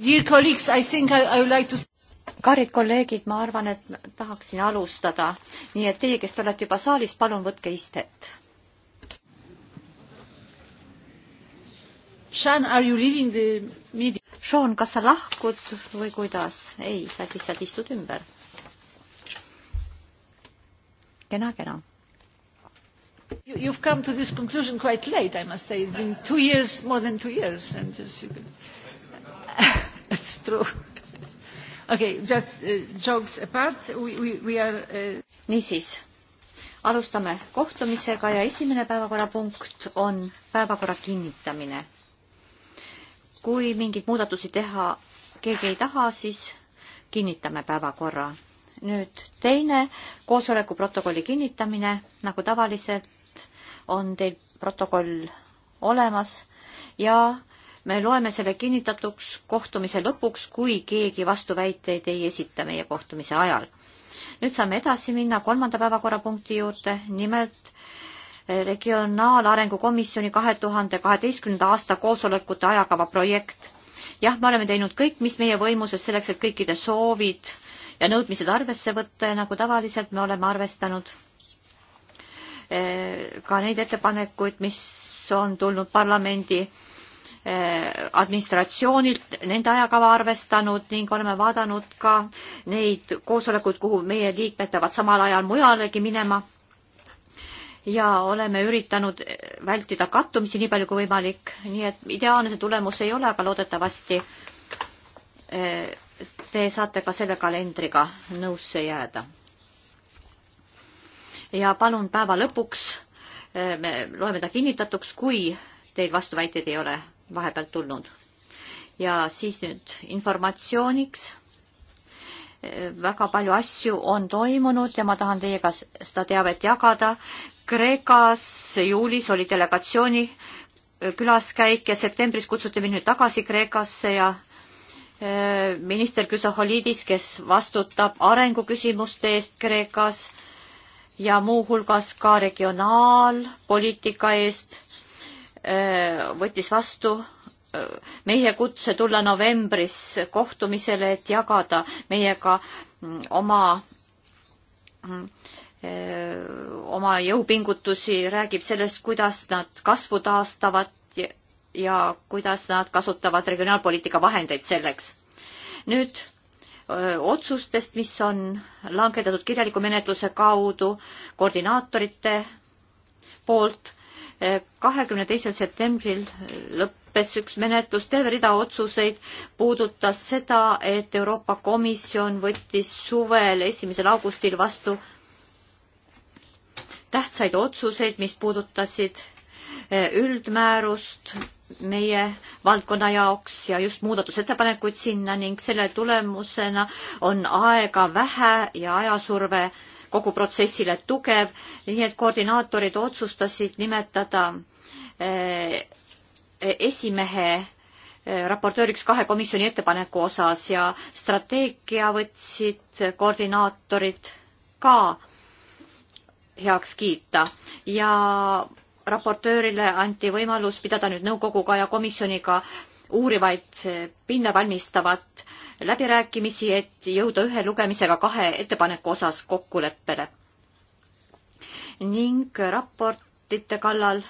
kallid kolleegid, ma arvan, et tahaksin alustada, nii et teie, kes te olete juba saalis, palun võtke istet. Sean, kas sa lahkud või kuidas? ei, sa lihtsalt istud ümber. kena, kena. You have come to this conclusion quite late, I must say. It has been two years, more than two years and just you could through. okay, just uh, jokes apart, we, we, we are uh.... niisiis, alustame kohtumisega ja esimene päevakorrapunkt on päevakorra kinnitamine. kui mingeid muudatusi teha keegi ei taha, siis kinnitame päevakorra. nüüd teine koosoleku protokolli kinnitamine, nagu tavaliselt on teil protokoll olemas ja me loeme selle kinnitatuks kohtumise lõpuks, kui keegi vastuväiteid ei esita meie kohtumise ajal. nüüd saame edasi minna kolmanda päevakorrapunkti juurde, nimelt eh, Regionaalarengu Komisjoni kahe tuhande kaheteistkümnenda aasta koosolekute ajakava projekt. jah, me oleme teinud kõik, mis meie võimuses selleks, et kõikide soovid ja nõudmised arvesse võtta ja nagu tavaliselt me oleme arvestanud eh, ka neid ettepanekuid, mis on tulnud parlamendi administratsioonilt nende ajakava arvestanud ning oleme vaadanud ka neid koosolekuid, kuhu meie liikmed peavad samal ajal mujalegi minema. ja oleme üritanud vältida kattumisi nii palju kui võimalik, nii et ideaalne see tulemus ei ole, aga loodetavasti eh, te saate ka selle kalendriga nõusse jääda. ja palun päeva lõpuks, eh, me loeme ta kinnitatuks, kui teil vastuväiteid ei ole vahepealt tulnud. ja siis nüüd informatsiooniks. väga palju asju on toimunud ja ma tahan teiega seda teavet jagada. Kreekas juulis oli delegatsiooni külaskäik ja septembris kutsuti mind nüüd tagasi Kreekasse ja e, minister Küsoholidis, kes vastutab arenguküsimuste eest Kreekas ja muuhulgas ka regionaalpoliitika eest Äh, võttis vastu äh, meie kutse tulla novembris kohtumisele, et jagada meiega mm, oma, mm, äh, oma jõupingutusi, räägib sellest, kuidas nad kasvu taastavad ja, ja kuidas nad kasutavad regionaalpoliitika vahendeid selleks. nüüd öö, otsustest, mis on langetatud kirjaliku menetluse kaudu koordinaatorite poolt kahekümne teisel septembril lõppes üks menetlus, terve rida otsuseid puudutas seda, et Euroopa Komisjon võttis suvel, esimesel augustil vastu tähtsaid otsuseid, mis puudutasid eh, üldmäärust meie valdkonna jaoks ja just muudatusettepanekuid sinna ning selle tulemusena on aega vähe ja ajasurve kogu protsessile tugev, nii et koordinaatorid otsustasid nimetada eh, esimehe eh, raportööriks kahe komisjoni ettepaneku osas ja strateegia võtsid koordinaatorid ka heaks kiita ja raportöörile anti võimalus pidada nüüd nõukoguga ja komisjoniga uurivaid eh, pinda valmistavat läbirääkimisi, et jõuda ühe lugemisega kahe ettepaneku osas kokkuleppele. ning raportite kallal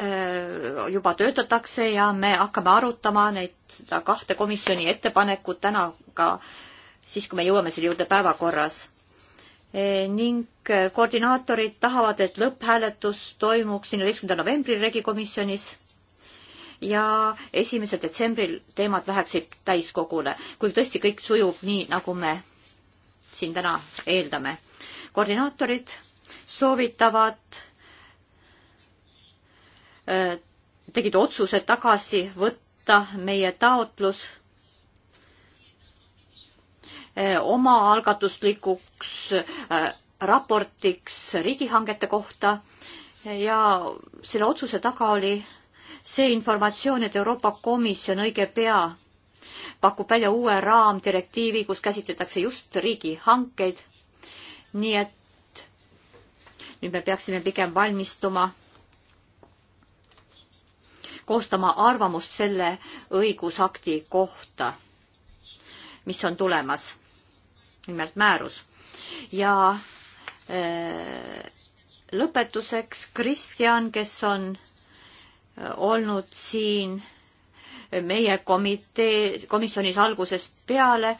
äh, juba töötatakse ja me hakkame arutama neid, seda kahte komisjoni ettepanekut täna ka siis, kui me jõuame selle juurde päevakorras äh, ning koordinaatorid tahavad, et lõpphääletus toimuks neljateistkümnendal novembril regikomisjonis ja esimesel detsembril teemad läheksid täiskogule, kui tõesti kõik sujub nii, nagu me siin täna eeldame. koordinaatorid soovitavad, äh, tegid otsuse tagasi võtta meie taotlus äh, omaalgatuslikuks äh, raportiks riigihangete kohta ja selle otsuse taga oli see informatsioon, et Euroopa Komisjon õige pea pakub välja uue raamdirektiivi, kus käsitletakse just riigihankeid. nii et nüüd me peaksime pigem valmistuma koostama arvamust selle õigusakti kohta, mis on tulemas, nimelt määrus. ja öö, äh, lõpetuseks Kristjan, kes on olnud siin meie komitee, komisjonis algusest peale,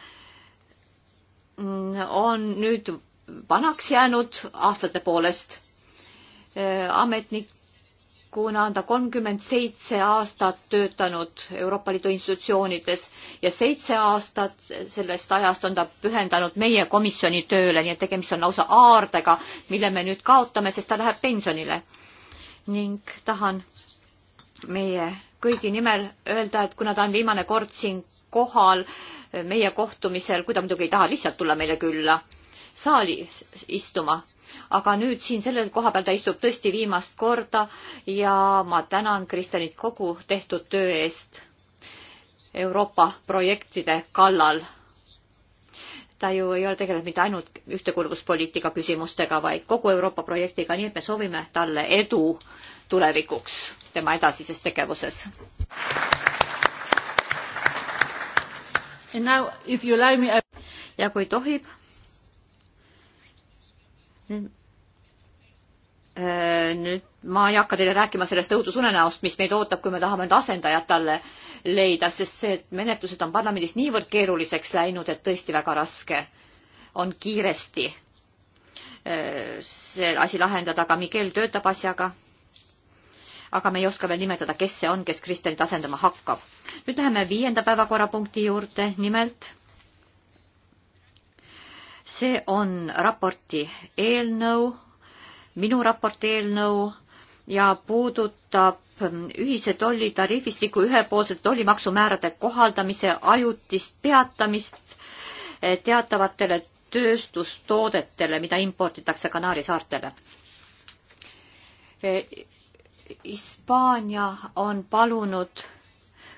on nüüd vanaks jäänud aastate poolest. ametnikuna on ta kolmkümmend seitse aastat töötanud Euroopa Liidu institutsioonides ja seitse aastat sellest ajast on ta pühendanud meie komisjoni tööle, nii et tegemist on lausa aardega, mille me nüüd kaotame, sest ta läheb pensionile. ning tahan meie kõigi nimel öelda, et kuna ta on viimane kord siin kohal eh, meie kohtumisel, kui ta muidugi ei taha lihtsalt tulla meile külla saali istuma, aga nüüd siin selle koha peal ta istub tõesti viimast korda ja ma tänan Kristenit kogu tehtud töö eest Euroopa projektide kallal. ta ju ei ole tegelenud mitte ainult ühtekuuluvuspoliitika küsimustega, vaid kogu Euroopa projektiga, nii et me soovime talle edu tulevikuks tema edasises tegevuses. ja kui tohib, äh, nüüd ma ei hakka teile rääkima sellest õudusunenäost, mis meid ootab, kui me tahame nüüd asendajat talle leida, sest see, et menetlused on parlamendis niivõrd keeruliseks läinud, et tõesti väga raske on kiiresti äh, see asi lahendada, aga Miguel töötab asjaga aga me ei oska veel nimetada, kes see on, kes Kristelit asendama hakkab. nüüd läheme viienda päevakorrapunkti juurde, nimelt see on raporti eelnõu, minu raporti eelnõu ja puudutab ühise tollitariifistiku ühepoolsete tollimaksumäärade kohaldamise ajutist peatamist eh, teatavatele tööstustoodetele, mida imporditakse Kanaari saartele eh, Hispaania on palunud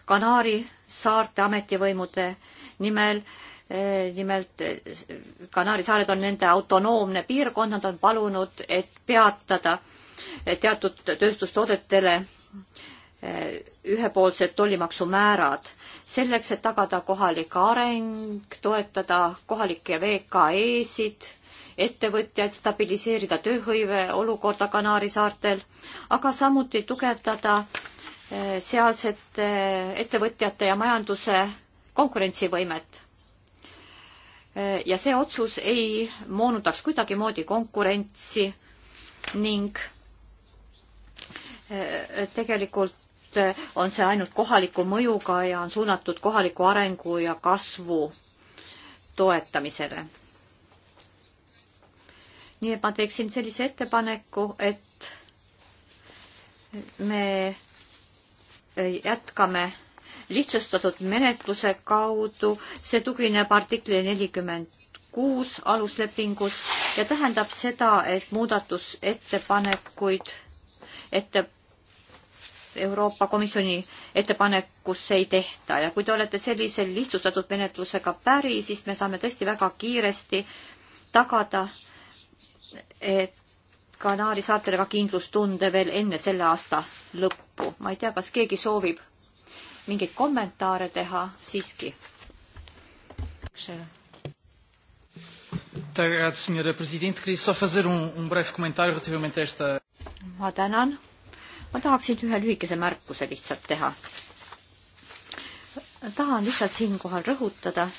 Kanaari saarte ametivõimude nimel eh, nimelt eh, Kanaari saared on nende autonoomne piirkond, nad on palunud, et peatada eh, teatud tööstustoodetele ühepoolsed tollimaksumäärad selleks, et tagada kohalik areng, toetada kohalikke VKE-sid ettevõtjaid, stabiliseerida tööhõive olukorda Kanaari saartel, aga samuti tugevdada eh, sealsete eh, ettevõtjate ja majanduse konkurentsivõimet. Eh, ja see otsus ei moonutaks kuidagimoodi konkurentsi ning tegelikult on see ainult kohaliku mõjuga ja on suunatud kohaliku arengu ja kasvu toetamisele nii et ma teeksin sellise ettepaneku, et me jätkame lihtsustatud menetluse kaudu, see tugineb artikli nelikümmend kuus aluslepingus ja tähendab seda, et muudatusettepanekuid ette Euroopa Komisjoni ettepanekusse ei tehta ja kui te olete sellise lihtsustatud menetlusega päri, siis me saame tõesti väga kiiresti tagada äh, et Kanaari saartele ka kindlustunde veel enne selle aasta lõppu. ma ei tea, kas keegi soovib mingeid kommentaare teha siiski. Um, um ma tänan. ma tahaksin ühe lühikese märkuse lihtsalt teha. tahan lihtsalt siinkohal rõhutada,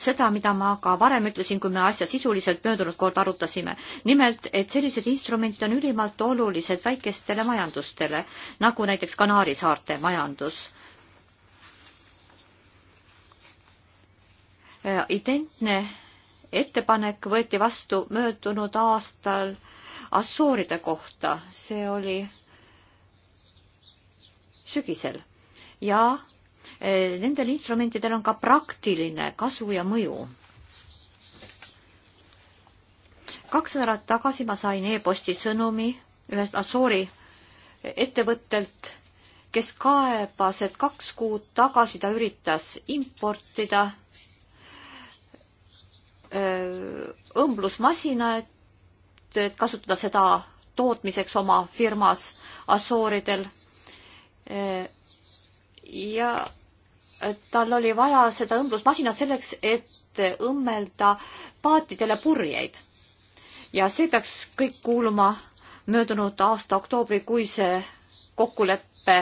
seda, mida ma ka varem ütlesin, kui me asja sisuliselt möödunud kord arutasime. nimelt, et sellised instrumendid on ülimalt olulised väikestele majandustele, nagu näiteks Kanaari saarte majandus. Äh, identne ettepanek võeti vastu möödunud aastal Assuuride kohta, see oli sügisel ja Eh, nendel instrumentidel on ka praktiline kasu ja mõju. kaks nädalat tagasi ma sain e-posti sõnumi ühest Assoori ettevõttelt, kes kaebas, et kaks kuud tagasi ta üritas importida eh, õmblusmasina, et, et kasutada seda tootmiseks oma firmas Asooridel. Eh, ja tal oli vaja seda õmblusmasinat selleks, et õmmelda paatidele purjeid. ja see peaks kõik kuuluma möödunud aasta oktoobrikuise kokkuleppe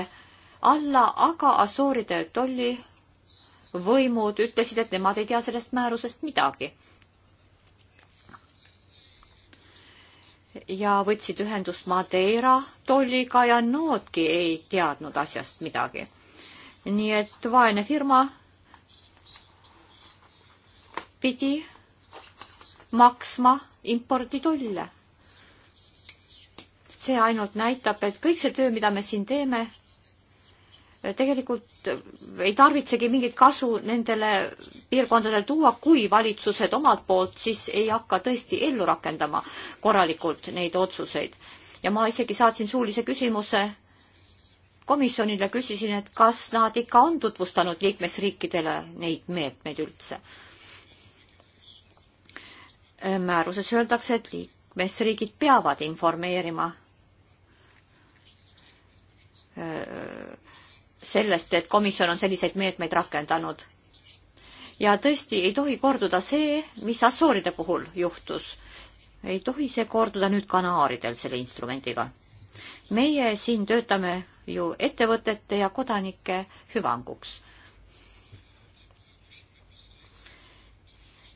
alla, aga Assuuride tollivõimud ütlesid, et nemad ei tea sellest määrusest midagi. ja võtsid ühendust Madeira tolliga ja noodki ei teadnud asjast midagi nii et vaene firma pidi maksma imporditolle. see ainult näitab, et kõik see töö, mida me siin teeme, tegelikult ei tarvitsegi mingit kasu nendele piirkondadele tuua, kui valitsused omalt poolt siis ei hakka tõesti ellu rakendama korralikult neid otsuseid. ja ma isegi saatsin suulise küsimuse komisjonile, küsisin, et kas nad ikka on tutvustanud liikmesriikidele neid meetmeid üldse. määruses öeldakse, et liikmesriigid peavad informeerima äh, sellest, et komisjon on selliseid meetmeid rakendanud. ja tõesti ei tohi korduda see, mis Assuuride puhul juhtus. ei tohi see korduda nüüd Kanaaridel selle instrumendiga meie siin töötame ju ettevõtete ja kodanike hüvanguks.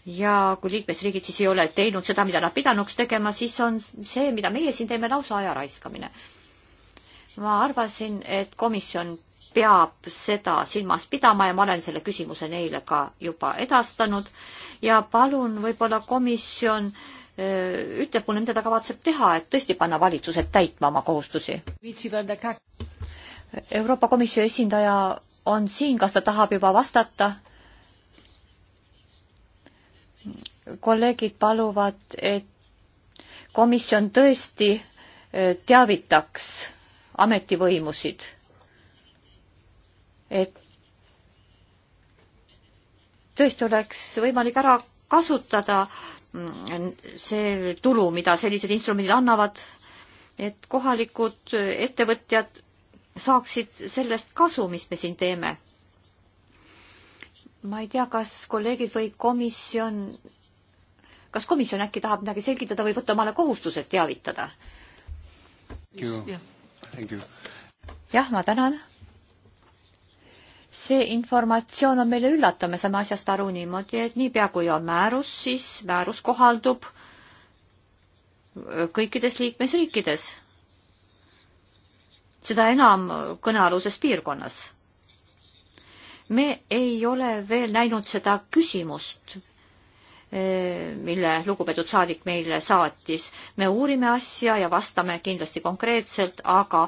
ja kui liikmesriigid siis ei ole teinud seda, mida nad pidanuks tegema, siis on see, mida meie siin teeme, lausa aja raiskamine. ma arvasin, et komisjon peab seda silmas pidama ja ma olen selle küsimuse neile ka juba edastanud ja palun võib-olla komisjon äh, ütleb mulle, mida ta kavatseb teha, et tõesti panna valitsused täitma oma kohustusi. Euroopa Komisjoni esindaja on siin, kas ta tahab juba vastata? kolleegid paluvad, et komisjon tõesti eh, teavitaks ametivõimusid, et tõesti oleks võimalik ära kasutada Mm, see tulu, mida sellised instrumendid annavad, et kohalikud ettevõtjad saaksid sellest kasu, mis me siin teeme. ma ei tea, kas kolleegid või komisjon, kas komisjon äkki tahab midagi selgitada või võtta omale kohustused teavitada? jah, ma tänan see informatsioon on meile üllatav, me saame asjast aru niimoodi, et niipea kui on määrus, siis määrus kohaldub kõikides liikmesriikides. seda enam kõnealuses piirkonnas. me ei ole veel näinud seda küsimust mille lugupeetud saadik meile saatis. me uurime asja ja vastame kindlasti konkreetselt, aga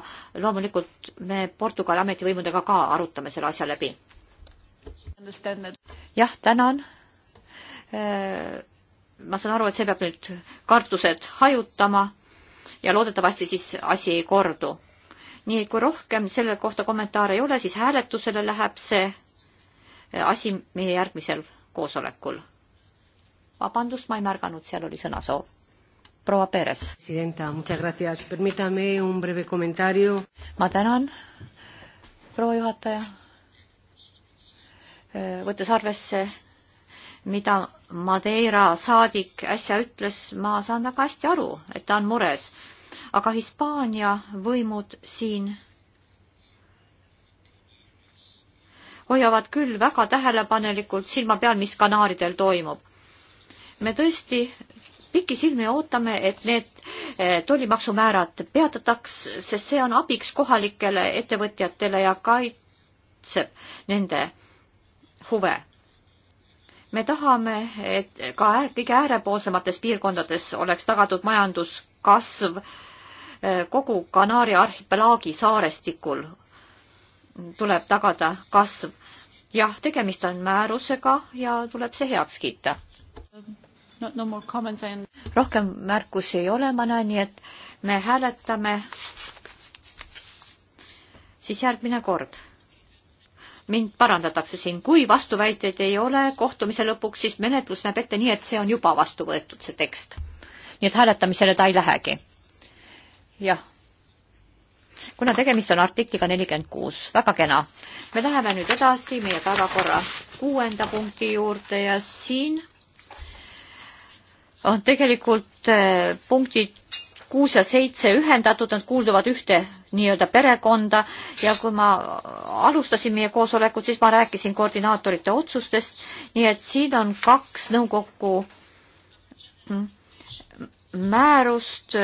loomulikult me Portugali ametivõimudega ka arutame selle asja läbi. jah, tänan. Äh, ma saan aru, et see peab nüüd kartused hajutama ja loodetavasti siis asi ei kordu. nii et kui rohkem selle kohta kommentaare ei ole, siis hääletusele läheb see asi meie järgmisel koosolekul vabandust, ma ei märganud, seal oli sõnasoov. proua Peres. ma tänan, proua juhataja. Äh, võttes arvesse, mida Madeira saadik äsja ütles, ma saan väga hästi aru, et ta on mures, aga Hispaania võimud siin hoiavad küll väga tähelepanelikult silma peal, mis Kanaaridel toimub me tõesti pikisilmi ootame, et need eh, tollimaksumäärad peatataks, sest see on abiks kohalikele ettevõtjatele ja kaitseb nende huve. me tahame, et ka äär, kõige äärepoolsemates piirkondades oleks tagatud majanduskasv eh, kogu Kanaari arhipelaagi saarestikul tuleb tagada kasv. jah, tegemist on määrusega ja tuleb see heaks kiita. Äh, no, no and... rohkem märkusi ei ole, ma näen, nii et me hääletame siis järgmine kord. mind parandatakse siin, kui vastuväiteid ei ole kohtumise lõpuks, siis menetlus näeb ette nii, et see on juba vastu võetud, see tekst. nii et hääletamisele ta ei lähegi. jah. kuna tegemist on artikliga nelikümmend kuus, väga kena. me läheme nüüd edasi meie päevakorra kuuenda punkti juurde ja siin on tegelikult äh, punktid kuus ja seitse ühendatud, nad kuulduvad ühte nii-öelda perekonda ja kui ma alustasin meie koosolekut, siis ma rääkisin koordinaatorite otsustest, nii et siin on kaks nõukokku mm, määrust,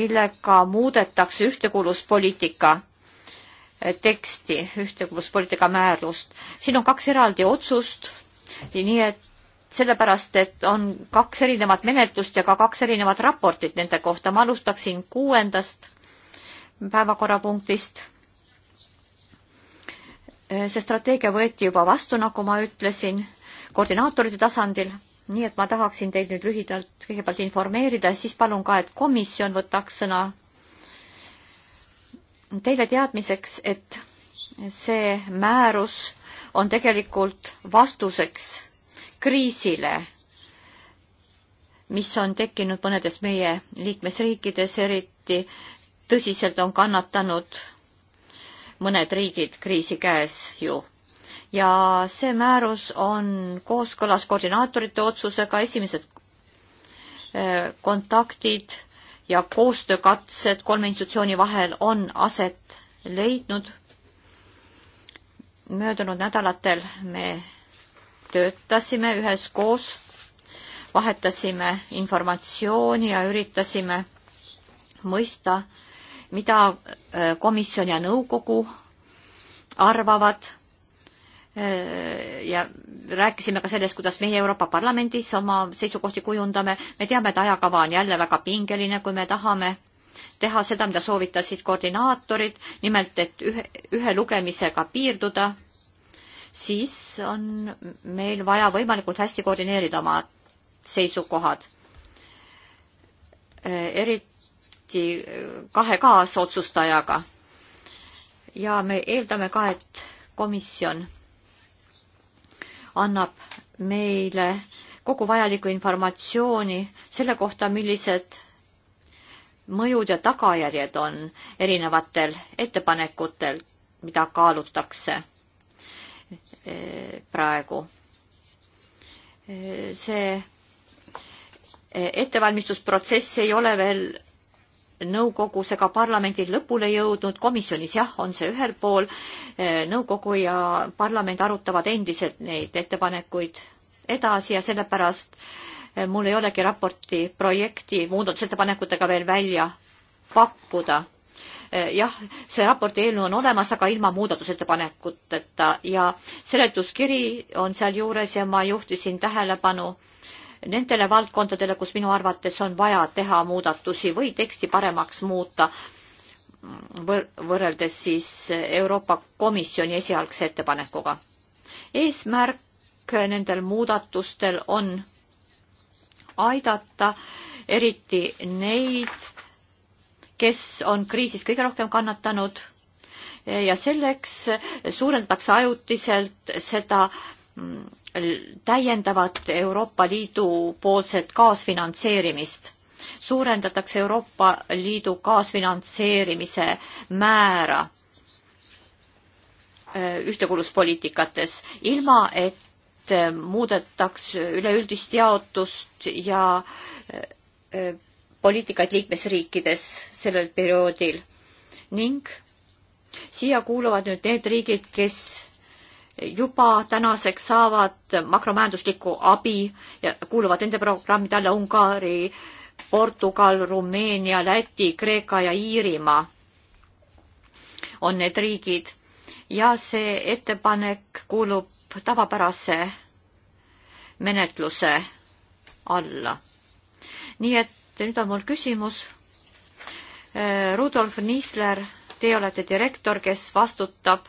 millega muudetakse ühtekuuluvuspoliitika äh, teksti, ühtekuuluvuspoliitika määrust. siin on kaks eraldi otsust, nii et sellepärast, et on kaks erinevat menetlust ja ka kaks erinevat raportit nende kohta. ma alustaksin kuuendast päevakorrapunktist. see strateegia võeti juba vastu, nagu ma ütlesin, koordinaatorite tasandil, nii et ma tahaksin teid nüüd lühidalt kõigepealt informeerida ja siis palun ka, et komisjon võtaks sõna. Teile teadmiseks, et see määrus on tegelikult vastuseks kriisile, mis on tekkinud mõnedes meie liikmesriikides, eriti tõsiselt on kannatanud mõned riigid kriisi käes ju. ja see määrus on kooskõlas koordinaatorite otsusega, esimesed äh, kontaktid ja koostöökatsed kolme institutsiooni vahel on aset leidnud. möödunud nädalatel me töötasime üheskoos, vahetasime informatsiooni ja üritasime mõista, mida äh, komisjon ja nõukogu arvavad äh, ja rääkisime ka sellest, kuidas meie Euroopa Parlamendis oma seisukohti kujundame. me teame, et ajakava on jälle väga pingeline, kui me tahame teha seda, mida soovitasid koordinaatorid, nimelt et ühe, ühe lugemisega piirduda siis on meil vaja võimalikult hästi koordineerida oma seisukohad. eriti kahe kaasotsustajaga. ja me eeldame ka, et komisjon annab meile kogu vajalikku informatsiooni selle kohta, millised mõjud ja tagajärjed on erinevatel ettepanekutel, mida kaalutakse praegu. see ettevalmistusprotsess ei ole veel nõukogus ega parlamendil lõpule jõudnud, komisjonis jah, on see ühel pool, nõukogu ja parlament arutavad endiselt neid ettepanekuid edasi ja sellepärast mul ei olegi raporti projekti muudatusettepanekutega veel välja pakkuda. Eh, jah, see raporti eelnõu on olemas, aga ilma muudatusettepanekuteta ja seletuskiri on sealjuures ja ma juhtisin tähelepanu nendele valdkondadele, kus minu arvates on vaja teha muudatusi või teksti paremaks muuta võr, võrreldes siis Euroopa Komisjoni esialgse ettepanekuga. eesmärk nendel muudatustel on aidata eriti neid kes on kriisis kõige rohkem kannatanud ja selleks suurendatakse ajutiselt seda mm, täiendavat Euroopa Liidu poolset kaasfinantseerimist. suurendatakse Euroopa Liidu kaasfinantseerimise määra äh, ühtekuuluspoliitikates, ilma et muudetaks üleüldist jaotust ja äh, äh, poliitikaid liikmesriikides sellel perioodil ning siia kuuluvad nüüd need riigid, kes juba tänaseks saavad makromajanduslikku abi ja kuuluvad nende programmide alla Ungari, Portugal, Rumeenia, Läti, Kreeka ja Iirimaa on need riigid ja see ettepanek kuulub tavapärase menetluse alla. nii et ja nüüd on mul küsimus. Äh, Rudolf Niisler, teie olete direktor, kes vastutab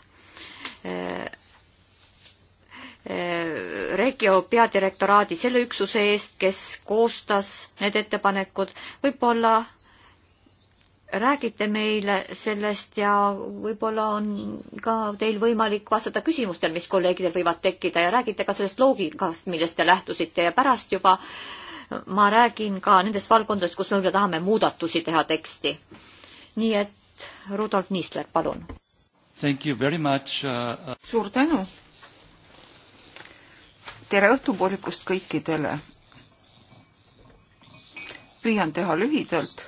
äh, äh, Regio peadirektoraadi selle üksuse eest, kes koostas need ettepanekud. võib-olla räägite meile sellest ja võib-olla on ka teil võimalik vastata küsimustele, mis kolleegidel võivad tekkida ja räägite ka sellest loogikast, millest te lähtusite ja pärast juba äh, ma räägin ka nendest valdkondadest, kus me võib-olla tahame muudatusi teha teksti. nii et Rudolf Niisler, palun. Uh, uh... suur tänu. tere õhtupoolikust kõikidele. püüan teha lühidalt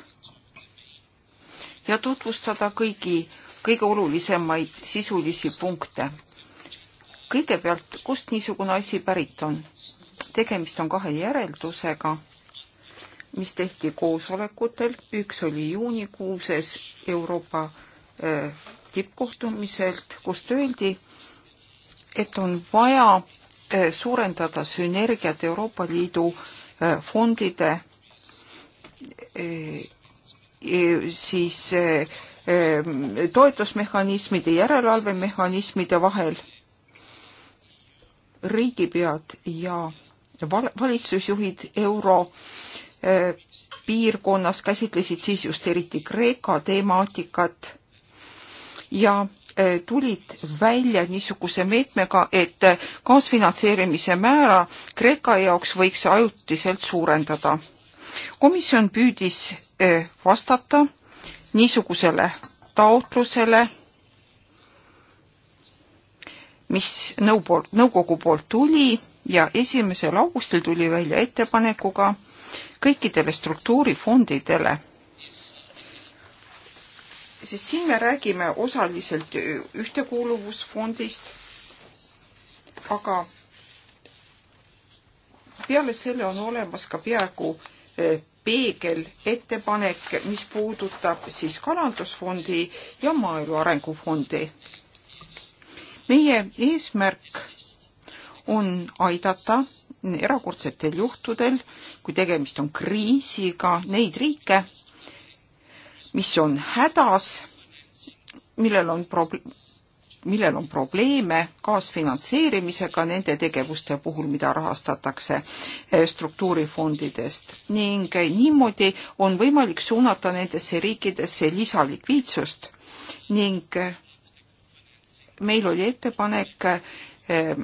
ja tutvustada kõigi kõige olulisemaid sisulisi punkte. kõigepealt, kust niisugune asi pärit on? tegemist on kahe järeldusega, mis tehti koosolekutel, üks oli juunikuuses Euroopa äh, tippkohtumiselt, kust öeldi, et on vaja äh, suurendada sünergiat Euroopa Liidu äh, fondide siis toetusmehhanismide, järelevalvemehhanismide vahel riigipead ja valitsusjuhid euro eh, piirkonnas käsitlesid siis just eriti Kreeka temaatikat ja eh, tulid välja niisuguse meetmega, et eh, kaasfinantseerimise määra Kreeka jaoks võiks ajutiselt suurendada. komisjon püüdis vastata niisugusele taotlusele mis nõupoolt, nõukogu poolt tuli ja esimesel augustil tuli välja ettepanekuga kõikidele struktuurifondidele. sest siin me räägime osaliselt ühtekuuluvusfondist, aga peale selle on olemas ka peaaegu eh, peegelettepanek, mis puudutab siis Kalandusfondi ja Maaelu Arengufondi meie eesmärk on aidata erakordsetel juhtudel, kui tegemist on kriisiga, neid riike, mis on hädas, millel on proble-, millel on probleeme kaasfinantseerimisega nende tegevuste puhul, mida rahastatakse eh, struktuurifondidest ning eh, niimoodi on võimalik suunata nendesse riikidesse lisalikviidsust ning eh, meil oli ettepanek ehm,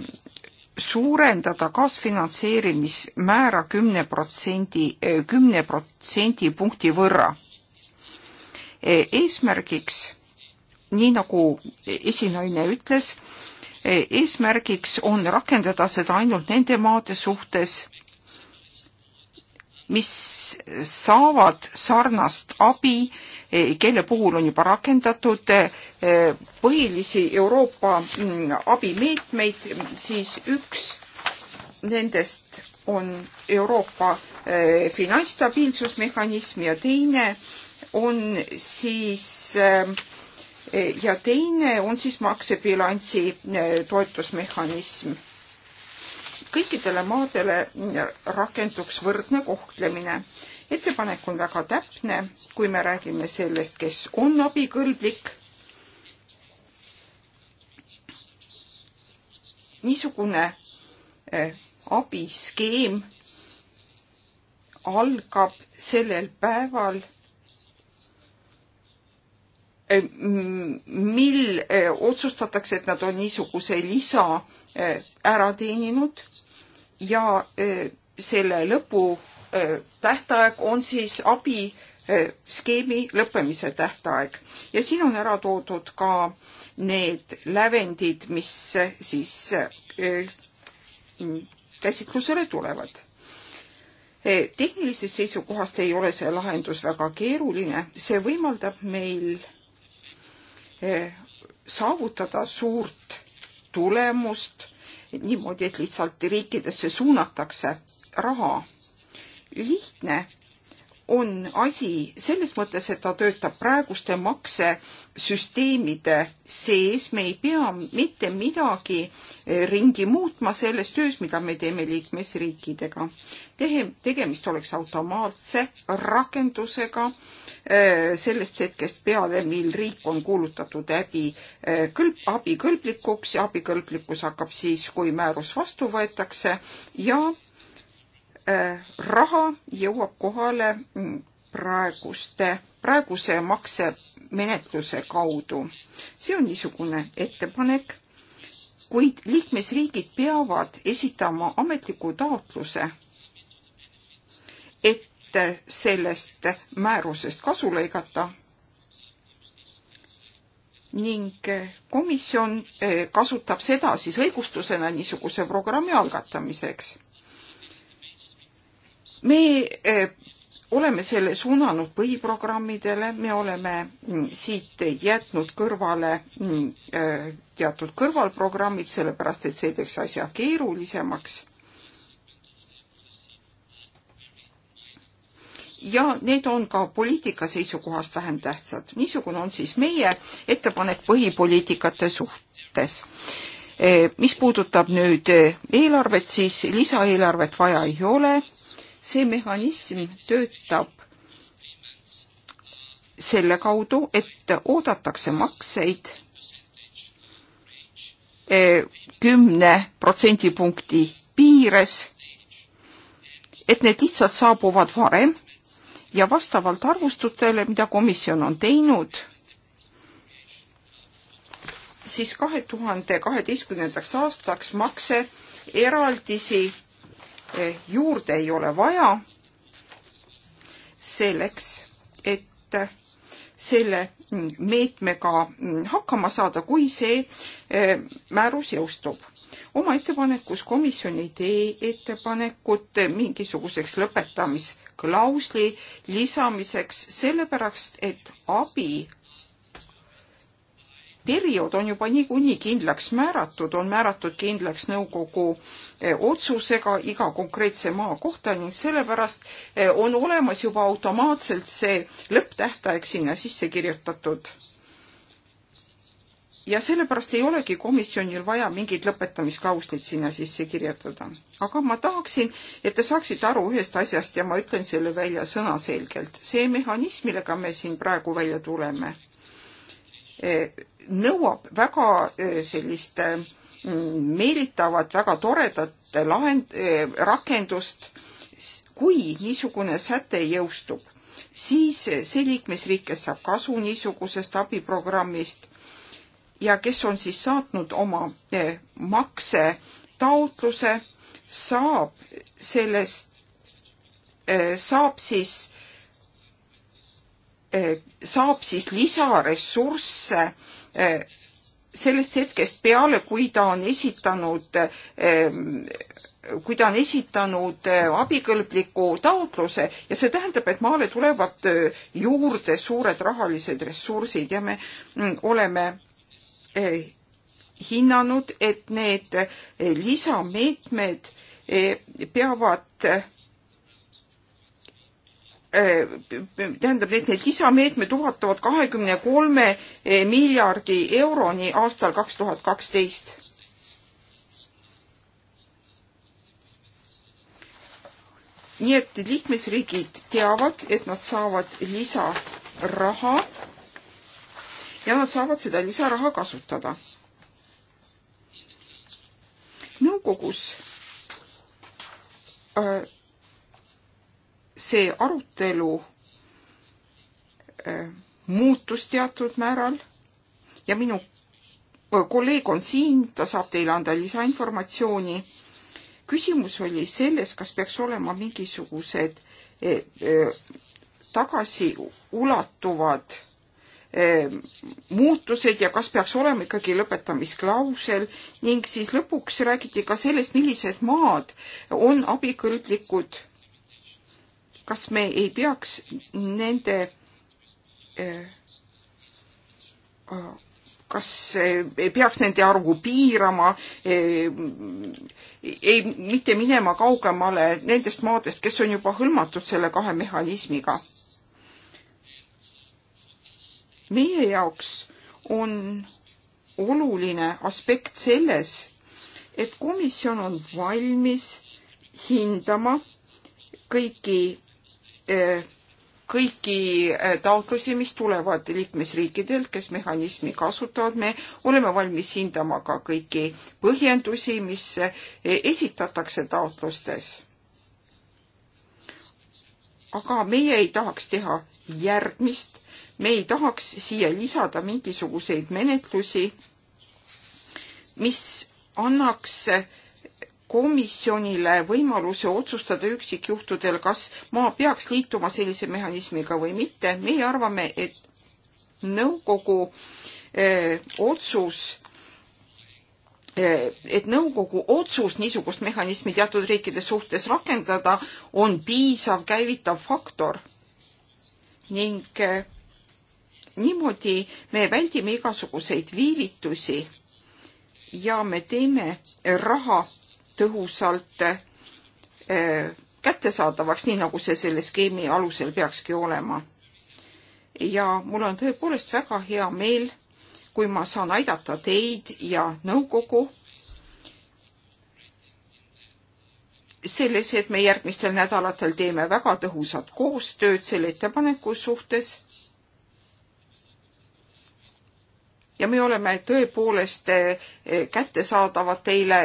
suurendada kaasfinantseerimismäära kümne protsendi, eh, kümne protsendipunkti võrra. Eh, eesmärgiks, nii nagu esinaine ütles, eh, eesmärgiks on rakendada seda ainult nende maade suhtes, mis saavad sarnast abi E, kelle puhul on juba rakendatud e, e, põhilisi Euroopa mm, abimeetmeid, siis üks nendest on Euroopa finantsstabiilsusmehhanism ja teine on siis ja teine on siis maksebilansi toetusmehhanism. kõikidele maadele mm, rakenduks võrdne kohtlemine ettepanek on väga täpne, kui me räägime sellest, kes on abikõlblik. niisugune eh, abiskeem algab sellel päeval eh, mil eh, otsustatakse, et nad on niisuguse lisa ära teeninud ja selle lõpu Äh, tähtaeg on siis abi äh, skeemi lõppemise tähtaeg ja siin on ära toodud ka need lävendid, mis äh, siis käsitlusele tulevad. tehnilisest seisukohast ei ole see lahendus väga keeruline, see võimaldab meil saavutada suurt tulemust niimoodi, et lihtsalt riikidesse suunatakse raha lihtne on asi selles mõttes, et ta töötab praeguste maksesüsteemide sees, me ei pea mitte midagi eh, ringi muutma selles töös, mida me teeme liikmesriikidega. Tehe, tegemist oleks automaatse rakendusega eh, sellest hetkest peale, mil riik on kuulutatud häbi eh, kõlb, abikõlblikuks ja abikõlblikkus hakkab siis, kui määrus vastu võetakse ja Äh, raha jõuab kohale mm, praeguste, praeguse maksemenetluse kaudu. see on niisugune ettepanek, kuid liikmesriigid peavad esitama ametliku taotluse, et sellest määrusest kasu lõigata ning komisjon äh, kasutab seda siis õigustusena niisuguse programmi algatamiseks me eh, oleme selle suunanud põhiprogrammidele, me oleme mm, siit jätnud kõrvale mm, eh, teatud kõrvalprogrammid, sellepärast et see teeks asja keerulisemaks. ja need on ka poliitika seisukohast vähem tähtsad. niisugune on siis meie ettepanek põhipoliitikate suhtes eh, mis puudutab nüüd eelarvet, siis lisaeelarvet vaja ei ole, see mehhanism töötab selle kaudu, et oodatakse makseid eh, kümne protsendipunkti piires, et need lihtsalt saabuvad varem ja vastavalt arvustutele, mida komisjon on teinud, siis kahe tuhande kaheteistkümnendaks aastaks makse eraldisi juurde ei ole vaja selleks, et selle meetmega hakkama saada, kui see eh, määrus jõustub. oma ettepanekus komisjon ei tee ettepanekut mingisuguseks lõpetamisklausli lisamiseks, sellepärast et abi periood on juba niikuinii kindlaks määratud, on määratud kindlaks nõukogu eh, otsusega iga konkreetse maa kohta ning sellepärast eh, on olemas juba automaatselt see lõpptähtaeg sinna sisse kirjutatud. ja sellepärast ei olegi komisjonil vaja mingeid lõpetamisklauslit sinna sisse kirjutada. aga ma tahaksin, et te saaksite aru ühest asjast ja ma ütlen selle välja sõnaselgelt. see mehhanism, millega me siin praegu välja tuleme eh, nõuab väga sellist meelitavat, väga toredat lahend, rakendust. kui niisugune säte jõustub, siis see liikmesriik, kes saab kasu niisugusest abiprogrammist ja kes on siis saatnud oma maksetaotluse, saab sellest, saab siis, saab siis lisaressursse Eh, sellest hetkest peale, kui ta on esitanud, eh, kui ta on esitanud eh, abikõlbliku taotluse ja see tähendab, et maale tulevad juurde suured rahalised ressursid ja me mm, oleme hinnanud, et need lisameetmed peavad tähendab, et need lisameetmed ulatavad kahekümne kolme eh, miljardi euroni aastal kaks tuhat kaksteist. nii et liikmesriigid teavad, et nad saavad lisaraha ja nad saavad seda lisaraha kasutada. nõukogus öö, äh, see arutelu äh, muutus teatud määral ja minu äh, kolleeg on siin, ta saab teile anda lisainformatsiooni. küsimus oli selles, kas peaks olema mingisugused äh, tagasiulatuvad muutused ja kas peaks olema ikkagi lõpetamisklausel ning siis lõpuks räägiti ka sellest, millised maad on abikõlblikud kas me ei peaks nende eh, kas eh, peaks nende arvu piirama, eh, ei, mitte minema kaugemale nendest maadest, kes on juba hõlmatud selle kahe mehhanismiga. meie jaoks on oluline aspekt selles, et komisjon on valmis hindama kõiki Eh, kõiki eh, taotlusi, mis tulevad liikmesriikidelt, kes mehhanismi kasutavad, me oleme valmis hindama ka kõiki põhjendusi, mis eh, esitatakse taotlustes. aga meie ei tahaks teha järgmist, me ei tahaks siia lisada mingisuguseid menetlusi, mis annaks komisjonile võimaluse otsustada üksikjuhtudel, kas maa peaks liituma sellise mehhanismiga või mitte. meie arvame, et nõukogu öö, eh, otsus eh, et nõukogu otsus niisugust mehhanismi teatud riikide suhtes rakendada on piisav käivitav faktor ning eh, niimoodi me väldime igasuguseid viivitusi ja me teeme raha tõhusalt eh, kättesaadavaks, nii nagu see selle skeemi alusel peakski olema. ja mul on tõepoolest väga hea meel, kui ma saan aidata teid ja nõukogu selles, et me järgmistel nädalatel teeme väga tõhusat koostööd selle ettepaneku suhtes ja me oleme tõepoolest eh, eh, kättesaadavad teile,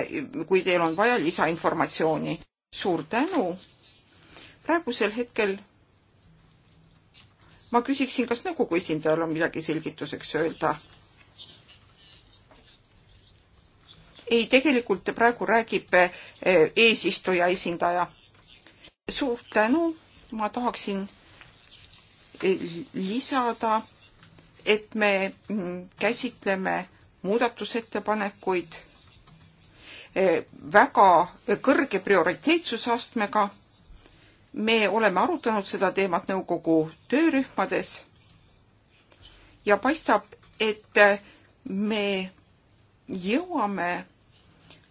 kui teil on vaja lisainformatsiooni. suur tänu. praegusel hetkel ma küsiksin, kas nõukogu esindajal on midagi selgituseks öelda? ei, tegelikult praegu räägib eh, eesistuja esindaja. suur tänu, ma tahaksin lisada et me mm, käsitleme muudatusettepanekuid eh, väga kõrge prioriteetsusastmega. me oleme arutanud seda teemat nõukogu töörühmades ja paistab, et eh, me jõuame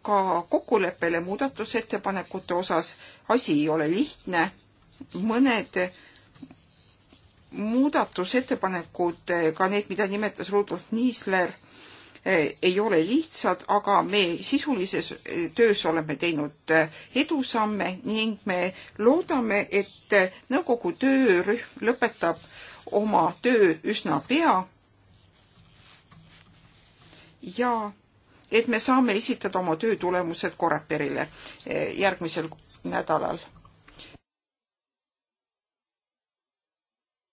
ka kokkuleppele muudatusettepanekute osas. asi ei ole lihtne, mõned muudatusettepanekud, ka need, mida nimetas Rudolf Niisler, eh, ei ole lihtsad, aga me sisulises eh, töös oleme teinud eh, edusamme ning me loodame, et nõukogu töörühm lõpetab oma töö üsna pea. ja et me saame esitada oma töö tulemused Koreperile järgmisel nädalal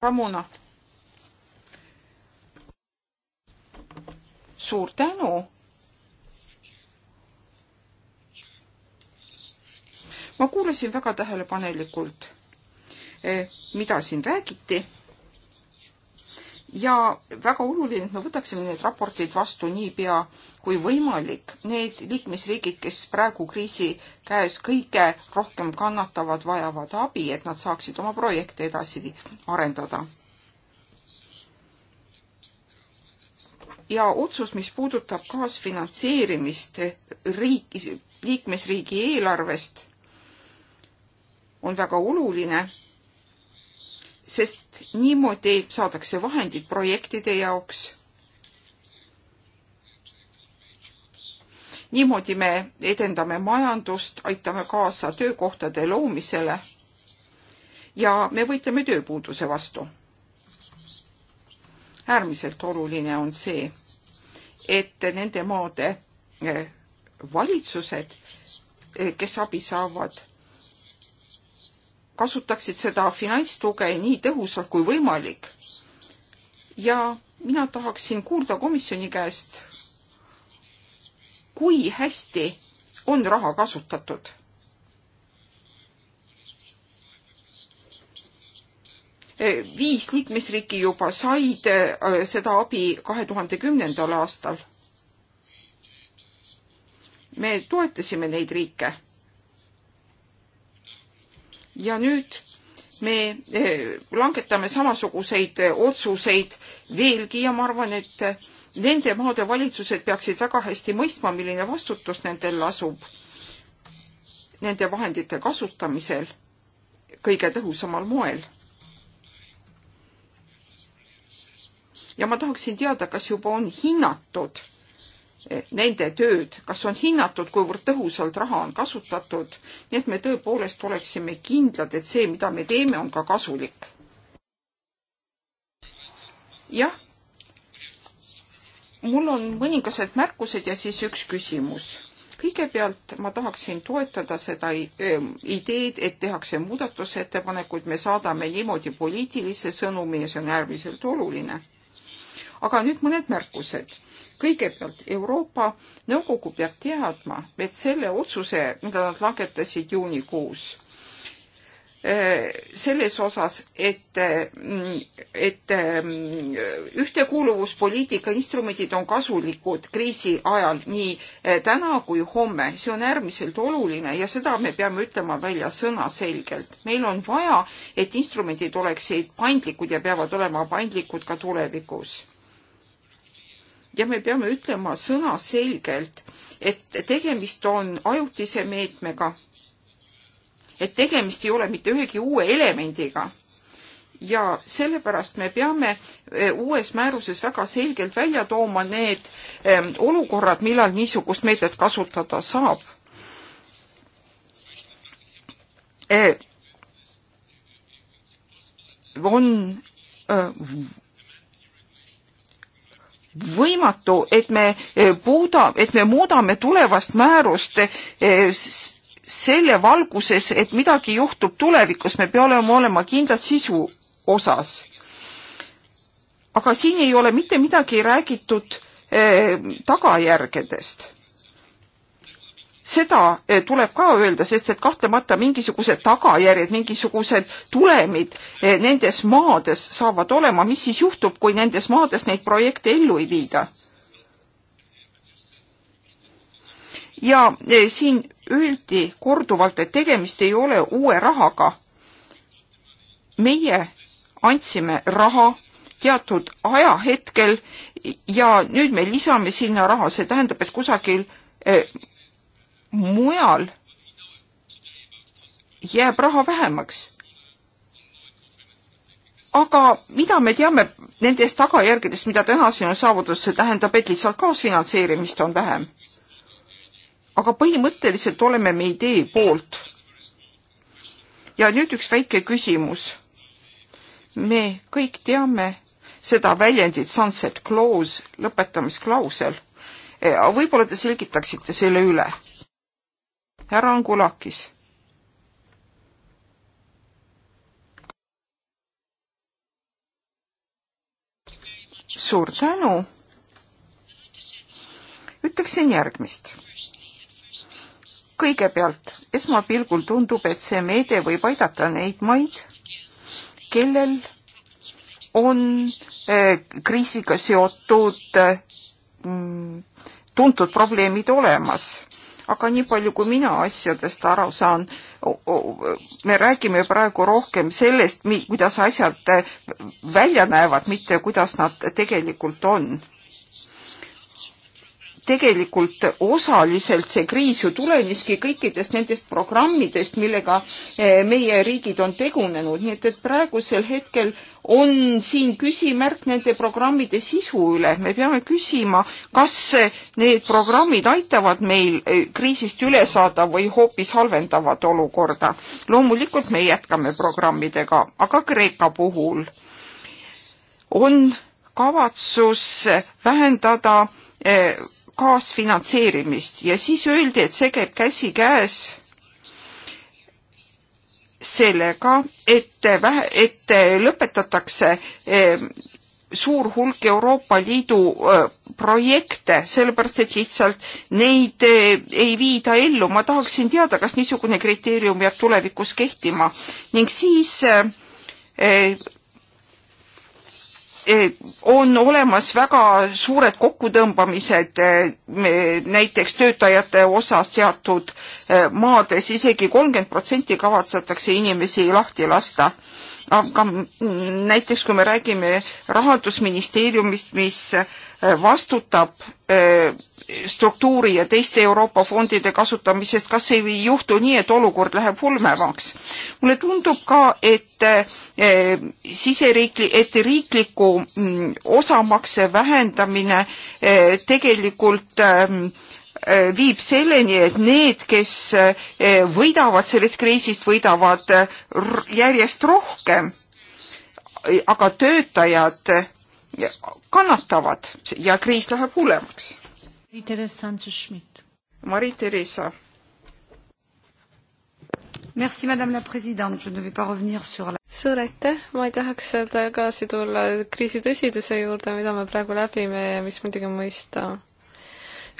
Ramona. suur tänu. ma kuulasin väga tähelepanelikult, eh, mida siin räägiti ja väga oluline, et me võtaksime need raportid vastu niipea kui võimalik. Need liikmesriigid, kes praegu kriisi käes kõige rohkem kannatavad, vajavad abi, et nad saaksid oma projekte edasi arendada. ja otsus, mis puudutab kaasfinantseerimist riik, liikmesriigi eelarvest, on väga oluline sest niimoodi saadakse vahendid projektide jaoks. niimoodi me edendame majandust, aitame kaasa töökohtade loomisele ja me võitleme tööpuuduse vastu. äärmiselt oluline on see, et nende maade eh, valitsused, eh, kes abi saavad kasutaksid seda finantstuge nii tõhusalt kui võimalik. ja mina tahaksin kuulda komisjoni käest, kui hästi on raha kasutatud. viis liikmesriiki juba said äh, seda abi kahe tuhande kümnendal aastal. me toetasime neid riike ja nüüd me eh, langetame samasuguseid eh, otsuseid veelgi ja ma arvan, et eh, nende maade valitsused peaksid väga hästi mõistma, milline vastutus nendel lasub nende vahendite kasutamisel kõige tõhusamal moel. ja ma tahaksin teada, kas juba on hinnatud nende tööd, kas on hinnatud, kuivõrd tõhusalt raha on kasutatud, nii et me tõepoolest oleksime kindlad, et see, mida me teeme, on ka kasulik. jah, mul on mõningased märkused ja siis üks küsimus. kõigepealt ma tahaksin toetada seda ähm, ideed, et tehakse muudatusettepanekuid, me saadame niimoodi poliitilise sõnumi ja see on äärmiselt oluline. aga nüüd mõned märkused kõigepealt Euroopa Nõukogu peab teadma, et selle otsuse, mida nad langetasid juunikuus, eh, selles osas, et, et eh, ühtekuuluvuspoliitika instrumendid on kasulikud kriisi ajal nii eh, täna kui homme. see on äärmiselt oluline ja seda me peame ütlema välja sõnaselgelt. meil on vaja, et instrumendid oleksid paindlikud ja peavad olema paindlikud ka tulevikus ja me peame ütlema sõnaselgelt, et tegemist on ajutise meetmega. et tegemist ei ole mitte ühegi uue elemendiga. ja sellepärast me peame eh, uues määruses väga selgelt välja tooma need eh, olukorrad, millal niisugust meedet kasutada saab eh, on võimatu, et me e, puuda, et me muudame tulevast määrust e, selle valguses, et midagi juhtub tulevikus, me peame olema kindlad sisu osas. aga siin ei ole mitte midagi räägitud e, tagajärgedest seda eh, tuleb ka öelda, sest et kahtlemata mingisugused tagajärjed, mingisugused tulemid eh, nendes maades saavad olema, mis siis juhtub, kui nendes maades neid projekte ellu ei viida? ja eh, siin öeldi korduvalt, et tegemist ei ole uue rahaga. meie andsime raha teatud ajahetkel ja nüüd me lisame sinna raha, see tähendab, et kusagil mujal jääb raha vähemaks. aga mida me teame nendest tagajärgedest, mida tänaseni on saavutatud, see tähendab, et lihtsalt kaasfinantseerimist on vähem. aga põhimõtteliselt oleme me idee poolt. ja nüüd üks väike küsimus. me kõik teame seda väljendit sunset clause, lõpetamisklausel. Eh, võib-olla te selgitaksite selle üle härra Angulakis. suur tänu. ütleksin järgmist kõigepealt esmapilgul tundub, et see meede võib aidata neid maid, kellel on eh, kriisiga seotud mm, tuntud probleemid olemas aga nii palju, kui mina asjadest aru saan, me räägime praegu rohkem sellest, kuidas asjad eh, välja näevad, mitte kuidas nad tegelikult on tegelikult osaliselt see kriis ju tuleniski kõikidest nendest programmidest, millega eh, meie riigid on tegunenud, nii et, et praegusel hetkel on siin küsimärk nende programmide sisu üle. me peame küsima, kas need programmid aitavad meil eh, kriisist üle saada või hoopis halvendavad olukorda. loomulikult me jätkame programmidega, aga Kreeka puhul on kavatsus vähendada eh, kaasfinantseerimist ja siis öeldi, et see käib käsikäes sellega, et vähe, et lõpetatakse eh, suur hulk Euroopa Liidu eh, projekte, sellepärast et lihtsalt neid eh, ei viida ellu. ma tahaksin teada, kas niisugune kriteerium jääb tulevikus kehtima ning siis Eh, on olemas väga suured kokkutõmbamised eh, näiteks töötajate osas teatud eh, maades isegi, isegi kolmkümmend protsenti kavatsetakse inimesi lahti lasta aga näiteks kui me räägime rahandusministeeriumist, mis eh, vastutab eh, struktuuri ja teiste Euroopa fondide kasutamisest, kas ei juhtu nii, et olukord läheb ulmevaks? mulle tundub ka, et eh, siseriikli, et riikliku mm, osamakse vähendamine tegelikult ehm, Äh, viib selleni, et need, kes äh, võidavad sellest kriisist, võidavad äh, järjest rohkem. aga töötajad kannatavad ja kriis läheb hullemaks. Marie-Theresa. Merci Madame la Présidente, je ne vais pas revenir sur la suur aitäh, ma ei tahaks tagasi tulla kriisi tõsiduse juurde, mida me praegu läbime ja mis muidugi mõista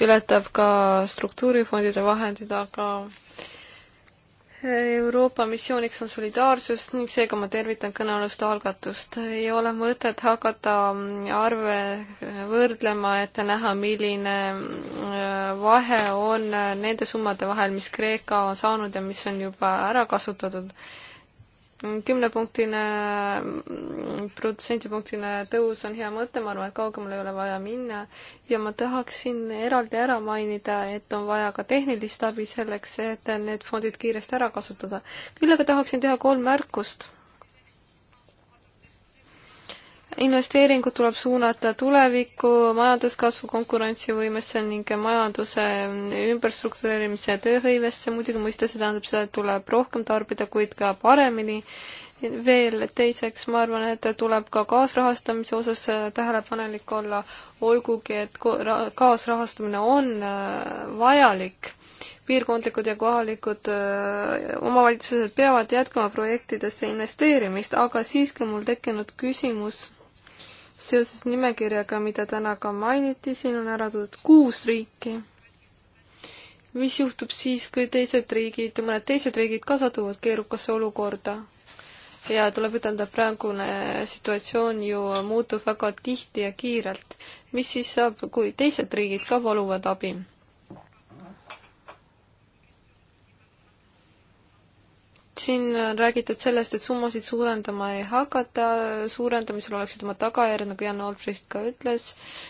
ületab ka struktuurifondide vahendid, aga e, Euroopa missiooniks on solidaarsus ning seega ma tervitan kõnealust algatust. ei ole mõtet hakata arve e, võrdlema, et näha, milline e, vahe on nende summade vahel, mis Kreeka on saanud ja mis on juba ära kasutatud kümnepunktine, mm, protsendipunktine tõus on hea mõte, ma arvan, et kaugemale ei ole vaja minna ja ma tahaksin eraldi ära mainida, et on vaja ka tehnilist abi selleks, et need fondid kiiresti ära kasutada. küll aga tahaksin teha kolm märkust investeeringud tuleb suunata tulevikku, majanduskasvu, konkurentsivõimesse ning majanduse ümberstruktureerimise ja tööhõivesse, muidugi mõista, see tähendab seda, et tuleb rohkem tarbida, kuid ka paremini. veel teiseks, ma arvan, et tuleb ka kaasrahastamise osas tähelepanelik olla, olgugi et kaasrahastamine on äh, vajalik piirkondlikud ja kohalikud öö, äh, omavalitsused peavad jätkama projektidesse investeerimist, aga siiski on mul tekkinud küsimus seoses nimekirjaga, mida täna ka mainiti, siin on ära toodud kuus riiki. mis juhtub siis, kui teised riigid, mõned teised riigid ka satuvad keerukasse olukorda? ja tuleb ütelda, praegune situatsioon ju muutub väga tihti ja kiirelt. mis siis saab, kui teised riigid ka paluvad abi? siin on räägitud sellest, et summasid suurendama ei hakata, suurendamisel oleksid oma tagajärjed, nagu Jan Olbrist ka ütles,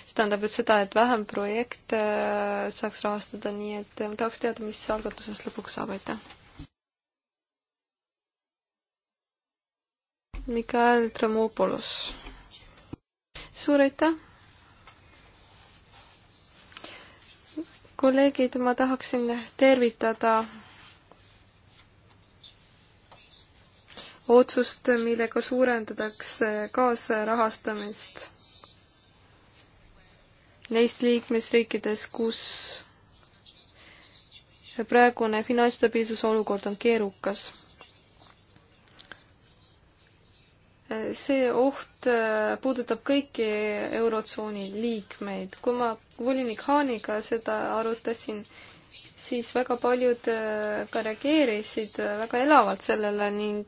see tähendab nüüd seda, et vähem projekte äh, saaks rahastada, nii et ma äh, tahaks teada, mis algatusest lõpuks saab, aitäh. Mikael Tremopoulos. suur aitäh! kolleegid, ma tahaksin tervitada otsust, millega suurendatakse kaasrahastamist neis liikmesriikides, kus praegune finantsstabiilsuse olukord on keerukas. see oht äh, puudutab kõiki Eurotsooni liikmeid. kui ma volinik Haaniga seda arutasin, siis väga paljud äh, ka reageerisid äh, väga elavalt sellele ning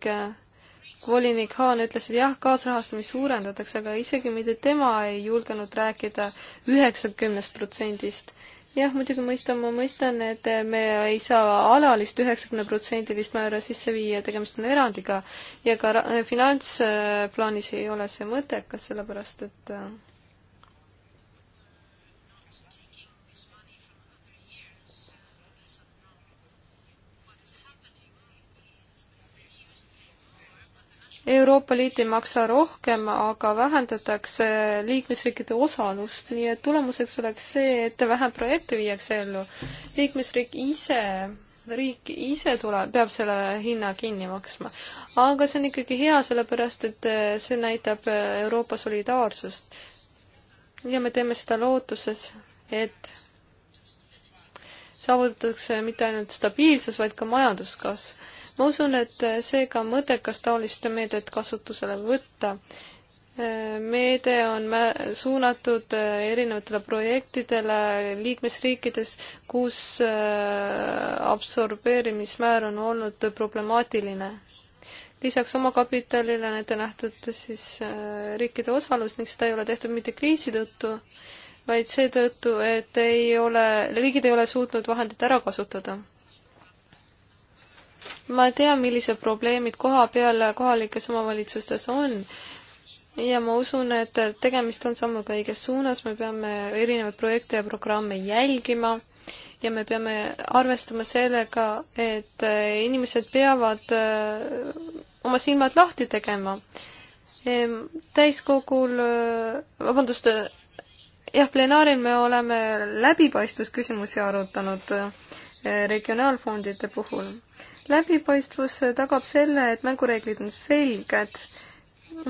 volinik Haan ütles, et jah, kaasrahastamist suurendatakse, aga isegi mitte tema ei julgenud rääkida üheksakümnest protsendist. jah, muidugi mõistan, ma mõistan, et me ei saa alalist üheksakümneprotsendilist määra sisse viia, tegemist on erandiga ja ka finantsplaanis ei ole see mõttekas, sellepärast et äh, Euroopa Liit ei maksa rohkem, aga vähendatakse liikmesriikide osalust, nii et tulemuseks oleks see, et vähem projekte viiakse ellu. liikmesriik ise riik ise tuleb, peab selle hinna kinni maksma. aga see on ikkagi hea, sellepärast et see näitab Euroopa solidaarsust. ja me teeme seda lootuses, et saavutatakse mitte ainult stabiilsus, vaid ka majanduskasv ma usun, et seega on mõttekas taolist meedet kasutusele võtta. meede on suunatud erinevatele projektidele liikmesriikides, kus äh, absorbeerimismäär on olnud problemaatiline. lisaks omakapitalile on ette nähtud siis äh, riikide osalus ning seda ei ole tehtud mitte kriisi tõttu, vaid seetõttu, et ei ole, riigid ei ole suutnud vahendeid ära kasutada ma tean, millised probleemid koha peal kohalikes omavalitsustes on ja ma usun, et tegemist on sammuga õiges suunas, me peame erinevaid projekte ja programme jälgima ja me peame arvestama sellega, et inimesed peavad äh, oma silmad lahti tegema. Ehm, täiskogul, äh, vabandust, äh, jah, plenaaril me oleme läbipaistvusküsimusi arutanud regionaalfondide puhul läbipaistvus tagab selle, et mängureeglid on selged,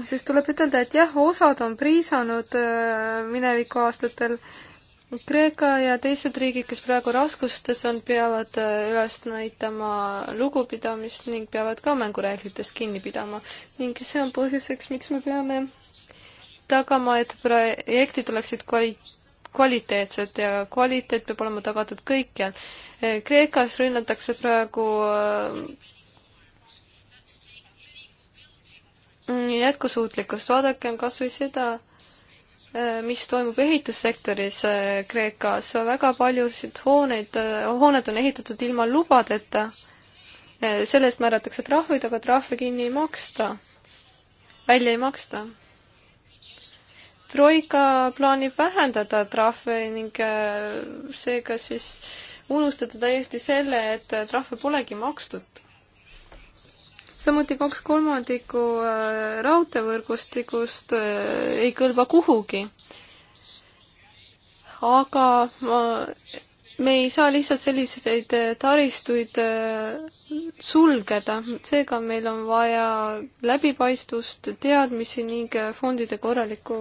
sest tuleb ütelda, et jah, osad on priisanud äh, mineviku aastatel, Kreeka ja teised riigid, kes praegu raskustes on, peavad äh, üles näitama lugupidamist ning peavad ka mängureeglitest kinni pidama ning see on põhjuseks, miks me peame tagama, et projektid oleksid kvalit-, kvaliteetsed ja kvaliteet peab olema tagatud kõikjal. Kreekas rünnatakse praegu äh, jätkusuutlikkust, vaadakem kas või seda, äh, mis toimub ehitussektoris äh, Kreekas, väga paljusid hooneid, hooned on ehitatud ilma lubadeta, selle eest määratakse trahvid, aga trahve kinni ei maksta, välja ei maksta Troika plaanib vähendada trahve ning äh, seega siis unustada täiesti selle, et äh, trahve polegi makstud. samuti kaks kolmandikku äh, raudteevõrgustikust ei kõlba kuhugi. aga ma me ei saa lihtsalt selliseid taristuid sulgeda, seega meil on vaja läbipaistvust, teadmisi ning fondide korralikku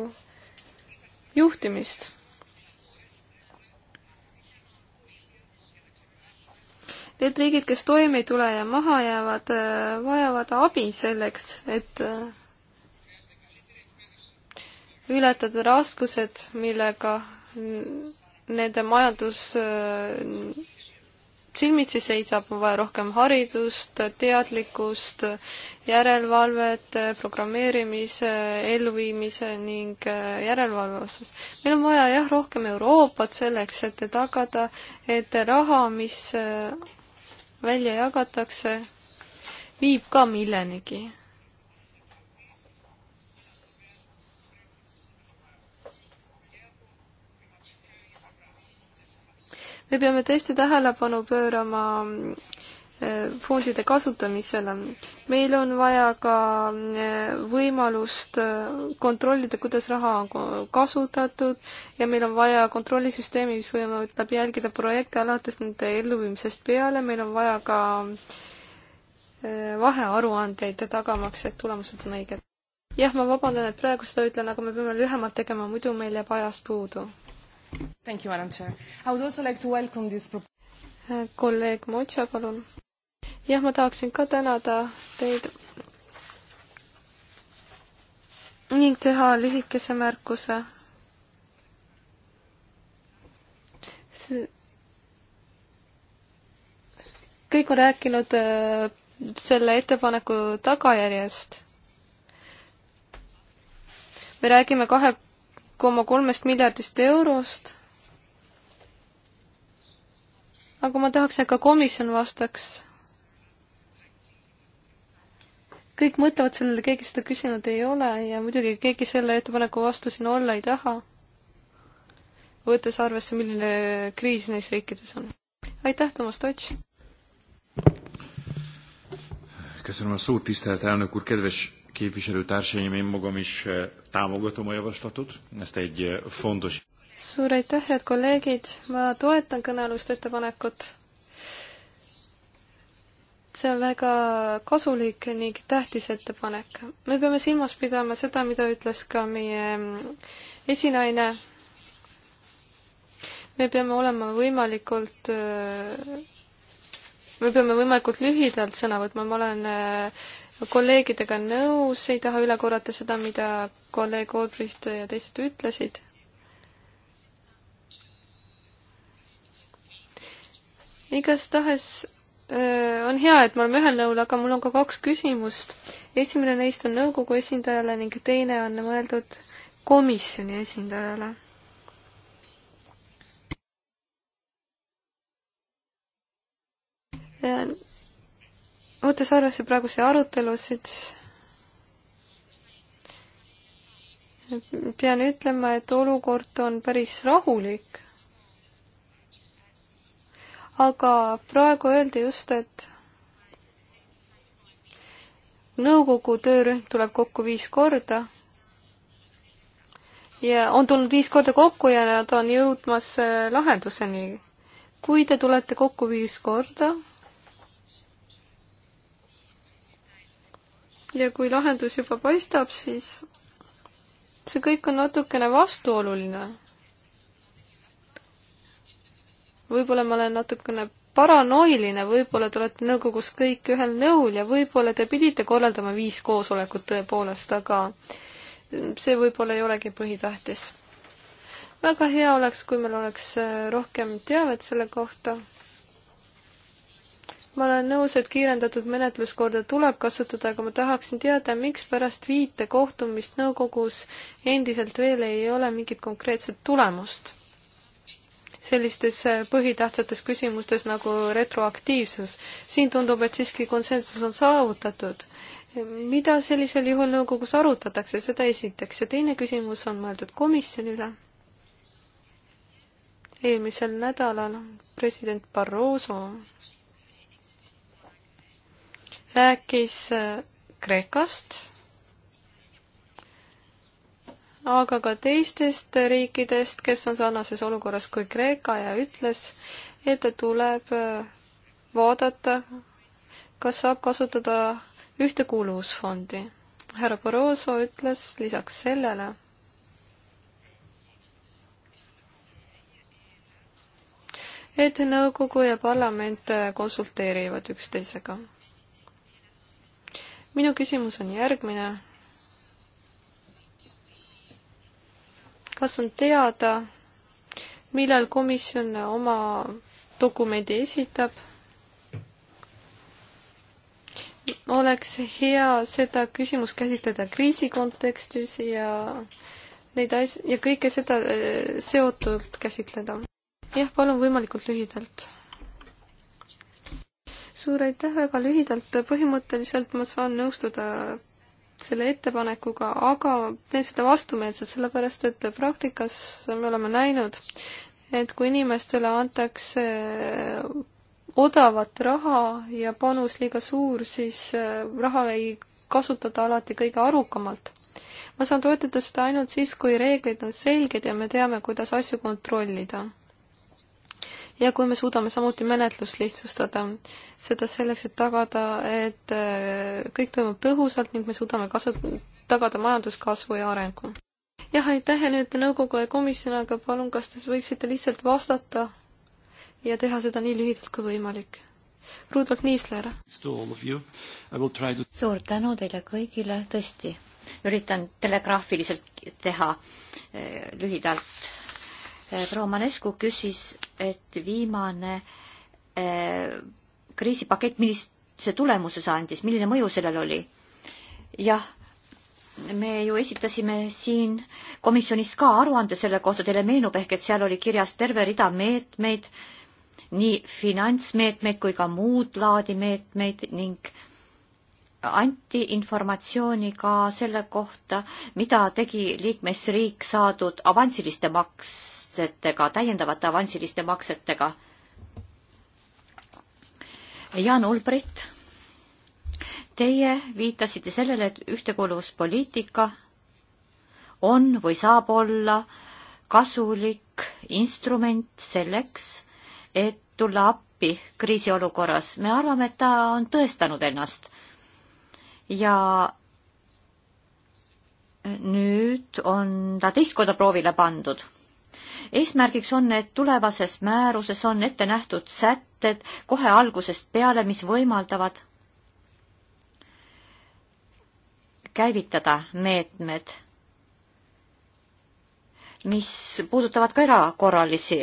juhtimist. Need riigid, kes toime ei tule ja maha jäävad, äh, vajavad abi selleks, et äh, ületada raskused, millega nende majandus äh, silmitsi seisab, on vaja rohkem haridust, teadlikkust, järelevalvet, programmeerimise, elluviimise ning äh, järelevalve osas. meil on vaja jah, rohkem Euroopat selleks, et tagada, et raha, mis äh, välja jagatakse, viib ka millenigi me peame tõesti tähelepanu pöörama äh, fondide kasutamisele. meil on vaja ka äh, võimalust äh, kontrollida, kuidas raha on kasutatud ja meil on vaja kontrollisüsteemi, mis võimaldab jälgida projekte alates nende elluviimisest peale, meil on vaja ka vahearuandeid tagamaks, et tulemused on õiged. jah, ma vabandan, et praegu seda ütlen, aga me peame lühemalt tegema, muidu meil jääb ajast puudu Thank you, madam chair. I would also like to welcome this kolleeg Motša, palun. jah, ma tahaksin ka tänada teid ning teha lühikese märkuse. kõik on rääkinud äh, selle ettepaneku tagajärjest. me räägime kahe koma kolmest miljardist eurost. aga ma tahaks, et ka komisjon vastaks. kõik mõtlevad sellele, keegi seda küsinud ei ole ja muidugi keegi selle ettepaneku vastu siin olla ei taha. võttes arvesse, milline kriis neis riikides on. aitäh, Toomas Deutsch! Köszönöm a szót, tisztelt elnök úr, kedves képviselőtársaim, én magam is eh, Támogatom a javaslatot, ezt egy eh, fontos... Suur aitäh, head kolleegid, ma toetan kõnealust ettepanekut. see on väga kasulik ning tähtis ettepanek. me peame silmas pidama seda, mida ütles ka meie mm, esinaine. me peame olema võimalikult eh, me peame võimalikult lühidalt sõna võtma, ma olen eh, kolleegidega nõus, ei taha üle korrata seda, mida kolleeg Olbrist ja teised ütlesid. igastahes on hea, et me oleme ühel nõul, aga mul on ka kaks küsimust. esimene neist on nõukogu esindajale ning teine on mõeldud komisjoni esindajale võttes arvesse praeguseid arutelusid, pean ütlema, et olukord on päris rahulik. aga praegu öeldi just, et nõukogu töörühm tuleb kokku viis korda ja on tulnud viis korda kokku ja nad on jõudmas äh, lahenduseni. kui te tulete kokku viis korda, ja kui lahendus juba paistab, siis see kõik on natukene vastuoluline. võib-olla ma olen natukene paranoiline, võib-olla te olete nõukogus kõik ühel nõul ja võib-olla te pidite korraldama viis koosolekut tõepoolest, aga see võib-olla ei olegi põhitähtis. väga hea oleks, kui meil oleks äh, rohkem teavet selle kohta ma olen nõus, et kiirendatud menetluskorda tuleb kasutada, aga ma tahaksin teada, miks pärast viite kohtumist nõukogus endiselt veel ei ole mingit konkreetset tulemust sellistes äh, põhitähtsates küsimustes nagu retroaktiivsus. siin tundub, et siiski konsensus on saavutatud. mida sellisel juhul nõukogus arutatakse, seda esiteks ja teine küsimus on mõeldud komisjonile. eelmisel nädalal president Barroso rääkis äh, Kreekast, aga ka teistest riikidest, kes on sarnases olukorras kui Kreeka ja ütles, et tuleb äh, vaadata, kas saab kasutada ühtekuuluvusfondi. härra Barroso ütles lisaks sellele, et nõukogu ja parlament äh, konsulteerivad üksteisega minu küsimus on järgmine. kas on teada, millal komisjon oma dokumendi esitab? oleks hea seda küsimust käsitleda kriisi kontekstis ja neid asju ja kõike seda äh, seotult käsitleda. jah, palun võimalikult lühidalt suur aitäh, väga lühidalt, põhimõtteliselt ma saan nõustuda selle ettepanekuga, aga teen seda vastumeelselt, sellepärast et praktikas me oleme näinud, et kui inimestele antakse odavat raha ja panus liiga suur, siis äh, raha ei kasutata alati kõige arukamalt. ma saan toetada seda ainult siis, kui reeglid on selged ja me teame, kuidas asju kontrollida ja kui me suudame samuti menetlust lihtsustada, seda selleks, et tagada, et äh, kõik toimub tõhusalt ning me suudame kasu-, tagada majanduskasvu ja arengu. jah, aitäh ja nüüd nõukogu ja komisjon, aga palun, kas te võiksite lihtsalt vastata ja teha seda nii lühidalt kui võimalik? Rudolf Niisler. suur tänu teile kõigile, tõesti. üritan telegraafiliselt teha äh, lühidalt Eh, proua Manescu küsis, et viimane eh, kriisipakett, millist see tulemuse see andis, milline mõju sellel oli? jah, me ju esitasime siin komisjonis ka aruande selle kohta, teile meenub ehk, et seal oli kirjas terve rida meetmeid, nii finantsmeetmeid kui ka muud laadi meetmeid ning anti informatsiooni ka selle kohta, mida tegi liikmesriik saadud avansiliste maksetega, täiendavate avansiliste maksetega. Jaan Ulbrit, teie viitasite sellele, et ühtekuuluvuspoliitika on või saab olla kasulik instrument selleks, et tulla appi kriisiolukorras. me arvame, et ta on tõestanud ennast ja nüüd on ta teist korda proovile pandud. eesmärgiks on, et tulevases määruses on ette nähtud sätted kohe algusest peale, mis võimaldavad käivitada meetmed, mis puudutavad ka erakorralisi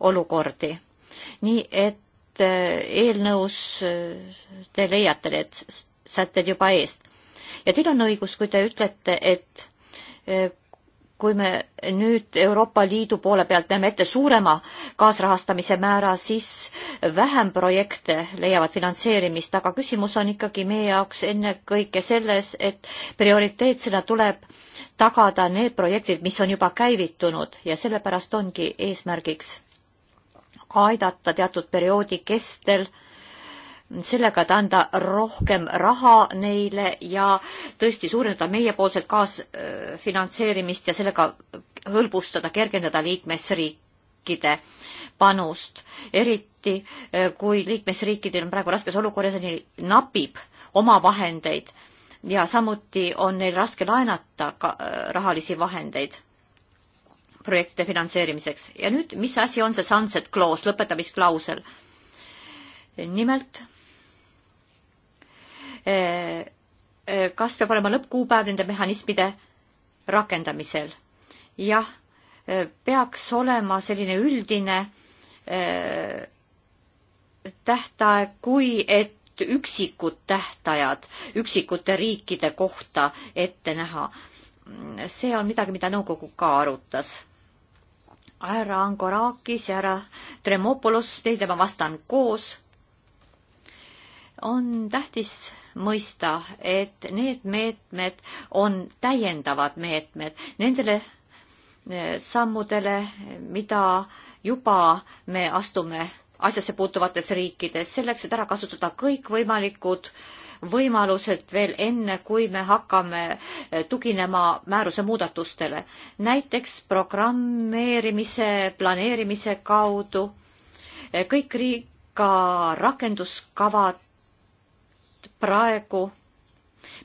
olukordi. nii et eh, eelnõus eh, te leiate need sätted juba eest. ja teil on õigus, kui te ütlete, et eh, kui me nüüd Euroopa Liidu poole pealt näeme ette suurema kaasrahastamise määra, siis vähem projekte leiavad finantseerimist, aga küsimus on ikkagi meie jaoks ennekõike selles, et prioriteetsena tuleb tagada need projektid, mis on juba käivitunud ja sellepärast ongi eesmärgiks aidata teatud perioodi kestel äh, sellega, et anda rohkem raha neile ja tõesti suurendada meiepoolset kaasfinantseerimist ja sellega hõlbustada, kergendada liikmesriikide panust, eriti eh, kui liikmesriikidel on praegu raskes olukorras ja neil napib omavahendeid ja samuti on neil raske laenata ka eh, rahalisi vahendeid projektide finantseerimiseks. ja nüüd, mis asi on see sunset clause, lõpetamisklausel? nimelt Eh, eh, kas peab olema lõppkuupäev nende mehhanismide rakendamisel? jah, eh, peaks olema selline üldine tähtaeg, kui et üksikud tähtajad üksikute riikide kohta ette näha. see on midagi, mida nõukogu ka arutas härra Angorakis ja härra Tremopolos, teile ma vastan koos. on tähtis mõista, et need meetmed on täiendavad meetmed nendele eh, sammudele, mida juba me astume asjasse puutuvates riikides, selleks, et ära kasutada kõikvõimalikud võimalused veel enne, kui me hakkame eh, tuginema määruse muudatustele. näiteks programmeerimise, planeerimise kaudu eh, kõik riik ka rakenduskavad praegu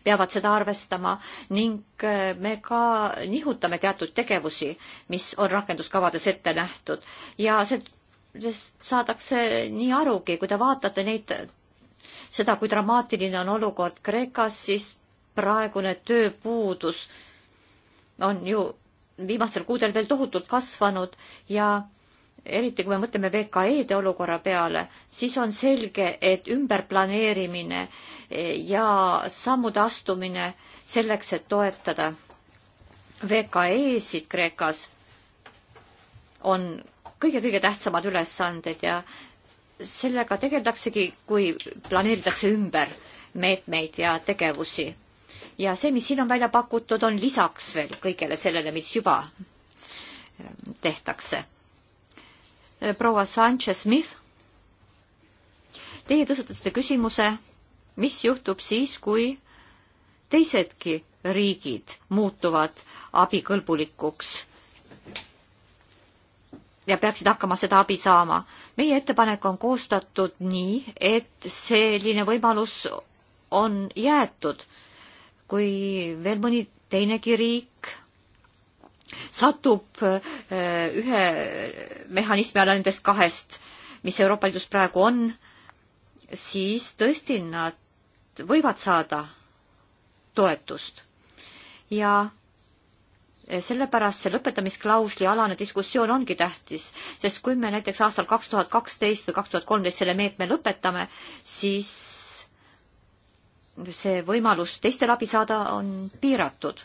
peavad seda arvestama ning äh, me ka nihutame teatud tegevusi, mis on rakenduskavades ette nähtud ja see, sest saadakse nii arugi, kui te vaatate neid, seda, kui dramaatiline on olukord Kreekas, siis praegune tööpuudus on ju viimastel kuudel veel tohutult kasvanud ja eriti kui me mõtleme VKE-de olukorra peale, siis on selge, et ümberplaneerimine eh, ja sammude astumine selleks, et toetada VKE-sid Kreekas, on kõige-kõige tähtsamad ülesanded ja sellega tegeldaksegi, kui planeeritakse ümber meetmeid ja tegevusi. ja see, mis siin on välja pakutud, on lisaks veel kõigele sellele, mis juba eh, tehtakse proua Sanchez-Smith. Teie tõstatasite küsimuse, mis juhtub siis, kui teisedki riigid muutuvad abikõlbulikuks ja peaksid hakkama seda abi saama. meie ettepanek on koostatud nii, et selline võimalus on jäetud. kui veel mõni teinegi riik satub äh, ühe mehhanismi alla nendest kahest, mis Euroopa Liidus praegu on, siis tõesti nad võivad saada toetust. ja sellepärast see lõpetamisklausli alane diskussioon ongi tähtis, sest kui me näiteks aastal kaks tuhat kaksteist või kaks tuhat kolmteist selle meetme lõpetame, siis see võimalus teistel abi saada on piiratud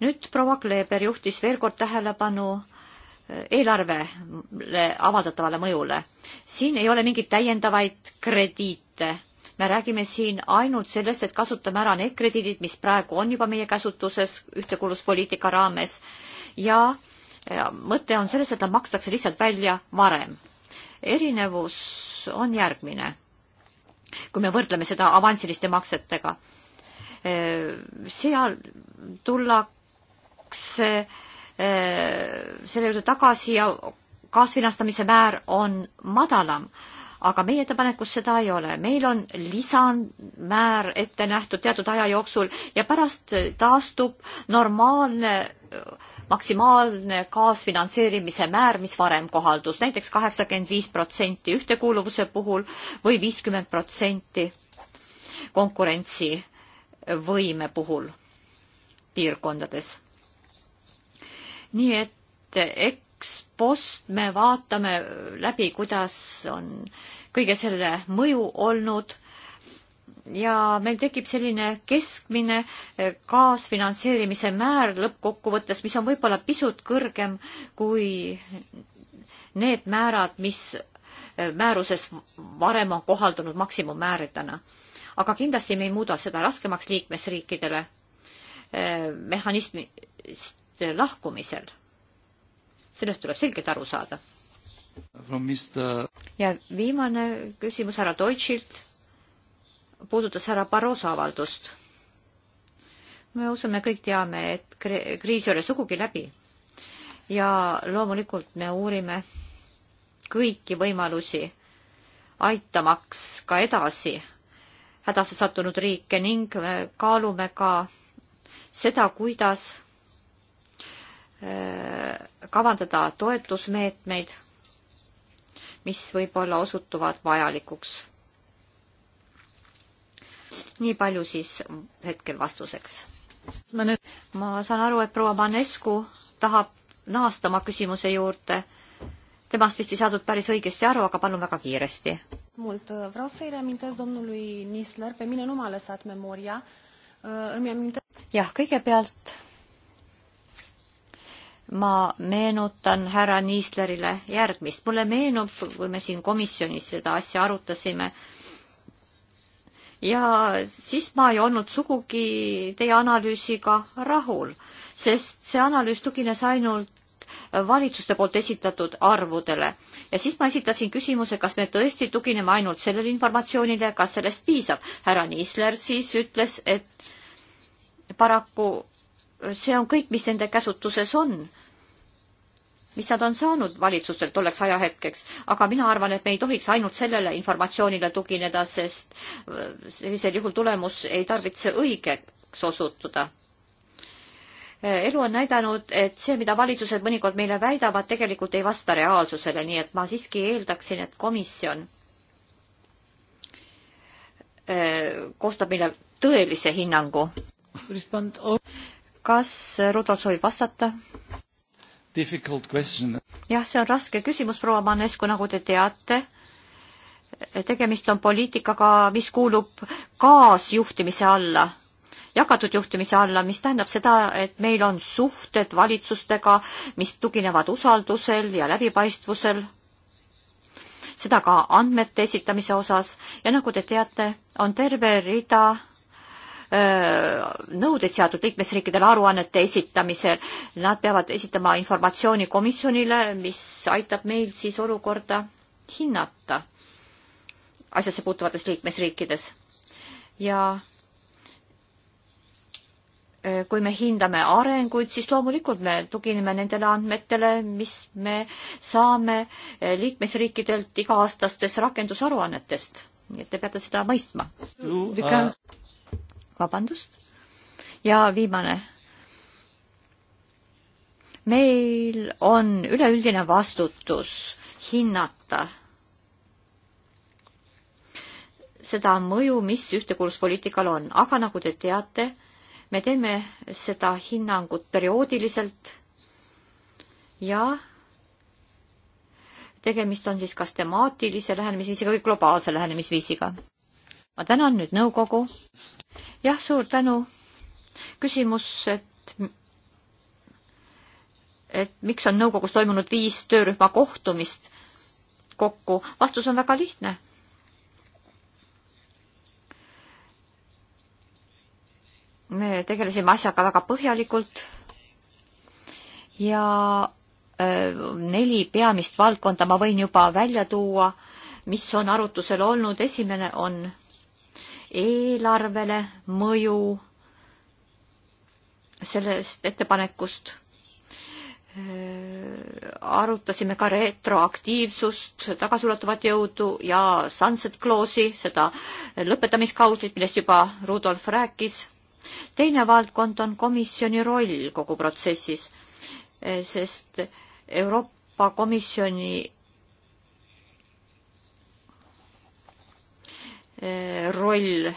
nüüd proua Kleeber juhtis veel kord tähelepanu eh, eelarvele avaldatavale mõjule. siin ei ole mingeid täiendavaid krediite. me räägime siin ainult sellest, et kasutame ära need krediidid, mis praegu on juba meie käsutuses ühtekuuluvuspoliitika raames ja, ja eh, mõte on selles, et nad makstakse lihtsalt välja varem. erinevus on järgmine, kui me võrdleme seda avansiliste maksetega eh, seal tulla tullakse eh, selle juurde tagasi ja kaasfinastamise määr on madalam, aga meie ettepanekus seda ei ole. meil on lisamäär ette nähtud teatud aja jooksul ja pärast taastub normaalne maksimaalne kaasfinantseerimise määr, mis varem kohaldus näiteks, näiteks kaheksakümmend viis protsenti ühtekuuluvuse puhul või viiskümmend protsenti konkurentsivõime puhul piirkondades nii et eh, ekspost me vaatame läbi, kuidas on kõige selle mõju olnud ja meil tekib selline keskmine eh, kaasfinantseerimise määr lõppkokkuvõttes, mis on võib-olla pisut kõrgem kui need määrad, mis eh, määruses varem on kohaldunud maksimummääridena. aga kindlasti me ei muuda seda raskemaks liikmesriikidele mehhanismist liidust lahkumisel. sellest tuleb selgelt aru saada. ja viimane küsimus härra Deutschilt puudutas härra Barroso avaldust. me usume, kõik teame, et kriis ei ole sugugi läbi. ja loomulikult me uurime kõiki võimalusi aitamaks ka edasi hädasse sattunud riike ning kaalume ka seda, kuidas Äh, kavandada toetusmeetmeid, mis võib-olla osutuvad vajalikuks. nii palju siis hetkel vastuseks. ma saan aru, et proua Manescu tahab naasta oma küsimuse juurde. temast vist ei saadud päris õigesti aru, aga palun väga kiiresti. mult, äh, vreau să-i reamintesc domnului Nisler, pe mine nu m-a lăsat memoria. Äh, jah, kõigepealt ma meenutan härra Niislerile järgmist. mulle meenub, kui me siin komisjonis seda asja arutasime, ja siis ma ei olnud sugugi teie analüüsiga rahul, sest see analüüs tugines ainult valitsuste poolt esitatud arvudele ja siis ma esitasin küsimuse, kas me tõesti tugineme ainult sellele informatsioonile ja kas sellest piisab. härra Niisler siis ütles, et paraku see on kõik, mis nende käsutuses on, mis nad on saanud valitsustelt tolleks ajahetkeks, aga mina arvan, et me ei tohiks ainult sellele informatsioonile tugineda, sest äh, sellisel juhul tulemus ei tarvitse õigeks osutuda. Äh, elu on näidanud, et see, mida valitsused mõnikord meile väidavad, tegelikult ei vasta reaalsusele, nii et ma siiski eeldaksin, et komisjon äh, koostab meile tõelise hinnangu kas Rudolf soovib vastata? jah, see on raske küsimus, proua Manescu, nagu te teate. tegemist on poliitikaga, mis kuulub kaasjuhtimise alla, jagatud juhtimise alla, mis tähendab seda, et meil on suhted valitsustega, mis tuginevad usaldusel ja läbipaistvusel seda ka andmete esitamise osas ja nagu te teate, on terve rida Äh, nõudeid seatud liikmesriikidele aruannete esitamisel. Nad peavad esitama informatsiooni komisjonile, mis aitab meil siis olukorda hinnata asjasse puutuvates liikmesriikides. ja äh, kui me hindame arenguid, siis loomulikult me tugineme nendele andmetele, mis me saame äh, liikmesriikidelt iga-aastastes rakendusaruannetest nii et te peate seda mõistma vabandust. ja viimane. meil on üleüldine vastutus hinnata seda mõju, mis ühtekuuluvuspoliitikal on, aga nagu te teate, me teeme seda hinnangut perioodiliselt ja tegemist on siis kas temaatilise lähenemisviisiga või globaalse lähenemisviisiga ma tänan nüüd nõukogu. jah, suur tänu. küsimus, et et miks on nõukogus toimunud viis töörühma kohtumist kokku? vastus on väga lihtne. me tegelesime asjaga väga põhjalikult ja öö, äh, neli peamist valdkonda ma võin juba välja tuua, mis on arutusel olnud. esimene on eelarvele mõju sellest ettepanekust. Äh, arutasime ka retroaktiivsust, tagasiulatuvat jõudu ja sunset clause'i, seda lõpetamiskauslit, millest juba Rudolf rääkis. teine valdkond on komisjoni roll kogu protsessis, äh, sest Euroopa Komisjoni Eh, roll eh,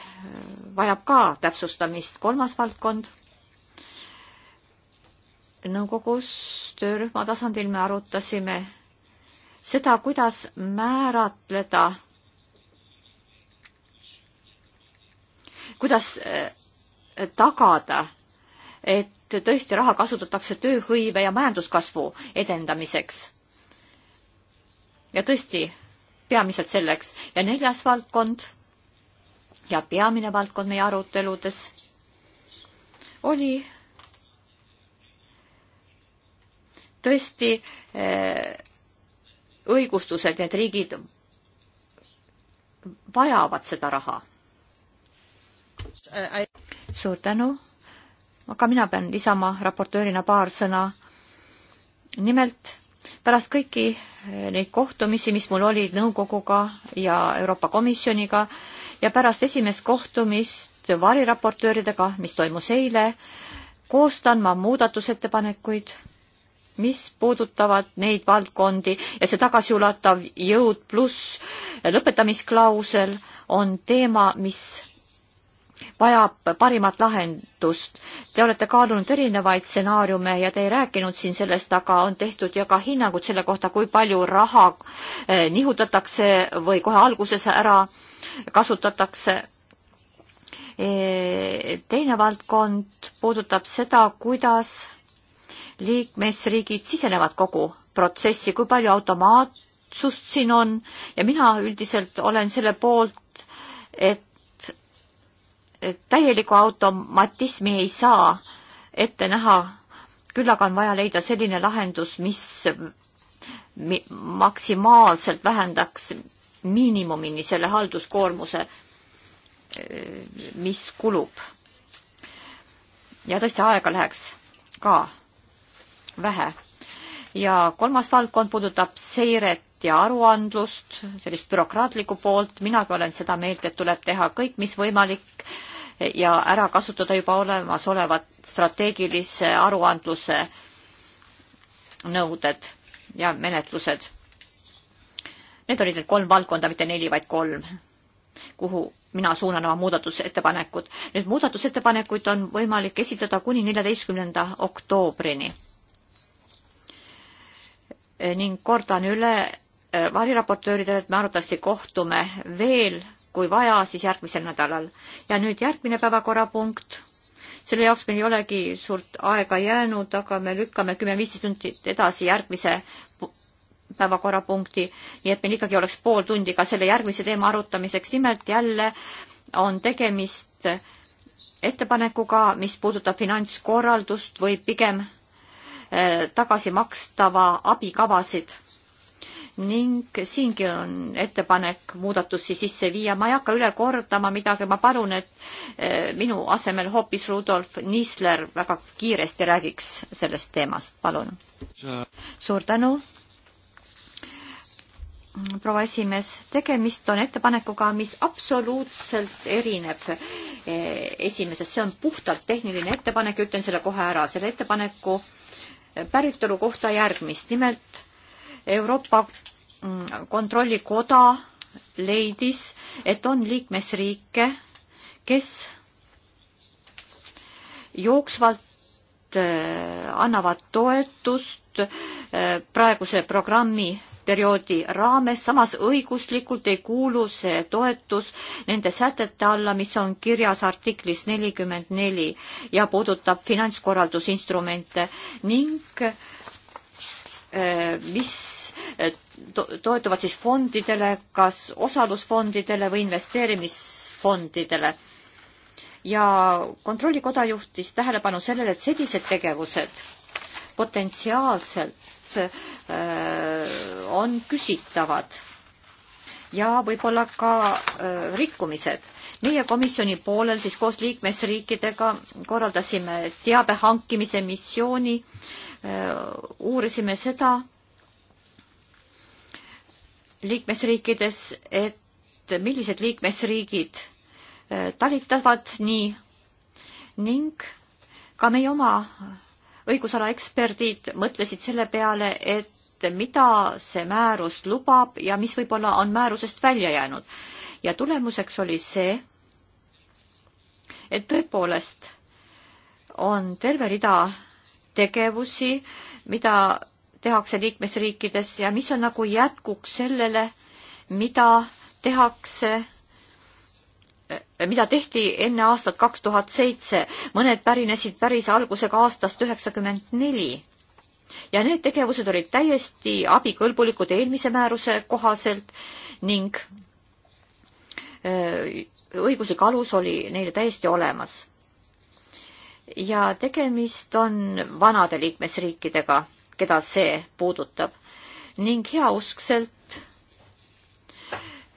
vajab ka täpsustamist. kolmas valdkond. nõukogus töörühma tasandil me arutasime seda, kuidas määratleda, kuidas eh, tagada, et tõesti raha kasutatakse tööhõive ja majanduskasvu edendamiseks. ja tõesti, peamiselt selleks. ja neljas valdkond ja peamine valdkond meie aruteludes oli tõesti eh, õigustused, need riigid vajavad seda raha. suur tänu. aga mina pean lisama raportöörina paar sõna. nimelt pärast kõiki eh, neid kohtumisi, mis mul olid nõukoguga ja Euroopa Komisjoniga, ja pärast esimest kohtumist variraportööridega, mis toimus eile, koostan ma muudatusettepanekuid, mis puudutavad neid valdkondi ja see tagasiulatav jõud pluss lõpetamisklausel on teema, mis vajab parimat lahendust. Te olete kaalunud erinevaid stsenaariume ja te ei rääkinud siin sellest, aga on tehtud ju ka hinnangud selle kohta, kui palju raha eh, nihutatakse või kohe alguses ära äh, kasutatakse. Eh, teine valdkond puudutab seda, kuidas liikmesriigid sisenevad kogu protsessi, kui palju automaatsust siin on ja mina üldiselt olen selle poolt, et täielikku automatismi ei saa ette näha, küll aga on vaja leida selline lahendus, mis maksimaalselt vähendaks miinimumini selle halduskoormuse, mis kulub. ja tõesti aega läheks ka vähe. ja kolmas valdkond puudutab seiret ja aruandlust, sellist bürokraatlikku poolt, minagi olen seda meelt, et tuleb teha kõik, mis võimalik ja ära kasutada juba olemasolevat strateegilise aruandluse nõuded ja menetlused Need olid need kolm valdkonda, mitte neli, vaid kolm, kuhu mina suunan oma muudatusettepanekud. Need muudatusettepanekuid on võimalik esitada kuni neljateistkümnenda oktoobrini. ning kordan üle eh, variraportööridele, et me arvatavasti kohtume veel, kui vaja, siis järgmisel nädalal. ja nüüd järgmine päevakorrapunkt. selle jaoks meil ei olegi suurt aega jäänud, aga me lükkame kümme-viisteist minutit edasi järgmise päevakorrapunkti, nii et meil ikkagi oleks pool tundi ka selle järgmise teema arutamiseks. nimelt jälle on tegemist ettepanekuga, mis puudutab finantskorraldust või pigem äh, tagasimakstava abikavasid. ning siingi on ettepanek muudatusi sisse viia, ma ei hakka üle kordama midagi, ma palun, et äh, minu asemel hoopis Rudolf Niisler väga kiiresti räägiks sellest teemast, palun. suur tänu proua esimees, tegemist on ettepanekuga, mis absoluutselt erineb eh, esimesest, see on puhtalt tehniline ettepanek, ütlen selle kohe ära, selle ettepaneku eh, päritolu kohta järgmist, nimelt Euroopa mm, Kontrollikoda leidis, et on liikmesriike, kes jooksvalt eh, annavad toetust praeguse programmi perioodi raames, samas õiguslikult ei kuulu see toetus nende sätete alla, mis on kirjas artiklis nelikümmend neli ja puudutab finantskorraldusinstrumente ning eh, mis eh, toetuvad siis fondidele, kas osalusfondidele või investeerimisfondidele. ja Kontrollikoda juhtis tähelepanu sellele, et sellised tegevused potentsiaalselt Äh, on küsitavad ja võib-olla ka äh, rikkumised. meie komisjoni poolel siis koos liikmesriikidega korraldasime teabe hankimise missiooni, äh, uurisime seda liikmesriikides, et millised liikmesriigid talitavad nii ning ka meie oma õigusala eksperdid mõtlesid selle peale, et mida see määrus lubab ja mis võib-olla on määrusest välja jäänud. ja tulemuseks oli see, et tõepoolest on terve rida tegevusi, mida tehakse liikmesriikides ja mis on nagu jätkuks sellele, mida tehakse Äh, mida tehti enne aastat kaks tuhat seitse, mõned pärinesid päris algusega aastast üheksakümmend neli ja need tegevused olid täiesti abikõlbulikud eelmise määruse kohaselt ning äh, õiguslik alus oli neile täiesti olemas. ja tegemist on vanade liikmesriikidega, keda see puudutab ning heauskselt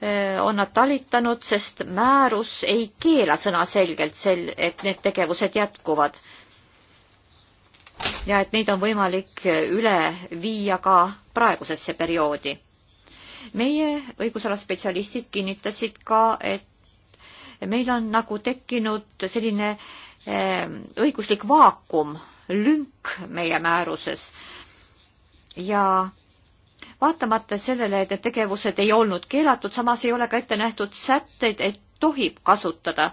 Äh, on nad talitanud, sest määrus ei keela sõnaselgelt sel-, et need tegevused jätkuvad. ja et neid on võimalik äh, üle viia ka praegusesse perioodi. meie õigusala spetsialistid kinnitasid ka, et meil on nagu tekkinud selline äh, õiguslik vaakum, lünk meie määruses ja vaatamata sellele, et need tegevused ei olnud keelatud, samas ei ole ka ette nähtud sätteid, et tohib kasutada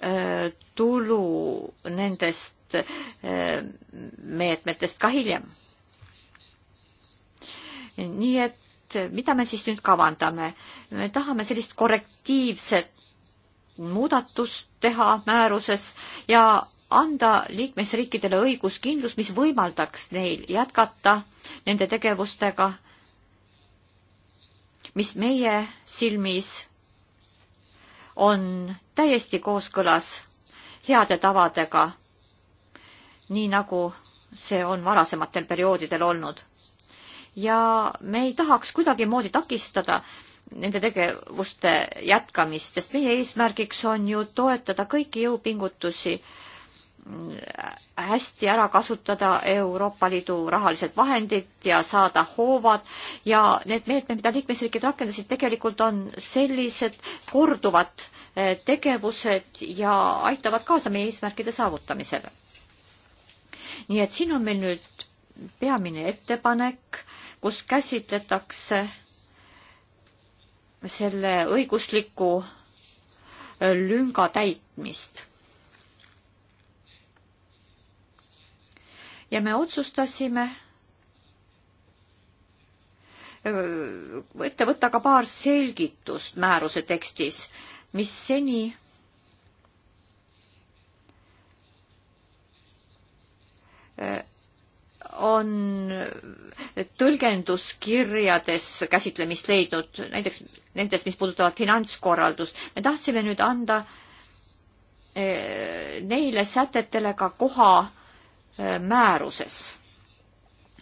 äh, tulu nendest äh, meetmetest ka hiljem. nii et mida me siis nüüd kavandame? me tahame sellist korrektiivset muudatust teha määruses ja anda liikmesriikidele õiguskindlus, mis võimaldaks neil jätkata nende tegevustega, mis meie silmis on täiesti kooskõlas heade tavadega, nii nagu see on varasematel perioodidel olnud. ja me ei tahaks kuidagimoodi takistada nende tegevuste jätkamist, sest meie eesmärgiks on ju toetada kõiki jõupingutusi äh, hästi ära kasutada Euroopa Liidu rahalised vahendid ja saada hoovad ja need meetmed, mida liikmesriigid rakendasid, tegelikult on sellised korduvad eh, tegevused ja aitavad kaasa meie eesmärkide saavutamisele. nii et siin on meil nüüd peamine ettepanek, kus käsitletakse selle õigusliku eh, lünga täitmist ja me otsustasime ette äh, võtta ka paar selgitust määruse tekstis, mis seni äh, on tõlgenduskirjades käsitlemist leidnud, näiteks nendes, mis puudutavad finantskorraldust. me tahtsime nüüd anda äh, neile sätetele ka koha Äh, määruses.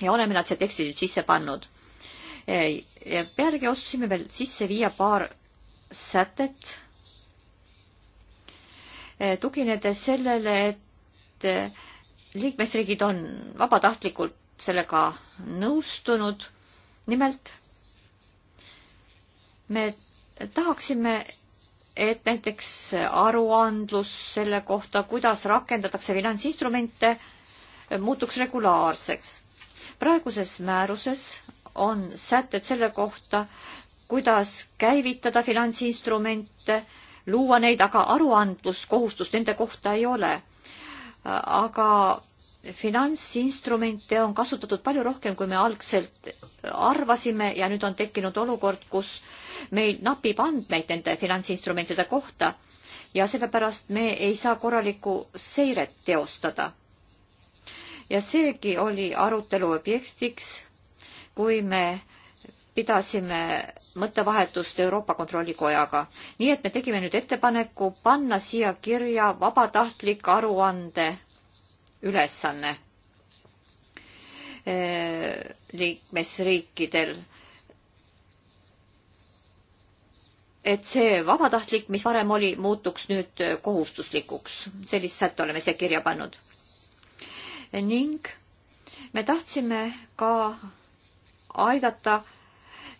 ja oleme nad siia teksti nüüd sisse pannud. Äh, ja pealegi otsustasime veel sisse viia paar sätet, äh, tuginedes sellele, et liikmesriigid on vabatahtlikult sellega nõustunud. nimelt me tahaksime, et näiteks aruandlus selle kohta, kuidas rakendatakse finantsinstrumente, muutuks regulaarseks. praeguses määruses on sätted selle kohta, kuidas käivitada finantsinstrumente, luua neid, aga aruandluskohustust nende kohta ei ole. aga finantsinstrumente on kasutatud palju rohkem, kui me algselt arvasime ja nüüd on tekkinud olukord, kus meil napib andmeid nende finantsinstrumentide kohta ja sellepärast me ei saa korralikku seiret teostada ja seegi oli arutelu objektiks, kui me pidasime mõttevahetust Euroopa Kontrollikojaga. nii et me tegime nüüd ettepaneku panna siia kirja vabatahtlik aruande ülesanne eh, liikmesriikidel. et see vabatahtlik, mis varem oli, muutuks nüüd kohustuslikuks. sellist sätte oleme siia kirja pannud ning me tahtsime ka aidata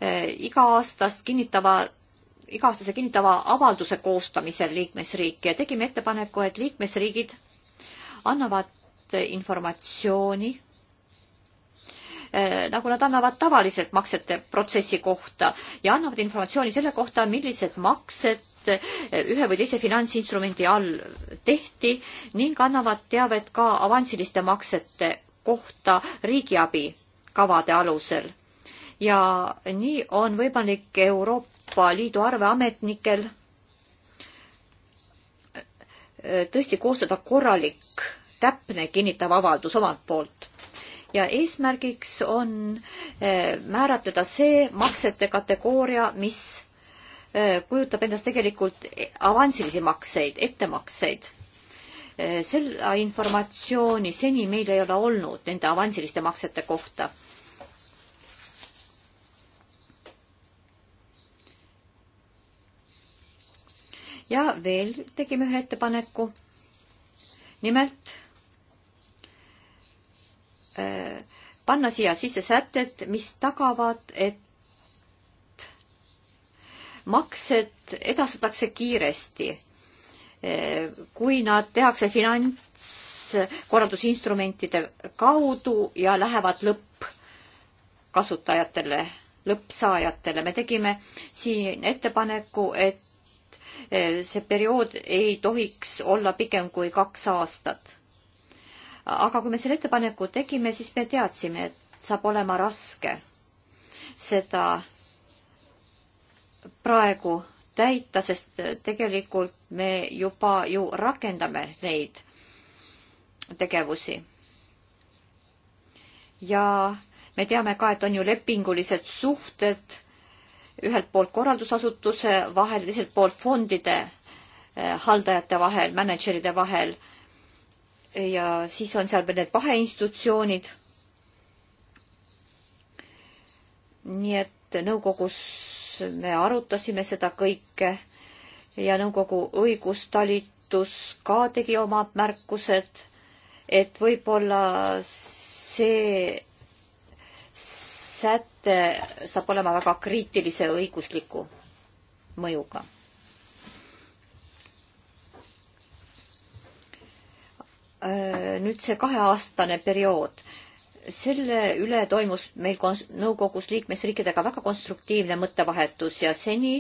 eh, iga-aastast kinnitava iga-aastase kinnitava avalduse koostamisel liikmesriiki ja tegime ettepaneku, et liikmesriigid annavad eh, informatsiooni, eh, nagu nad annavad tavaliselt maksete protsessi kohta ja annavad informatsiooni selle kohta, millised maksed ühe või teise finantsinstrumendi all tehti ning annavad teavet ka avansiliste maksete kohta riigiabi kavade alusel. ja nii on võimalik Euroopa Liidu arveametnikel e, tõesti koostada korralik, täpne kinnitav avaldus omalt poolt ja eesmärgiks on e, määratleda see maksete kategooria, mis Äh, kujutab endast tegelikult avansilisi makseid, ettemakseid. Äh, selle informatsiooni seni meil ei ole olnud nende avansiliste maksete kohta. ja veel tegime ühe ettepaneku. nimelt äh, panna siia sisse sätted, mis tagavad, et maksed edastatakse kiiresti, kui nad tehakse finantskorraldusinstrumentide kaudu ja lähevad lõppkasutajatele, lõppsaajatele. me tegime siin ettepaneku, et see periood ei tohiks olla pikem kui kaks aastat. aga kui me selle ettepaneku tegime, siis me teadsime, et saab olema raske seda praegu täita, sest tegelikult me juba ju rakendame neid tegevusi. ja me teame ka, et on ju lepingulised suhted ühelt poolt korraldusasutuse vahel, teiselt poolt fondide eh, haldajate vahel, mänedžeride vahel. ja siis on seal veel need vaheinstitutsioonid. nii et nõukogus me arutasime seda kõike ja nõukogu õigustalitus ka tegi omad märkused, et võib-olla see säte saab olema väga kriitilise õigusliku mõjuga. nüüd see kaheaastane periood selle üle toimus meil kons-, nõukogus liikmesriikidega väga konstruktiivne mõttevahetus ja seni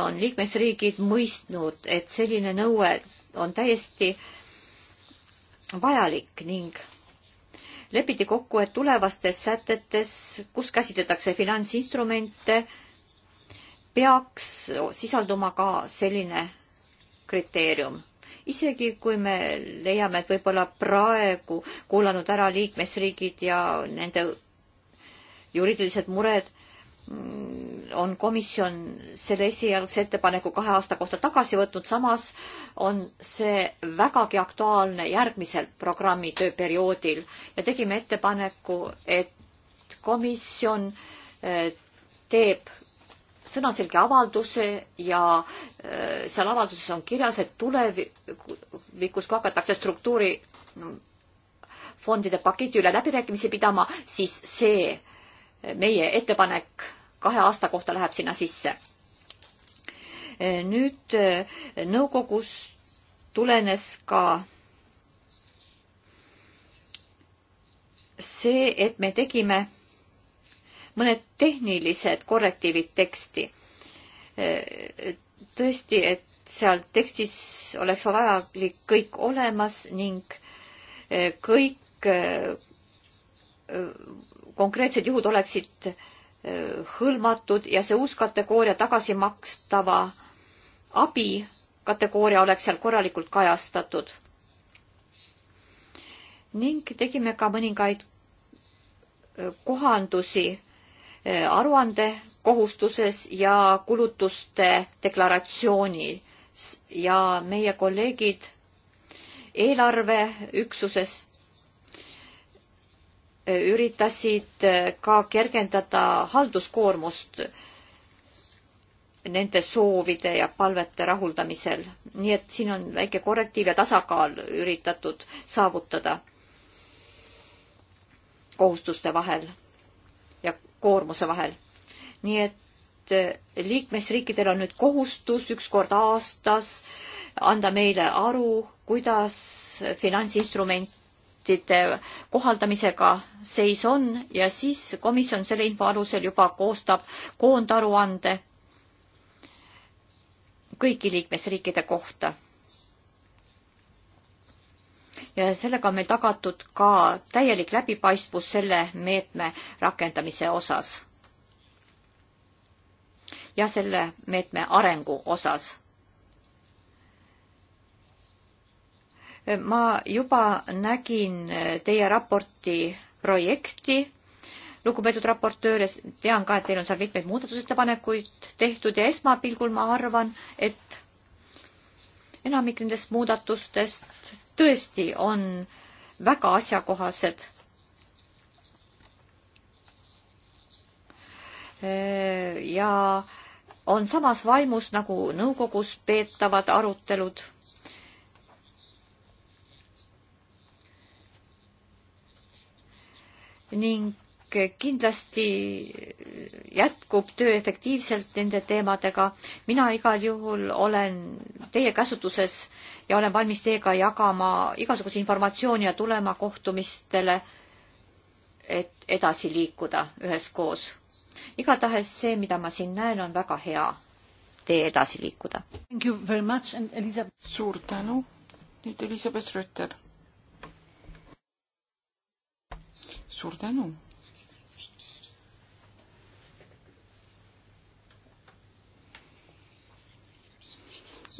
on liikmesriigid mõistnud, et selline nõue on täiesti vajalik ning lepiti kokku, et tulevastes sätetes, kus käsitletakse finantsinstrumente, peaks sisalduma ka selline kriteerium isegi kui me leiame, et võib-olla praegu kuulanud ära liikmesriigid ja nende juriidilised mured, mm, on komisjon selle esialgse ettepaneku kahe aasta kohta tagasi võtnud, samas on see vägagi aktuaalne järgmisel programmi tööperioodil ja tegime ettepaneku, et komisjon eh, teeb sõnaselge avalduse ja äh, seal avalduses on kirjas, et tulevikus, kui hakatakse struktuurifondide paketi üle läbirääkimisi pidama, siis see äh, meie ettepanek kahe aasta kohta läheb sinna sisse. Äh, nüüd nõukogus tulenes ka see, et me tegime mõned tehnilised korrektiivid teksti. Äh, tõesti, et seal tekstis oleks vajalik kõik olemas ning äh, kõik äh, konkreetsed juhud oleksid hõlmatud ja see uus kategooria tagasimakstava abi kategooria oleks seal korralikult kajastatud. ning tegime ka mõningaid kohandusi Eh, aruandekohustuses ja kulutuste deklaratsioonis ja meie kolleegid eelarveüksusest eh, üritasid eh, ka kergendada halduskoormust nende soovide ja palvete rahuldamisel. nii et siin on väike korrektiiv ja tasakaal üritatud saavutada kohustuste vahel koormuse vahel. nii et eh, liikmesriikidel on nüüd kohustus üks kord aastas anda meile aru, kuidas finantsinstrumentide kohaldamisega seis on ja siis komisjon selle info alusel juba koostab koondaruande kõigi liikmesriikide kohta ja sellega on meil tagatud ka täielik läbipaistvus selle meetme rakendamise osas. ja selle meetme arengu osas. ma juba nägin teie raporti projekti lugupeetud raportöör ja tean ka, et teil on seal mitmeid muudatusettepanekuid tehtud ja esmapilgul ma arvan, et enamik nendest muudatustest tõesti on väga asjakohased. ja on samas vaimus nagu nõukogus peetavad arutelud ning kindlasti jätkub töö efektiivselt nende teemadega. mina igal juhul olen teie käsutuses ja olen valmis teiega jagama igasugust informatsiooni ja tulema kohtumistele, et edasi liikuda üheskoos. igatahes see, mida ma siin näen, on väga hea tee edasi liikuda. suur tänu. nüüd Elizabeth Rütter. suur tänu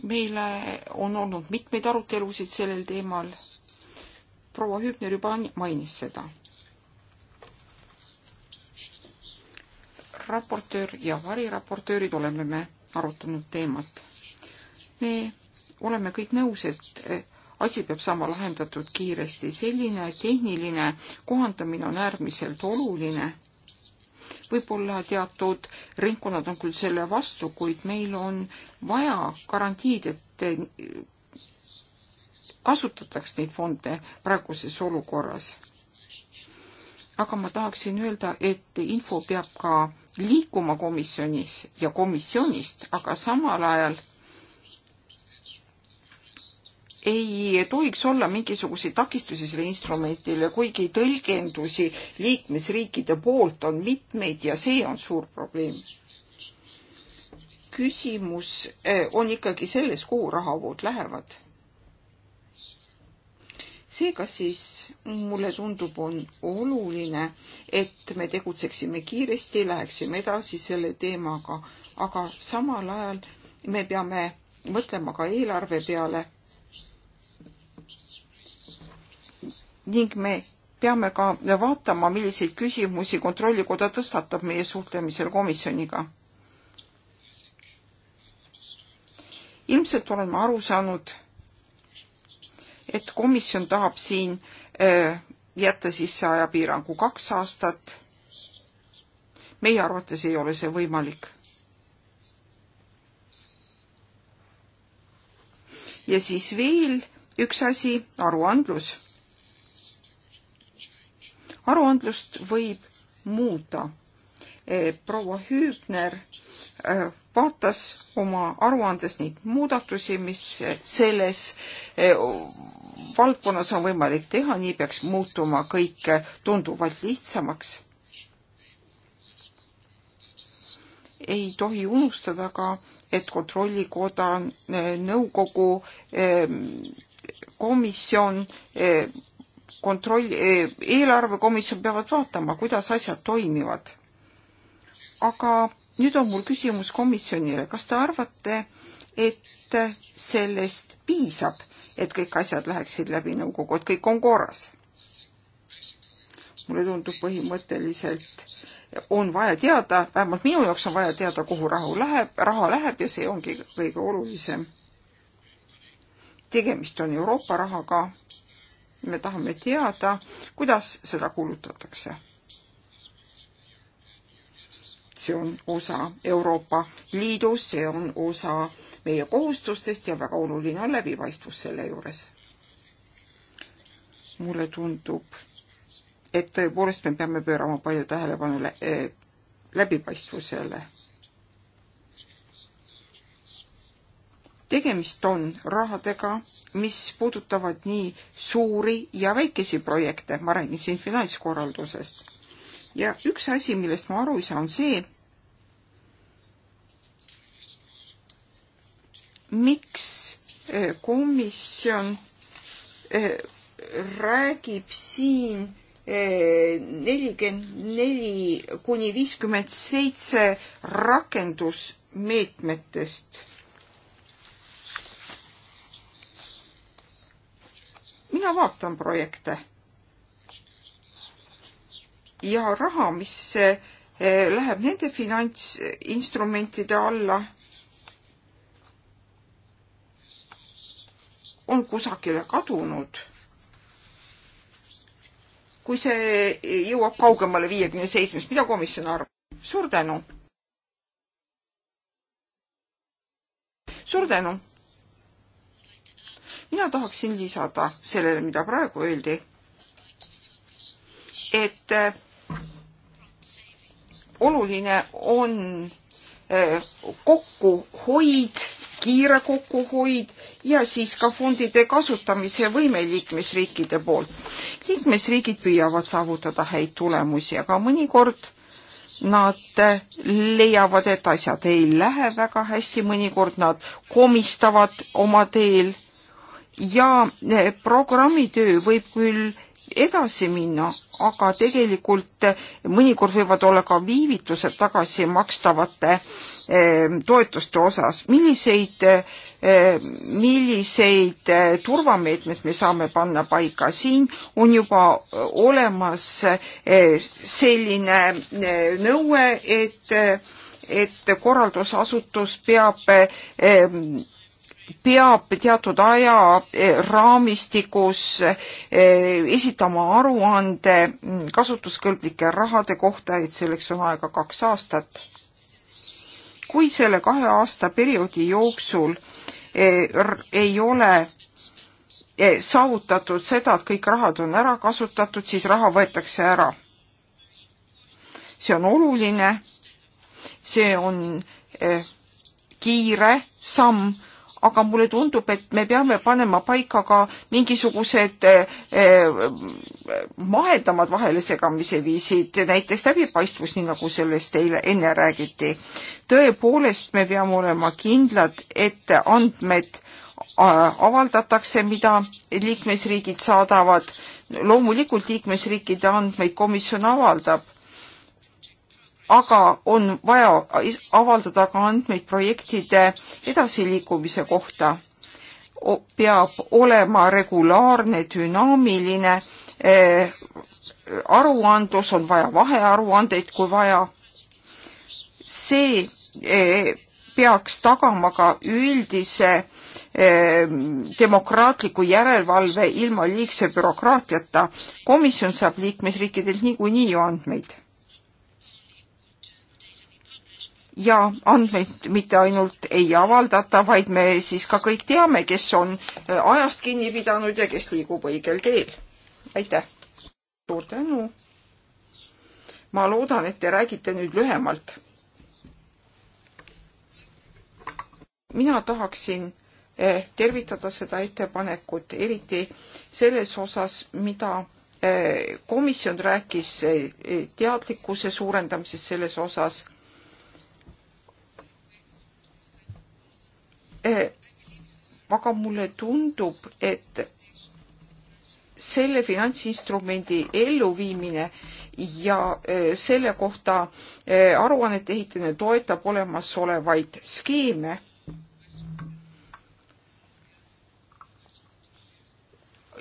meile on olnud mitmeid arutelusid sellel teemal. proua Hübner juba mainis seda. raportöör ja variraportöörid oleme me arutanud teemat. me oleme kõik nõus, et eh, asi peab saama lahendatud kiiresti. selline tehniline kohandamine on äärmiselt oluline võib-olla teatud ringkonnad on küll selle vastu, kuid meil on vaja garantiid, et kasutataks neid fonde praeguses olukorras. aga ma tahaksin öelda, et info peab ka liikuma komisjonis ja komisjonist, aga samal ajal ei tohiks olla mingisuguseid takistusi sellele instrumendile, kuigi tõlgendusi liikmesriikide poolt on mitmeid ja see on suur probleem. küsimus eh, on ikkagi selles, kuhu rahavood lähevad. seega siis mulle tundub, on oluline, et me tegutseksime kiiresti, läheksime edasi selle teemaga, aga samal ajal me peame mõtlema ka eelarve peale ning me peame ka vaatama, milliseid küsimusi Kontrollikoda tõstatab meie suhtlemisel komisjoniga. ilmselt olen ma aru saanud, et komisjon tahab siin äh, jätta sisse ajapiirangu kaks aastat. meie arvates ei ole see võimalik. ja siis veel üks asi, aruandlus aruandlust võib muuta. E, proua Hüübner e, vaatas oma aruandes neid muudatusi, mis selles e, valdkonnas on võimalik teha, nii peaks muutuma kõik tunduvalt lihtsamaks. ei tohi unustada ka, et Kontrollikoda on nõukogu komisjon kontroll, eh, eelarvekomisjon peavad vaatama, kuidas asjad toimivad. aga nüüd on mul küsimus komisjonile, kas te arvate, et sellest piisab, et kõik asjad läheksid läbi nõukogu, et kõik on korras? mulle tundub põhimõtteliselt, on vaja teada, vähemalt minu jaoks on vaja teada, kuhu rahu läheb, raha läheb ja see ongi kõige olulisem. tegemist on Euroopa rahaga me tahame teada, kuidas seda kulutatakse. see on osa Euroopa Liidust, see on osa meie kohustustest ja väga oluline on läbipaistvus selle juures. mulle tundub, et tõepoolest me peame pöörama palju tähelepanu eh, läbipaistvusele tegemist on rahadega, mis puudutavad nii suuri ja väikesi projekte, ma räägin siin finantskorraldusest. ja üks asi, millest ma aru ei saa, on see, miks eh, komisjon eh, räägib siin eh, nelikümmend neli kuni viiskümmend seitse rakendusmeetmetest mina vaatan projekte. ja raha, mis eh, läheb nende finantsinstrumentide alla, on kusagile kadunud. kui see jõuab kaugemale viiekümne seitsmest, mida komisjon arvab? suur tänu! suur tänu! mina tahaksin lisada sellele, mida praegu öeldi, et äh, oluline on äh, kokkuhoid, kiire kokkuhoid ja siis ka fondide kasutamise võime liikmesriikide poolt. liikmesriigid püüavad saavutada häid tulemusi, aga mõnikord nad äh, leiavad, et asjad ei lähe väga hästi, mõnikord nad komistavad oma teel ja eh, programmitöö võib küll edasi minna, aga tegelikult eh, mõnikord võivad olla ka viivitused tagasi makstavate eh, toetuste osas. milliseid, milliseid turvameetmeid me saame panna paika? siin on juba olemas selline nõue, et, et korraldusasutus peab peab teatud aja eh, raamistikus eh, esitama aruande mm, kasutuskõlblike rahade kohta, et selleks on aega kaks aastat. kui selle kahe aasta perioodi jooksul eh, ei ole saavutatud seda, et kõik rahad on ära kasutatud, siis raha võetakse ära. see on oluline, see on kiire samm aga mulle tundub, et me peame panema paika ka mingisugused eh, eh, mahedamad vahelesegamised viisid, näiteks läbipaistvus, nii nagu sellest eile enne räägiti. tõepoolest, me peame olema kindlad, et andmed avaldatakse, mida liikmesriigid saadavad. loomulikult liikmesriikide andmeid komisjon avaldab aga on vaja avaldada ka andmeid projektide edasiliikumise kohta. peab olema regulaarne, dünaamiline eh, aruandlus, on vaja vahearuandeid, kui vaja. see eh, peaks tagama ka üldise eh, demokraatliku järelevalve ilma liigse bürokraatiata. komisjon saab liikmesriikidelt niikuinii ju andmeid ja andmeid mitte ainult ei avaldata, vaid me siis ka kõik teame, kes on äh, ajast kinni pidanud ja kes liigub õigel teel. aitäh! suur tänu! ma loodan, et te räägite nüüd lühemalt. mina tahaksin äh, tervitada seda ettepanekut, eriti selles osas, mida äh, komisjon rääkis teadlikkuse suurendamisest selles osas Eh, aga mulle tundub, et selle finantsinstrumendi elluviimine ja eh, selle kohta eh, aruannete ehitamine toetab olemasolevaid skeeme.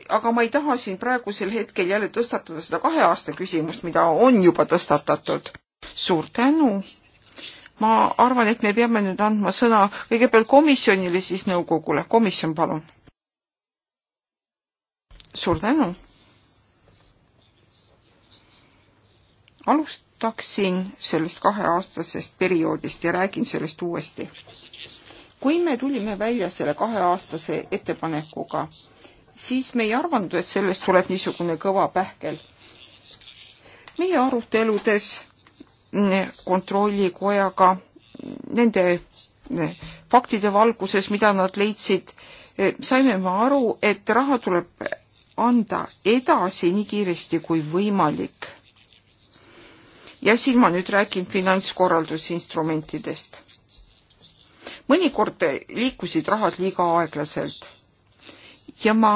aga ma ei taha siin praegusel hetkel jälle tõstatada seda kahe aasta küsimust, mida on juba tõstatatud. suur tänu ma arvan, et me peame nüüd andma sõna kõigepealt komisjonile, siis nõukogule. komisjon, palun. suur tänu. alustaksin sellest kaheaastasest perioodist ja räägin sellest uuesti. kui me tulime välja selle kaheaastase ettepanekuga, siis me ei arvanud, et sellest tuleb niisugune kõva pähkel. meie aruteludes kontrollikojaga nende faktide valguses, mida nad leidsid, saime me aru, et raha tuleb anda edasi nii kiiresti kui võimalik. ja siin ma nüüd räägin finantskorraldusinstrumentidest. mõnikord liikusid rahad liiga aeglaselt ja ma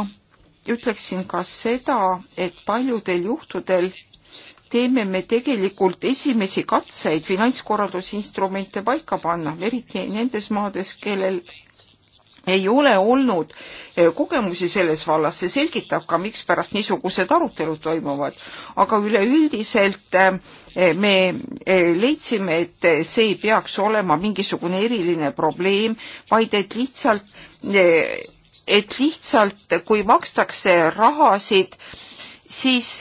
ütleksin ka seda, et paljudel juhtudel teeme me tegelikult esimesi katseid finantskorraldusinstrumente paika panna, eriti nendes maades, kellel ei ole olnud eh, kogemusi selles vallas, see selgitab ka, mikspärast niisugused arutelud toimuvad. aga üleüldiselt eh, me eh, leidsime, et see ei peaks olema mingisugune eriline probleem, vaid et lihtsalt, et lihtsalt kui makstakse rahasid, siis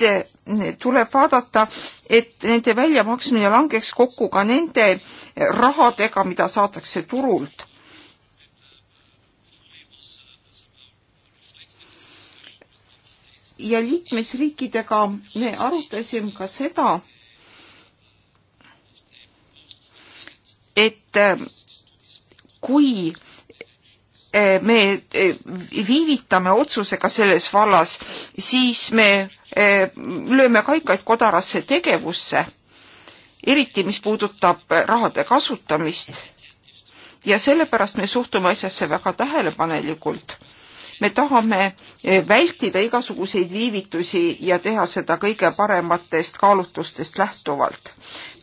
tuleb vaadata, et nende väljamaksmine langeks kokku ka nende rahadega, mida saadakse turult. ja liikmesriikidega me arutasime ka seda, et kui Eh, me eh, viivitame otsusega selles vallas, siis me eh, lööme kaikaid kodarasse tegevusse, eriti mis puudutab rahade kasutamist. ja sellepärast me suhtume asjasse väga tähelepanelikult me tahame eh, vältida igasuguseid viivitusi ja teha seda kõige parematest kaalutlustest lähtuvalt.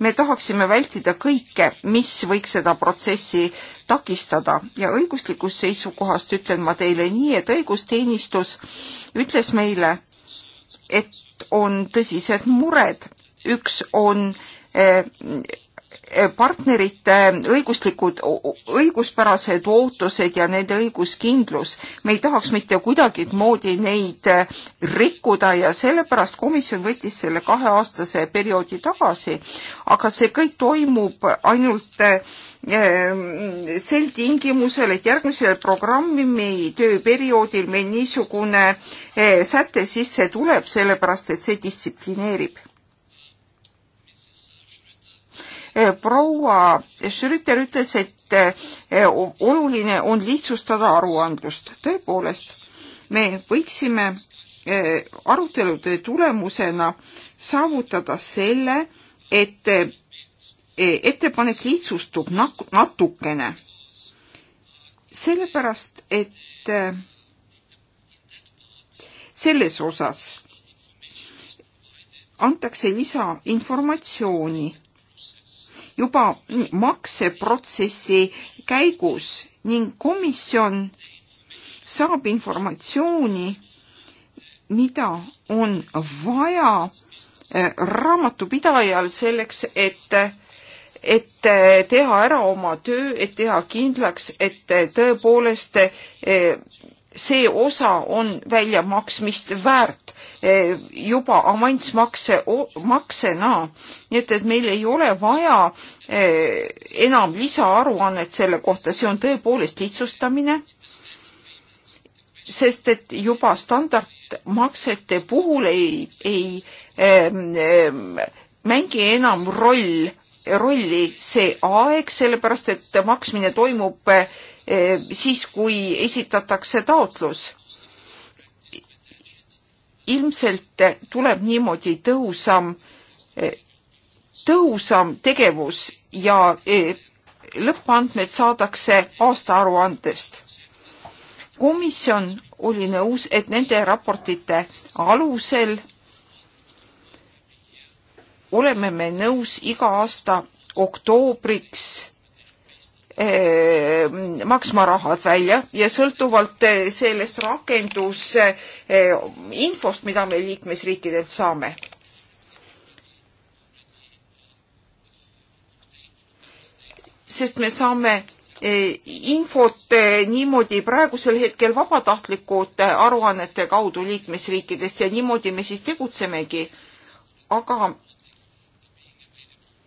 me tahaksime vältida kõike, mis võiks seda protsessi takistada ja õiguslikust seisukohast ütlen ma teile nii, et õigusteenistus ütles meile, et on tõsised mured. üks on eh, Eh, partnerite õiguslikud, õiguspärased ootused ja nende õiguskindlus. me ei tahaks mitte kuidagimoodi neid eh, rikkuda ja sellepärast komisjon võttis selle kaheaastase perioodi tagasi, aga see kõik toimub ainult eh, sel tingimusel, et järgmisel programmi tööperioodil meil niisugune säte sisse tuleb, sellepärast et see distsiplineerib Äh, proua Schröter ütles, et äh, oluline on lihtsustada aruandlust. tõepoolest, me võiksime äh, arutelude tulemusena saavutada selle, et ettepanek lihtsustub natukene. sellepärast, et selles osas antakse lisainformatsiooni juba makseprotsessi käigus ning komisjon saab informatsiooni, mida on vaja eh, raamatupidajal selleks, et, et eh, teha ära oma töö, et teha kindlaks, et eh, tõepoolest see osa on väljamaksmist väärt eh, juba avansmakse, maksena. nii et, et meil ei ole vaja eh, enam lisaaruannet selle kohta, see on tõepoolest lihtsustamine. sest et juba standardmaksete puhul ei, ei ähm, mängi enam roll, rolli see aeg, sellepärast et maksmine toimub äh, Eh, siis, kui esitatakse taotlus. ilmselt tuleb niimoodi tõhusam, eh, tõhusam tegevus ja eh, lõppandmed saadakse aastaaruandest. komisjon oli nõus, et nende raportite alusel oleme me nõus iga aasta oktoobriks Eh, maksma rahad välja ja sõltuvalt eh, sellest rakendusinfost, eh, mida me liikmesriikidelt saame. sest me saame infot niimoodi praegusel hetkel vabatahtlikud aruannete kaudu liikmesriikidest ja niimoodi me siis tegutsemegi. aga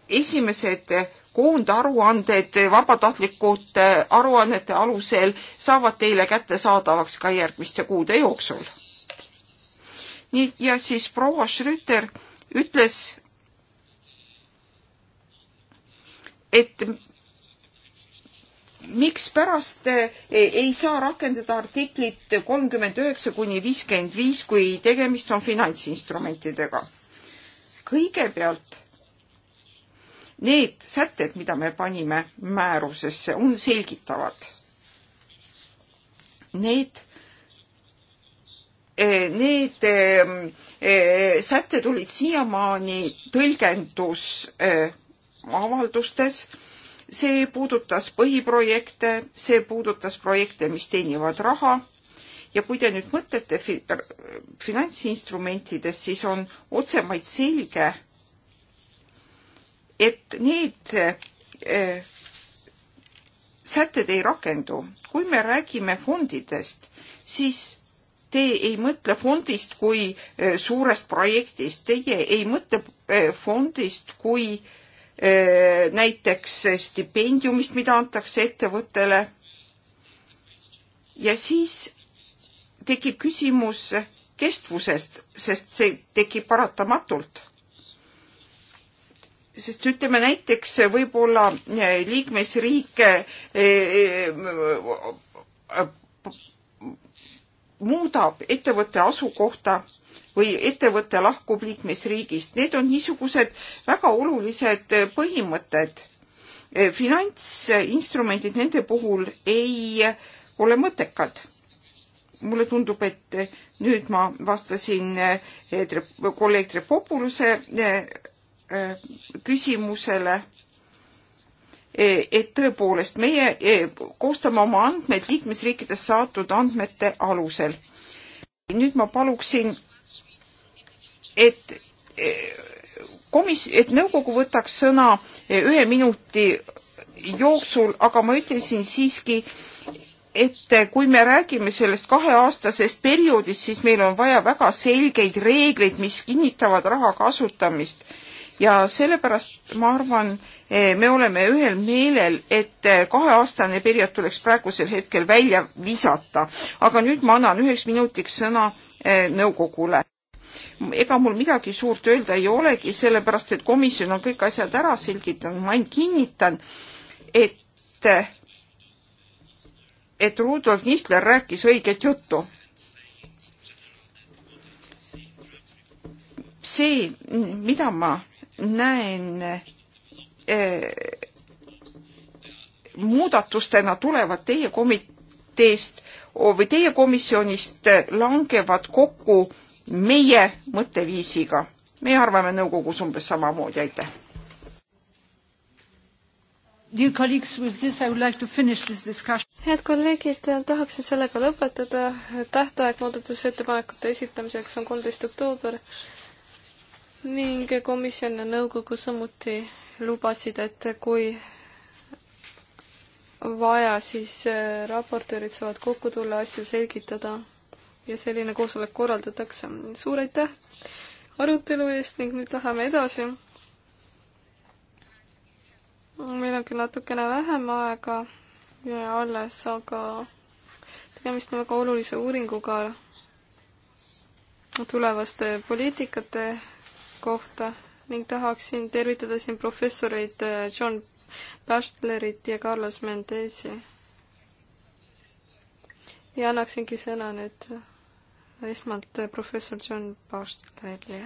esimesed koondaruanded vabatahtlikute äh, aruannete alusel saavad teile kättesaadavaks ka järgmiste kuude jooksul. nii, ja siis proua Schröter ütles, et mikspärast äh, ei saa rakendada artiklit kolmkümmend üheksa kuni viiskümmend viis, kui tegemist on finantsinstrumentidega? kõigepealt need sätted, mida me panime määrusesse, on selgitavad. Need, eh, need eh, eh, sätted olid siiamaani tõlgendusavaldustes. see puudutas põhiprojekte, see puudutas projekte, mis teenivad raha ja kui te nüüd mõtlete finantsinstrumentidest, siis on otsemaid selge et need eh, sätted ei rakendu. kui me räägime fondidest, siis te ei mõtle fondist kui eh, suurest projektist, teie ei mõtle eh, fondist kui näiteks stipendiumist, mida antakse ettevõttele. ja siis tekib küsimus kestvusest, sest see tekib paratamatult sest ütleme näiteks võib-olla eh, liikmesriike eh, eh, muudab ettevõtte asukohta või ettevõte lahkub liikmesriigist. Need on niisugused väga olulised põhimõtted. finantsinstrumendid nende puhul ei ole mõttekad. mulle tundub, et nüüd ma vastasin kolleeg Trepopuluse Äh, küsimusele, e, et tõepoolest meie e, koostame oma andmed liikmesriikides saatud andmete alusel. nüüd ma paluksin, et e, komis-, et nõukogu võtaks sõna ühe minuti jooksul, aga ma ütlesin siiski, et kui me räägime sellest kaheaastasest perioodist, siis meil on vaja väga selgeid reegleid, mis kinnitavad raha kasutamist ja sellepärast ma arvan, e, me oleme ühel meelel, et e, kaheaastane periood tuleks praegusel hetkel välja visata. aga nüüd ma annan üheks minutiks sõna e, nõukogule ega mul midagi suurt öelda ei olegi, sellepärast et komisjon on kõik asjad ära selgitanud, ma ainult kinnitan, et, et Rudolf Nistler rääkis õiget juttu. see, mida ma näen eh, muudatustena tulevad teie komiteest või teie komisjonist langevad kokku meie mõtteviisiga. meie arvame nõukogus umbes samamoodi, aitäh. head kolleegid, tahaksin sellega lõpetada. tähtaeg muudatusettepanekute esitamiseks on kolmteist oktoober ning komisjon ja nõukogu samuti lubasid, et kui vaja, siis äh, raportöörid saavad kokku tulla, asju selgitada ja selline koosolek korraldatakse. suur aitäh arutelu eest ning nüüd läheme edasi. meil on küll natukene vähem aega ja alles, aga tegemist on väga olulise uuringuga tulevaste poliitikate kohta ning tahaksin tervitada siin professoreid äh, John Bastlerit ja Carlos Mendesi. ja annaksingi sõna nüüd äh, esmalt äh, professor John Bastlerile.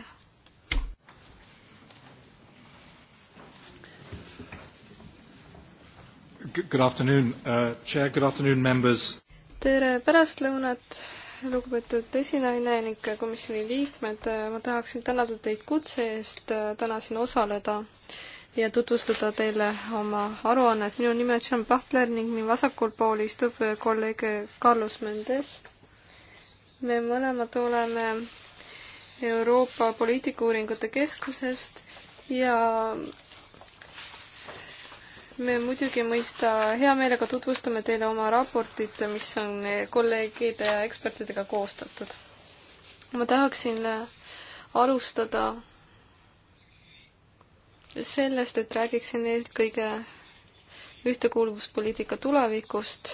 Good afternoon uh,, chair, good afternoon, members. tere pärastlõunat lugupeetud esinaine ning komisjoni liikmed, ma tahaksin tänada teid kutse eest äh, täna siin osaleda ja tutvustada teile oma aruannet. minu nimi on Sean Pahtler ning minu vasakul pool istub äh, kolleeg äh, Carlos Mendes. me mõlemad oleme Euroopa Poliitikauuringute Keskusest ja me muidugi mõista hea meelega tutvustame teile oma raportit, mis on kolleegide ja ekspertidega koostatud. ma tahaksin alustada sellest, et räägiksin eelkõige ühtekuuluvuspoliitika tulevikust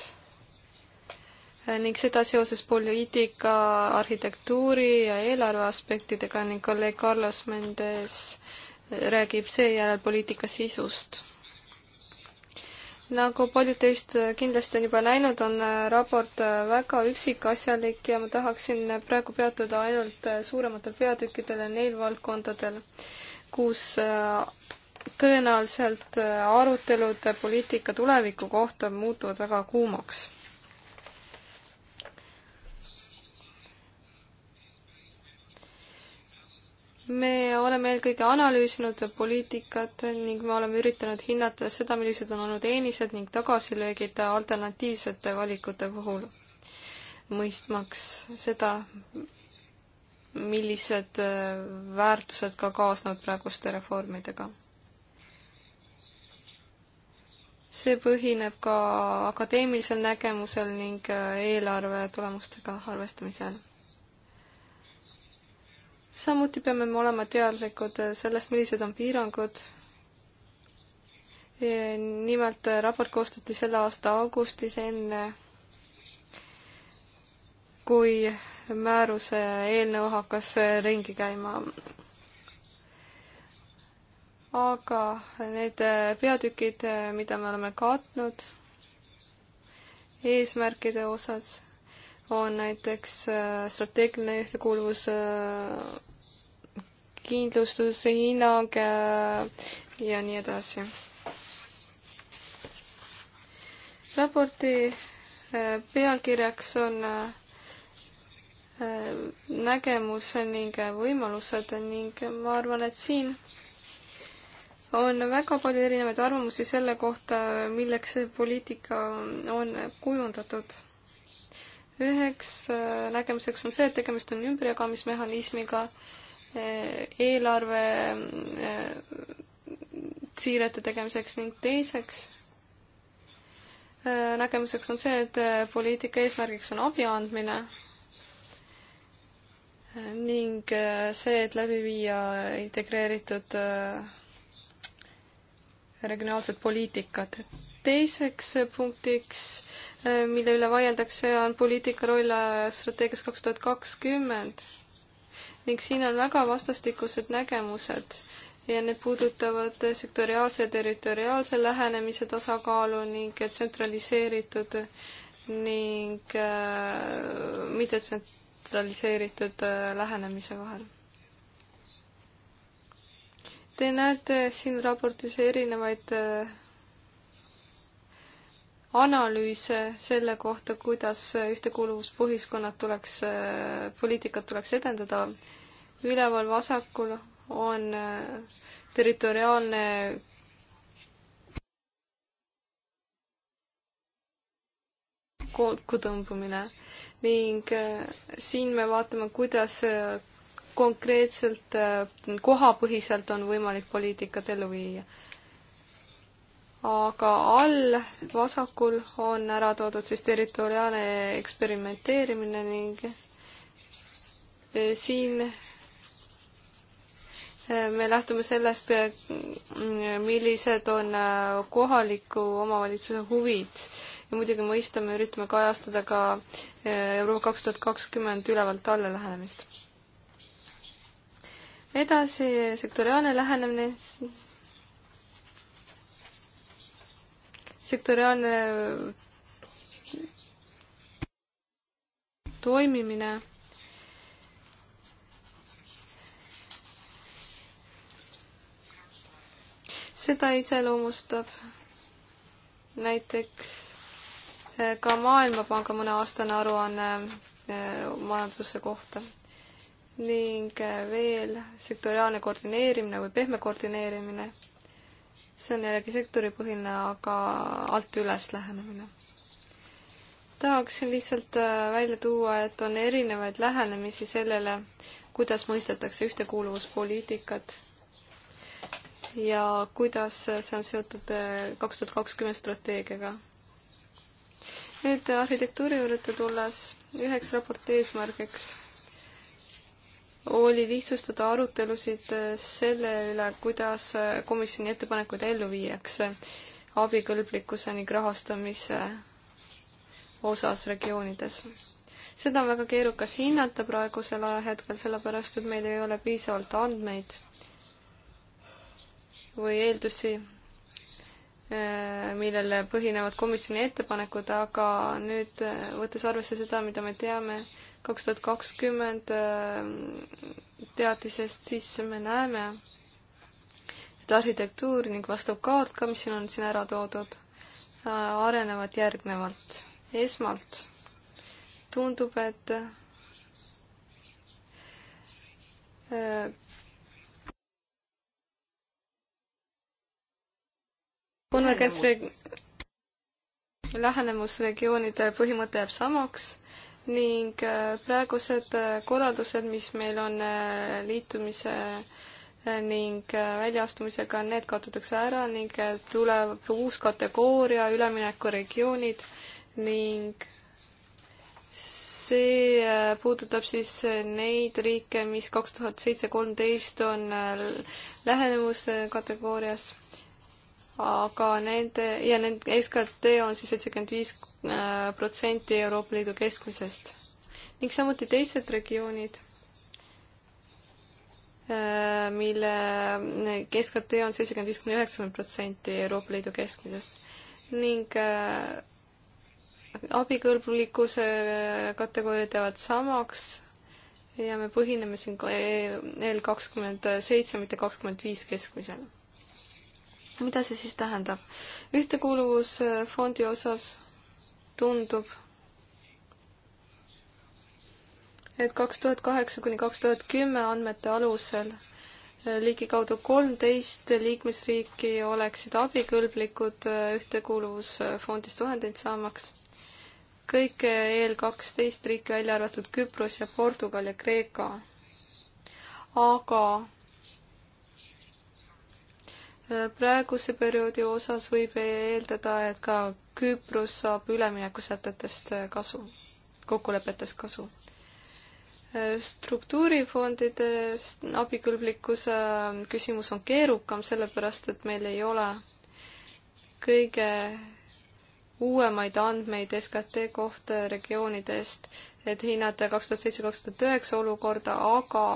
ning seda seoses poliitika, arhitektuuri ja eelarve aspektidega ning kolleeg Carlos Mendes räägib seejärel poliitika sisust nagu paljud teist kindlasti on juba näinud, on äh, raport äh, väga üksikasjalik ja ma tahaksin äh, praegu peatuda ainult suurematel peatükkidel ja neil valdkondadel, kus tõenäoliselt arutelud poliitika tuleviku kohta muutuvad väga kuumaks. me oleme eelkõige analüüsinud poliitikat ning me oleme üritanud hinnata seda, millised on olnud eelised ning tagasilöögid alternatiivsete valikute puhul, mõistmaks seda, millised äh, väärtused ka kaasnevad praeguste reformidega. see põhineb ka akadeemilisel nägemusel ning äh, eelarve tulemustega arvestamisel samuti peame me olema teadlikud sellest, millised on piirangud. nimelt raport koostati selle aasta augustis, enne kui määruse eelnõu hakkas ringi käima. aga need peatükid, mida me oleme katnud eesmärkide osas on näiteks äh, strateegiline ühtekuuluvus, äh, kindlustuse hinnang äh, ja nii edasi. raporti pealkirjaks on nägemus ning võimalused ning ma arvan, et siin on väga palju erinevaid arvamusi selle kohta, milleks see poliitika on kujundatud üheks äh, nägemiseks on see, et tegemist on ümberjagamismehhanismiga, äh, eelarve äh, siirete tegemiseks ning teiseks nägemuseks on see, et poliitika eesmärgiks on abi andmine ning see, et läbi viia integreeritud regionaalsed poliitikad. teiseks punktiks Äh, mille üle vaieldakse, on poliitika roll äh, strateegias kaks tuhat kakskümmend. ning siin on väga vastastikused nägemused ja need puudutavad äh, sektoriaalse ja territoriaalse lähenemise tasakaalu ning tsentraliseeritud ning äh, mittetsentraliseeritud äh, lähenemise vahel. Te näete siin raportis erinevaid äh, analüüse selle kohta, kuidas ühtekuuluvuspõhiskonnad tuleks, poliitikat tuleks edendada. üleval vasakul on äh, territoriaalne kokku tõmbumine ning äh, siin me vaatame, kuidas äh, konkreetselt kohapõhiselt on võimalik poliitikat ellu viia aga all vasakul on ära toodud siis territoriaalne eksperimenteerimine ning eh, siin eh, me lähtume sellest, eh, millised on kohaliku omavalitsuse huvid ja muidugi mõistame, üritame kajastada ka Euroopa kaks tuhat kakskümmend ülevalt alla lähenemist. edasi sektoriaalne lähenemine, sektoriaalne toimimine seda iseloomustab näiteks eh, ka Maailmapanga mõneaastane aruanne eh, majanduse kohta ning eh, veel sektoriaalne koordineerimine või pehme koordineerimine see on jällegi sektoripõhine, aga alt üles lähenemine. tahaksin lihtsalt äh, välja tuua, et on erinevaid lähenemisi sellele, kuidas mõistetakse ühtekuuluvuspoliitikat ja kuidas see on seotud äh, kaks tuhat kakskümmend strateegiaga. nüüd arhitektuuri juurde tulles, üheks raporti eesmärgiks oli lihtsustada arutelusid äh, selle üle, kuidas äh, komisjoni ettepanekuid ellu viiakse abikõlblikkuse ning rahastamise äh, osas regioonides. seda on väga keerukas hinnata praegusel ajahetkel, sellepärast et meil ei ole piisavalt andmeid või eeldusi Äh, millele põhinevad komisjoni ettepanekud, aga nüüd äh, võttes arvesse seda, mida me teame kaks tuhat kakskümmend äh, teatisest, siis me näeme, et arhitektuur ning vastav kaart ka, mis siin on siin ära toodud, arenevad järgnevalt. esmalt tundub, et konvergentsreg-, lähenemusregioonide äh, põhimõte jääb samaks ning äh, praegused äh, korraldused, mis meil on liitumise ning väljaastumisega, need kaotatakse ära ning tuleb uus kategooria, üleminekuregioonid ning see puudutab siis neid riike, mis kaks tuhat seitse, kolmteist on lähenemuskategoorias aga nende ja nende SKT on siis seitsekümmend viis äh, protsenti Euroopa Liidu keskmisest ning samuti teised regioonid, äh, mille SKT on seitsekümmend viis kuni üheksakümmend protsenti Euroopa Liidu keskmisest ning äh, abikõlbulikkuse kategooriad jäävad samaks ja me põhineme siin EL kakskümmend seitse, mitte kakskümmend viis keskmisel mida see siis tähendab? ühtekuuluvusfondi osas tundub, et kaks tuhat kaheksa kuni kaks tuhat kümme andmete alusel ligikaudu kolmteist liikmesriiki oleksid abikõlblikud ühtekuuluvusfondist vahendeid saamaks. kõik EL kaksteist riiki, välja arvatud Küpros ja Portugal ja Kreeka. aga praeguse perioodi osas võib eeldada, et ka Küpros saab üleminekusätetest kasu, kokkulepetest kasu. struktuurifondide abikõlblikkuse küsimus on keerukam, sellepärast et meil ei ole kõige uuemaid andmeid SKT kohta regioonidest, et hinnata kaks tuhat seitse, kaks tuhat üheksa olukorda, aga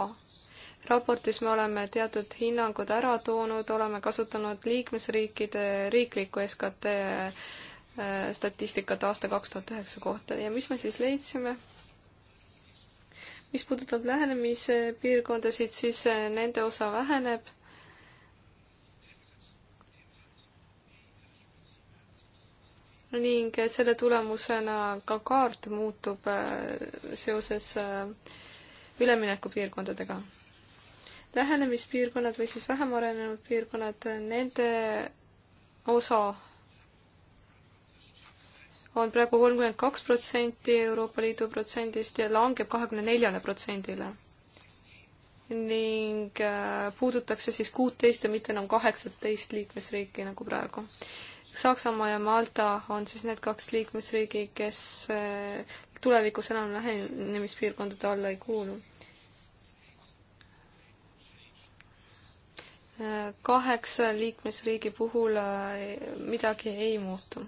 raportis me oleme teatud hinnangud ära toonud, oleme kasutanud liikmesriikide riikliku SKT äh, statistikat aasta kaks tuhat üheksa kohta ja mis me siis leidsime? mis puudutab lähenemispiirkondasid, siis äh, nende osa väheneb. ning äh, selle tulemusena ka kaart muutub seoses üleminekupiirkondadega lähenemispiirkonnad või siis vähem arenenud piirkonnad, nende osa on praegu kolmkümmend kaks protsenti Euroopa Liidu protsendist ja langeb kahekümne neljale protsendile. ning äh, puudutakse siis kuuteist ja mitte enam kaheksateist liikmesriiki nagu praegu. Saksamaa ja Malta on siis need kaks liikmesriigi, kes äh, tulevikus enam lähenemispiirkondade alla ei kuulu kaheksa liikmesriigi puhul äh, midagi ei muutu.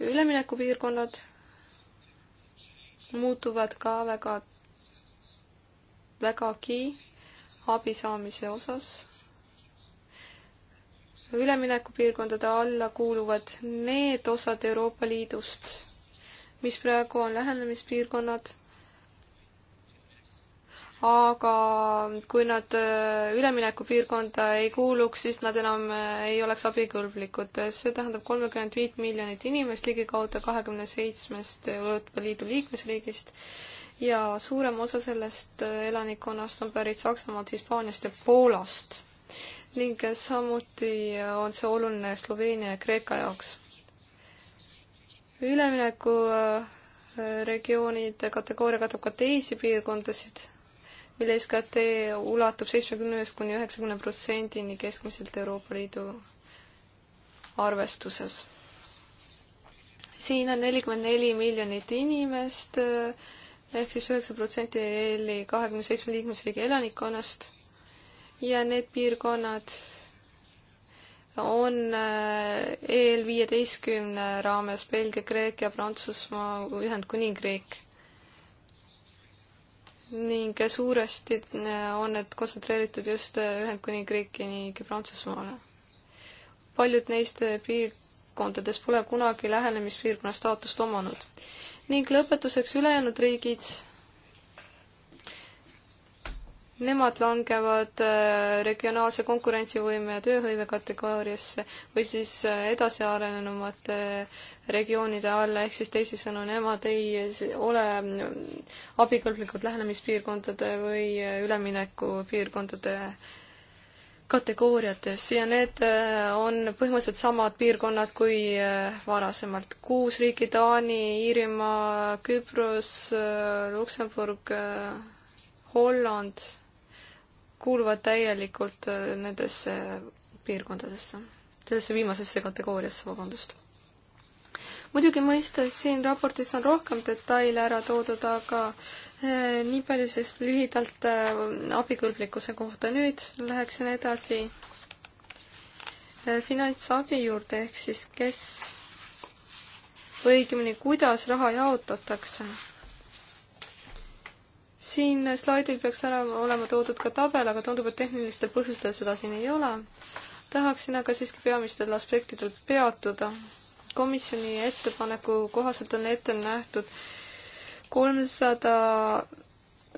üleminekupiirkonnad muutuvad ka väga, vägagi abi saamise osas. üleminekupiirkondade alla kuuluvad need osad Euroopa Liidust, mis praegu on lähenemispiirkonnad aga kui nad äh, üleminekupiirkonda ei kuuluks, siis nad enam äh, ei oleks abikõlblikud. see tähendab kolmekümmend viit miljonit inimest ligikaudu kahekümne seitsmest Euroopa Liidu liikmesriigist ja suurem osa sellest äh, elanikkonnast on pärit Saksamaalt, Hispaaniast ja Poolast. ning samuti on see oluline Sloveenia ja Kreeka jaoks. ülemineku regioonide kategooria katab ka teisi piirkondasid mille SKT ulatub seitsmekümnest kuni üheksakümne protsendini keskmiselt Euroopa Liidu arvestuses. siin on nelikümmend neli miljonit inimest ehk siis üheksa protsenti EL-i kahekümne seitsme liikmesriigi elanikkonnast ja need piirkonnad on äh, EL viieteistkümne raames Belgia, Kreeka, Prantsusmaa, Ühendkuningriik ning suuresti äh, on need kontsentreeritud just äh, Ühendkuningriiki ning Prantsusmaale. paljud neist äh, piirkondades pole kunagi lähenemispiirkonna staatust omanud. ning lõpetuseks ülejäänud riigid nemad langevad äh, regionaalse konkurentsivõime ja tööhõive kategooriasse või siis äh, edasiarenenumate äh, regioonide alla, ehk siis teisisõnu, nemad ei ole mm, abikõlblikud lähenemispiirkondade või üleminekupiirkondade kategooriates ja need on põhimõtteliselt samad piirkonnad kui varasemalt. kuus riiki, Taani, Iirimaa, Küpros, Luksemburg, Holland kuuluvad täielikult äh, nendesse piirkondadesse, sellesse viimasesse kategooriasse, vabandust. muidugi mõista, siin raportis on rohkem detaile ära toodud, aga äh, nii palju siis lühidalt äh, abikõlblikkuse kohta. nüüd läheksin edasi finantsabi juurde, ehk siis kes või õigemini, kuidas raha jaotatakse siin slaidil peaks ära olema toodud ka tabel, aga tundub, et tehnilistel põhjustel seda siin ei ole. tahaksin aga siiski peamistel aspektidel peatuda. komisjoni ettepaneku kohaselt on ette nähtud kolmsada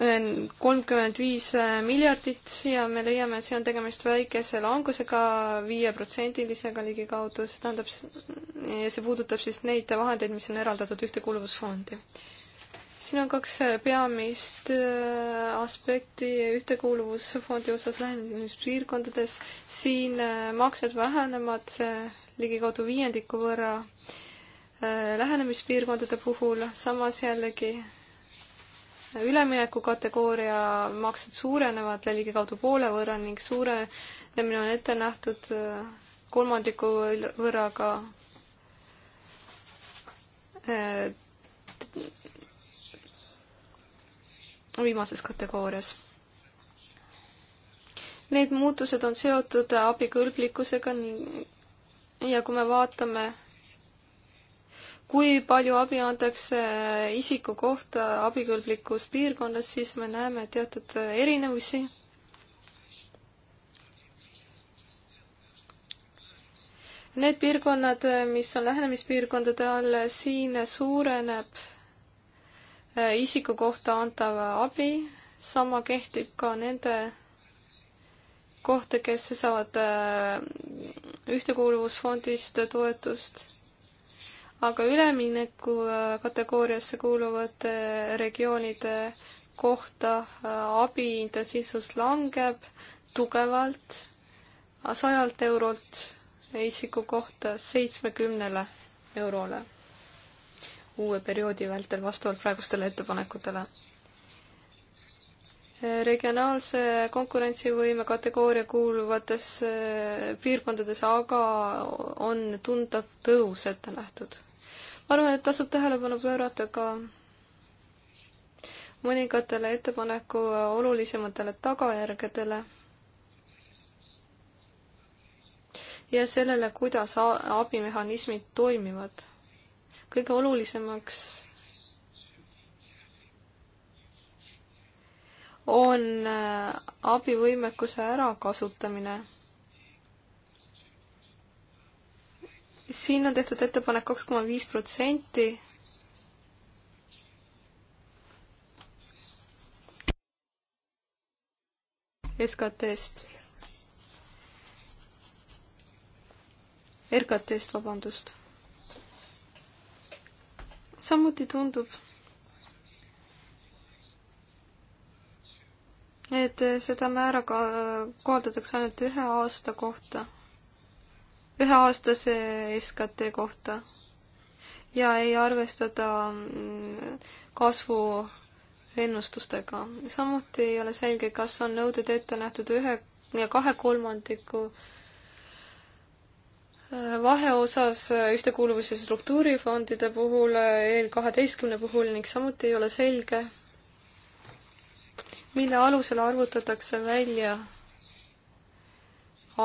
eh, kolmkümmend viis miljardit ja me leiame, et siin on tegemist väikese langusega, viieprotsendilisega ligikaudu, see tähendab, see puudutab siis neid vahendeid, mis on eraldatud ühtekuuluvusfondi siin on kaks äh, peamist äh, aspekti ühtekuuluvusfondi osas lähenemispiirkondades. siin äh, maksed vähenevad ligikaudu viiendiku võrra lähenemispiirkondade puhul, samas jällegi ülemineku kategooria maksed suurenevad ligikaudu poole võrra ning suurenemine on ette nähtud kolmandiku võrra ka viimases kategoorias. Need muutused on seotud abikõlblikkusega ja kui me vaatame, kui palju abi antakse isiku kohta abikõlblikus piirkonnas, siis me näeme teatud erinevusi. Need piirkonnad, mis on lähenemispiirkondade all, siin suureneb Äh, isiku kohta antav abi, sama kehtib ka nende kohta, kes saavad äh, ühtekuuluvusfondist toetust, aga ülemineku äh, kategooriasse kuuluvate regioonide kohta abi intensiivsus langeb tugevalt sajalt eurolt isiku kohta seitsmekümnele eurole uue perioodi vältel vastavalt praegustele ettepanekutele. regionaalse konkurentsivõime kategooria kuuluvates eh, piirkondades aga on tuntav tõus ette nähtud. ma arvan, et tasub tähelepanu pöörata ka mõningatele ettepaneku olulisematele tagajärgedele ja sellele, kuidas abimehhanismid toimivad kõige olulisemaks on äh, abivõimekuse ärakasutamine. siin on tehtud ettepanek kaks koma viis protsenti SKT-st. RKT-st, vabandust samuti tundub, et seda määra ka kohaldatakse ainult ühe aasta kohta, üheaastase SKT kohta ja ei arvestada mm, kasvu ennustustega. samuti ei ole selge, kas on nõuded ette nähtud ühe ja kahe kolmandiku äh, vaheosas äh, ühtekuuluvus- ja struktuurifondide puhul, äh, EL kaheteistkümne puhul ning samuti ei ole selge, mille alusel arvutatakse välja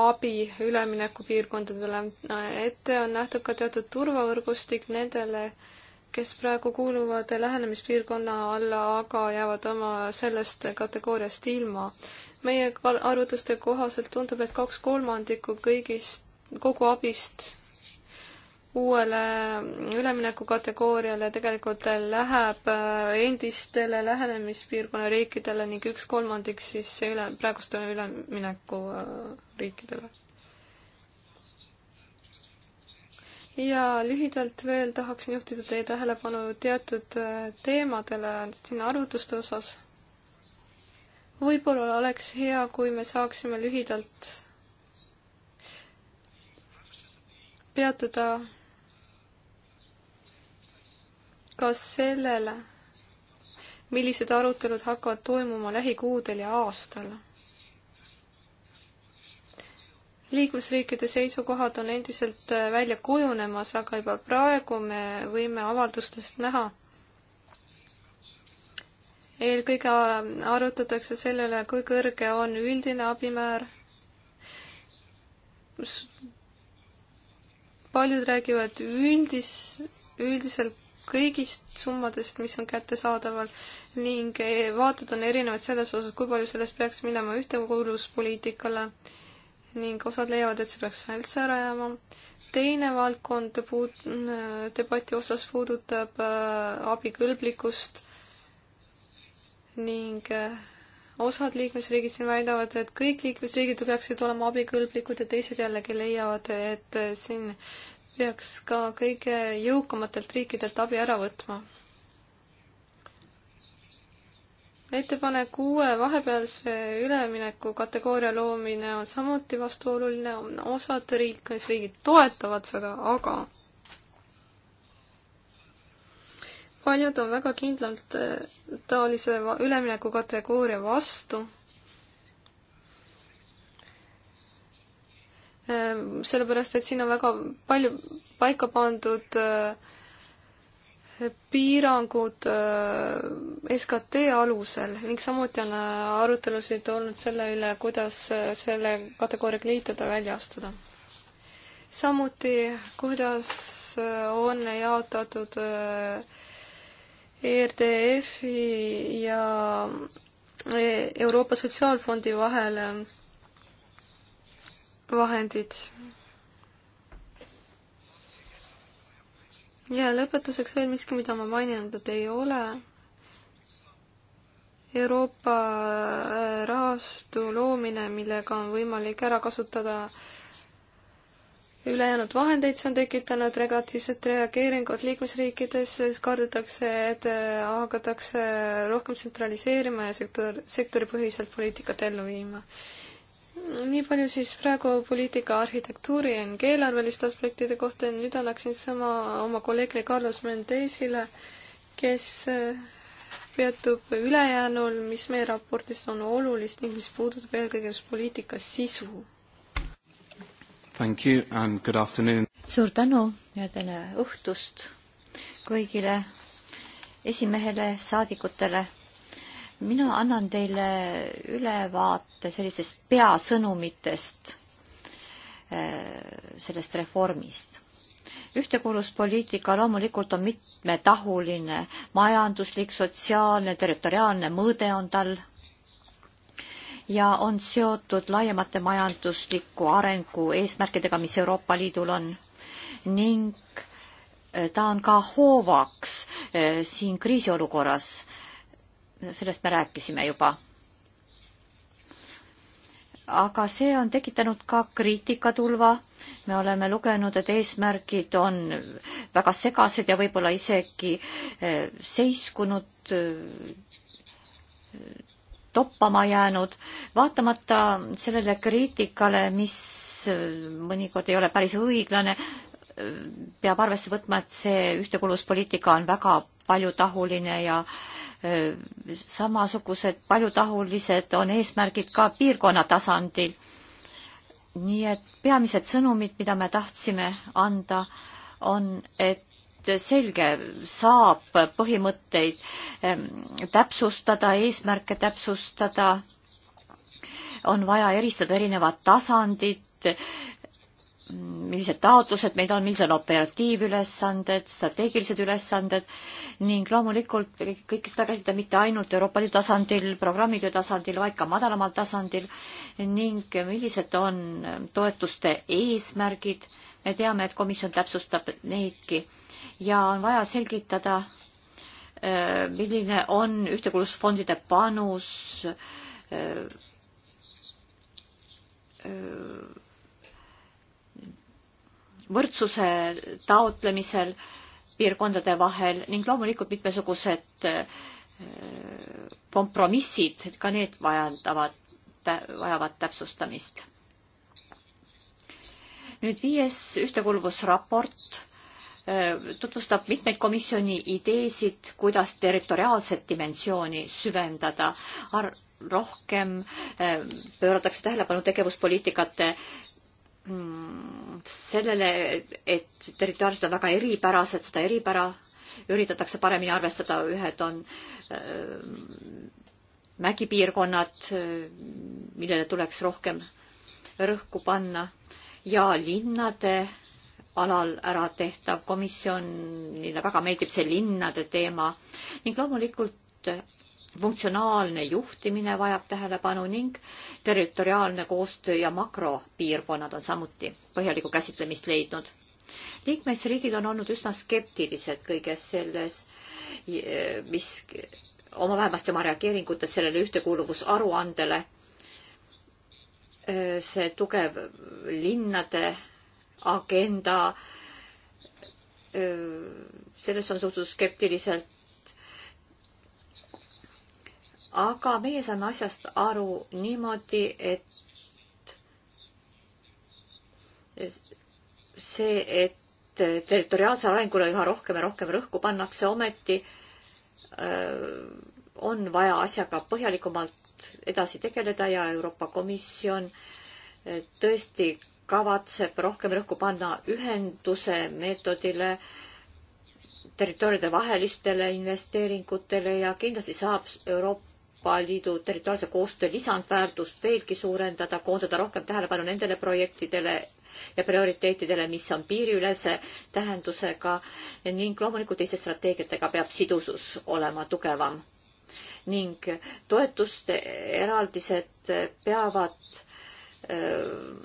abi üleminekupiirkondadele. ette on nähtud ka teatud turvavõrgustik nendele, kes praegu kuuluvad lähenemispiirkonna alla, aga jäävad oma sellest kategooriast ilma. meie arvutuste kohaselt tundub, et kaks kolmandikku kõigist kogu abist uuele üleminekukategooriale tegelikult läheb äh, endistele lähenemispiirkonna riikidele ning üks kolmandik siis üle, praegustele üleminekuriikidele. Äh, ja lühidalt veel tahaksin juhtida teie tähelepanu teatud äh, teemadele siin arvutuste osas. võib-olla oleks hea, kui me saaksime lühidalt peatuda ka sellele, millised arutelud hakkavad toimuma lähikuudel ja aastal. liikmesriikide seisukohad on endiselt välja kujunemas, aga juba praegu me võime avaldustest näha. eelkõige arutatakse selle üle, kui kõrge on üldine abimäär paljud räägivad üldis, üldiselt kõigist summadest, mis on kättesaadaval ning eh, vaated on erinevad selles osas, kui palju sellest peaks minema ühtekuuluvuspoliitikale ning osad leiavad, et see peaks üldse ära jääma. teine valdkond puut-, debati osas puudutab eh, abikõlblikkust ning eh, osad liikmesriigid siin väidavad, et kõik liikmesriigid peaksid olema abikõlblikud ja teised jällegi leiavad, et siin peaks ka kõige jõukamatelt riikidelt abi ära võtma. ettepanek uue vahepealse ülemineku kategooria loomine on samuti vastuoluline, osad liikmesriigid toetavad seda, aga paljud on väga kindlalt eh, taolise ülemineku kategooria vastu. Eh, sellepärast, et siin on väga palju paika pandud eh, piirangud SKT alusel ning samuti on arutelusid olnud selle üle, kuidas selle kategooriaga liituda, välja astuda. samuti, kuidas on jaotatud äh, ERDF-i ja e Euroopa Sotsiaalfondi vahel vahendid. ja lõpetuseks veel miski, mida ma maininud ei ole Euroopa äh, rahastu loomine, millega on võimalik ära kasutada ülejäänud vahendeid see on tekitanud negatiivsed reageeringud liikmesriikides, kardetakse, et äh, hakatakse rohkem tsentraliseerima ja sektor, sektoripõhiselt poliitikat ellu viima. nii palju siis praegu poliitika arhitektuuri ja ning eelarveliste aspektide kohta, nüüd annaksin sõna oma kolleegile Carlos Mendesile, kes äh, peatub ülejäänul, mis meie raportis on olulist ning mis puudutab eelkõige just poliitika sisu Thank you and good afternoon. suur tänu ja tere õhtust kõigile esimehele, saadikutele. mina annan teile ülevaate sellistest peasõnumitest äh, sellest reformist. ühtekuuluvuspoliitika loomulikult on mitmetahuline, majanduslik, sotsiaalne, territoriaalne mõõde on tal ja on seotud laiemate majandusliku arengu eesmärkidega, mis Euroopa Liidul on ning äh, ta on ka hoovaks äh, siin kriisiolukorras. sellest me rääkisime juba. aga see on tekitanud ka kriitikatulva. me oleme lugenud, et eesmärgid on väga segased ja võib-olla isegi äh, seiskunud toppama jäänud, vaatamata sellele kriitikale, mis mõnikord ei ole päris õiglane, peab arvesse võtma, et see ühtekuuluvuspoliitika on väga paljutahuline ja äh, samasugused paljutahulised on eesmärgid ka piirkonna tasandil. nii et peamised sõnumid, mida me tahtsime anda, on, et selge, saab põhimõtteid ehm, täpsustada, eesmärke täpsustada, on vaja eristada erinevat tasandit, millised taotlused meil on, millised on operatiivülesanded, strateegilised ülesanded ning loomulikult kõike seda käsitleda mitte ainult Euroopa Liidu tasandil, programmitöö tasandil, vaid ka madalamal tasandil ning millised on toetuste eesmärgid. me teame, et komisjon täpsustab neidki ja on vaja selgitada, äh, milline on ühtekuuluvusfondide panus äh, äh, võrdsuse taotlemisel piirkondade vahel ning loomulikult mitmesugused kompromissid, ka need vajandavad, vajavad täpsustamist. nüüd viies ühtekuuluvusraport Äh, tutvustab mitmeid komisjoni ideesid, kuidas territoriaalset dimensiooni süvendada Ar. rohkem äh, pööratakse tähelepanu tegevuspoliitikate mm, sellele, et territoriaalsed on väga eripärased, seda eripära üritatakse paremini arvestada, ühed on äh, mägipiirkonnad, millele tuleks rohkem rõhku panna ja linnade alal ära tehtav. komisjonile väga meeldib see linnade teema ning loomulikult funktsionaalne juhtimine vajab tähelepanu ning territoriaalne koostöö ja makropiirkonnad on samuti põhjalikku käsitlemist leidnud. liikmesriigid on olnud üsna skeptilised kõiges selles, mis oma vähemasti oma reageeringutes sellele ühtekuuluvusaruandele see tugev linnade agenda. sellesse on suhtunud skeptiliselt. aga meie saame asjast aru niimoodi, et see, et territoriaalsele arengule üha rohkem ja rohkem rõhku pannakse, ometi öö, on vaja asjaga põhjalikumalt edasi tegeleda ja Euroopa Komisjon tõesti kavatseb rohkem rõhku panna ühenduse meetodile, territooriumide vahelistele investeeringutele ja kindlasti saab Euroopa Liidu territoriaalse koostöö lisandväärtust veelgi suurendada, koondada rohkem tähelepanu nendele projektidele ja prioriteetidele, mis on piiriülese tähendusega ning loomulikult teiste strateegiatega peab sidusus olema tugevam. ning toetuste eraldised peavad öö,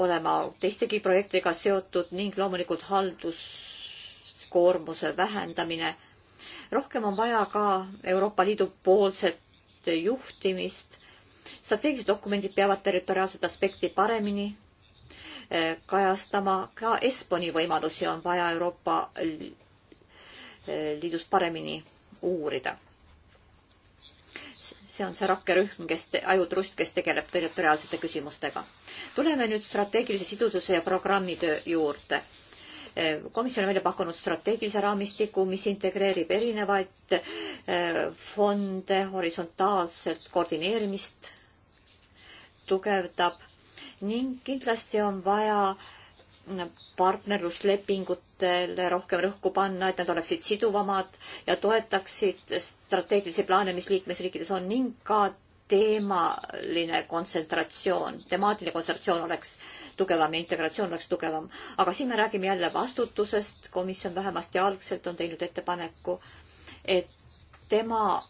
olema teistegi projektidega seotud ning loomulikult halduskoormuse vähendamine. rohkem on vaja ka Euroopa Liidu poolset juhtimist. strateegilised dokumendid peavad territoriaalset aspekti paremini eh, kajastama, ka Esponi võimalusi on vaja Euroopa eh, Liidus paremini uurida see on see rakkerühm, kes, ajutrust, kes tegeleb territoriaalsete küsimustega. tuleme nüüd strateegilise sidususe ja programmitöö juurde. komisjon on välja pakkunud strateegilise raamistiku, mis integreerib erinevaid eh, fonde, horisontaalset koordineerimist tugevdab ning kindlasti on vaja partnerluslepingutele rohkem rõhku panna, et nad oleksid siduvamad ja toetaksid strateegilisi plaane, mis liikmesriikides on ning ka teemaline kontsentratsioon, temaatiline kontsentratsioon oleks tugevam ja integratsioon oleks tugevam. aga siin me räägime jälle vastutusest, komisjon vähemasti algselt on teinud ettepaneku, et tema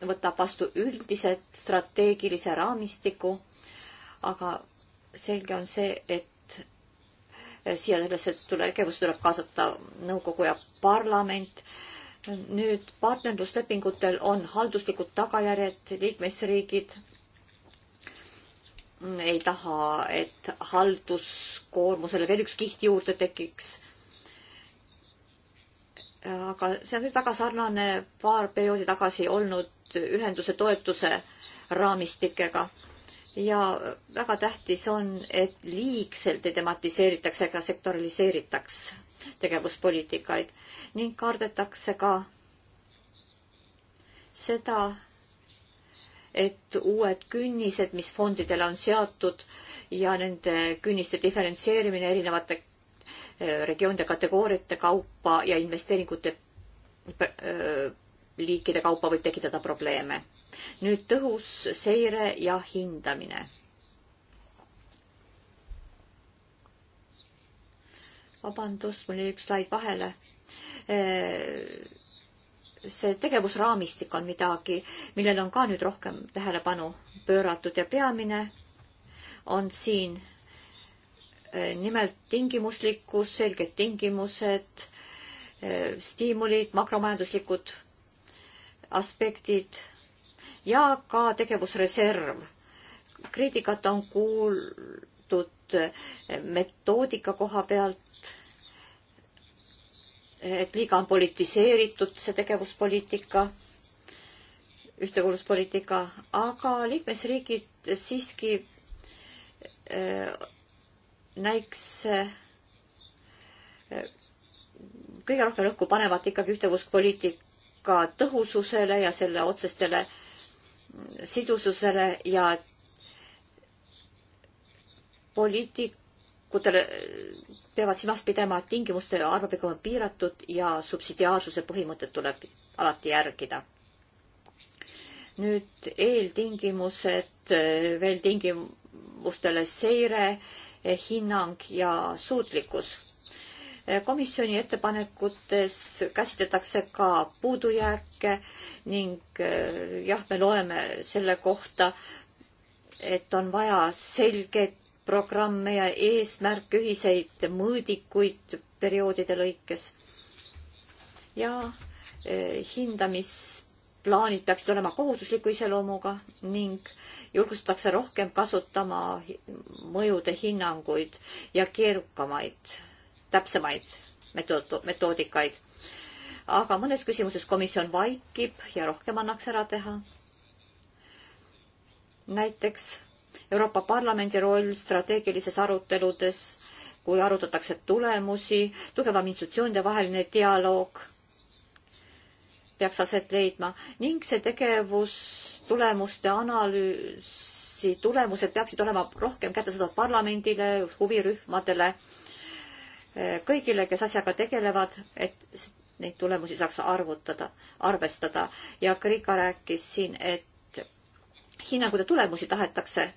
võtab vastu üldise strateegilise raamistiku, aga selge on see, et siia sellesse tegevusse tuleb kaasata nõukogu ja parlament. nüüd partnerluslepingutel on halduslikud tagajärjed, liikmesriigid ei taha, et halduskoormusele veel üks kiht juurde tekiks aga see on nüüd väga sarnane paar perioodi tagasi olnud ühenduse toetuse raamistikega ja väga tähtis on, et liigselt ei tematiseeritaks ega sektoriseeritaks tegevuspoliitikaid ning kardetakse ka seda, et uued künnised, mis fondidele on seatud ja nende künniste diferentseerimine erinevate äh, regioonide kategooriate kaupa ja investeeringute äh, liikide kaupa võib tekitada probleeme nüüd tõhus seire ja hindamine. vabandust, mul jäi üks slaid vahele. see tegevusraamistik on midagi, millele on ka nüüd rohkem tähelepanu pööratud ja peamine on siin nimelt tingimuslikkus, selged tingimused, stiimulid, makromajanduslikud aspektid ja ka tegevusreserv. kriitikat on kuuldud eh, metoodika koha pealt, et liiga on politiseeritud see tegevuspoliitika, ühtekuuluvuspoliitika, aga liikmesriigid siiski eh, näiks eh, kõige rohkem rõhku panevat ikkagi ühtekuuluvuspoliitika tõhususele ja selle otsestele äh, sidususele ja poliitikutele peavad silmas pidama, et tingimuste arvepegu on piiratud ja subsidiaarsuse põhimõtet tuleb alati järgida. nüüd eeltingimused, veel tingimustele seire, hinnang ja suutlikkus komisjoni ettepanekutes käsitletakse ka puudujääke ning äh, jah, me loeme selle kohta, et on vaja selget programme ja eesmärke, ühiseid mõõdikuid perioodide lõikes. ja äh, hindamisplaanid peaksid olema kohustusliku iseloomuga ning julgustatakse rohkem kasutama mõjude hinnanguid ja keerukamaid täpsemaid metood-, metoodikaid. aga mõnes küsimuses komisjon vaikib ja rohkem annaks ära teha. näiteks Euroopa Parlamendi roll strateegilises aruteludes, kui arutatakse tulemusi, tugevam institutsioonide vaheline dialoog peaks aset leidma ning see tegevus, tulemuste analüüsi tulemused peaksid olema rohkem kättesaadavad parlamendile, huvirühmadele kõigile, kes asjaga tegelevad, et neid tulemusi saaks arvutada, arvestada ja Krika rääkis siin, et hinnangute tulemusi tahetakse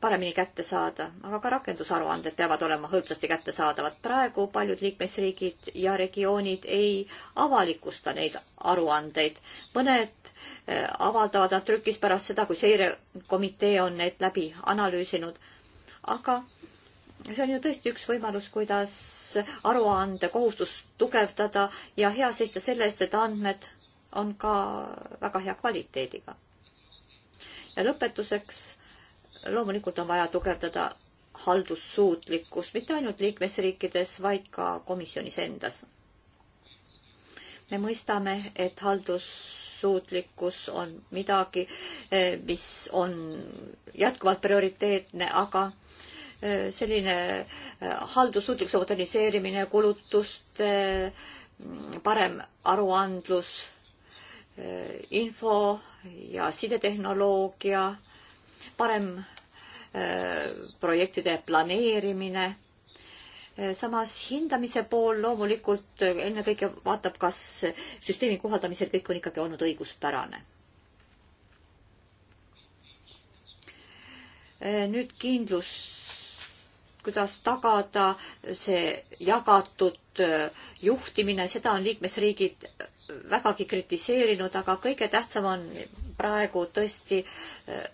paremini kätte saada, aga ka rakendusaruanded peavad olema hõlpsasti kättesaadavad. praegu paljud liikmesriigid ja regioonid ei avalikusta neid aruandeid. mõned eh, avaldavad nad trükis pärast seda, kui seirekomitee on need läbi analüüsinud. aga see on ju tõesti üks võimalus, kuidas aruandekohustust tugevdada ja hea seista selle eest, et andmed on ka väga hea kvaliteediga. ja lõpetuseks, loomulikult on vaja tugevdada haldussuutlikkust mitte ainult liikmesriikides, vaid ka komisjonis endas. me mõistame, et haldussuutlikkus on midagi, eh, mis on jätkuvalt prioriteetne, aga selline äh, haldussuutlik moderniseerimine, kulutuste mm, parem aruandlus, äh, info ja sidetehnoloogia, parem äh, projektide planeerimine samas hindamise pool loomulikult ennekõike vaatab, kas süsteemi kohaldamisel kõik on ikkagi olnud õiguspärane. nüüd kindlus kuidas tagada see jagatud äh, juhtimine, seda on liikmesriigid äh, vägagi kritiseerinud, aga kõige tähtsam on praegu tõesti äh,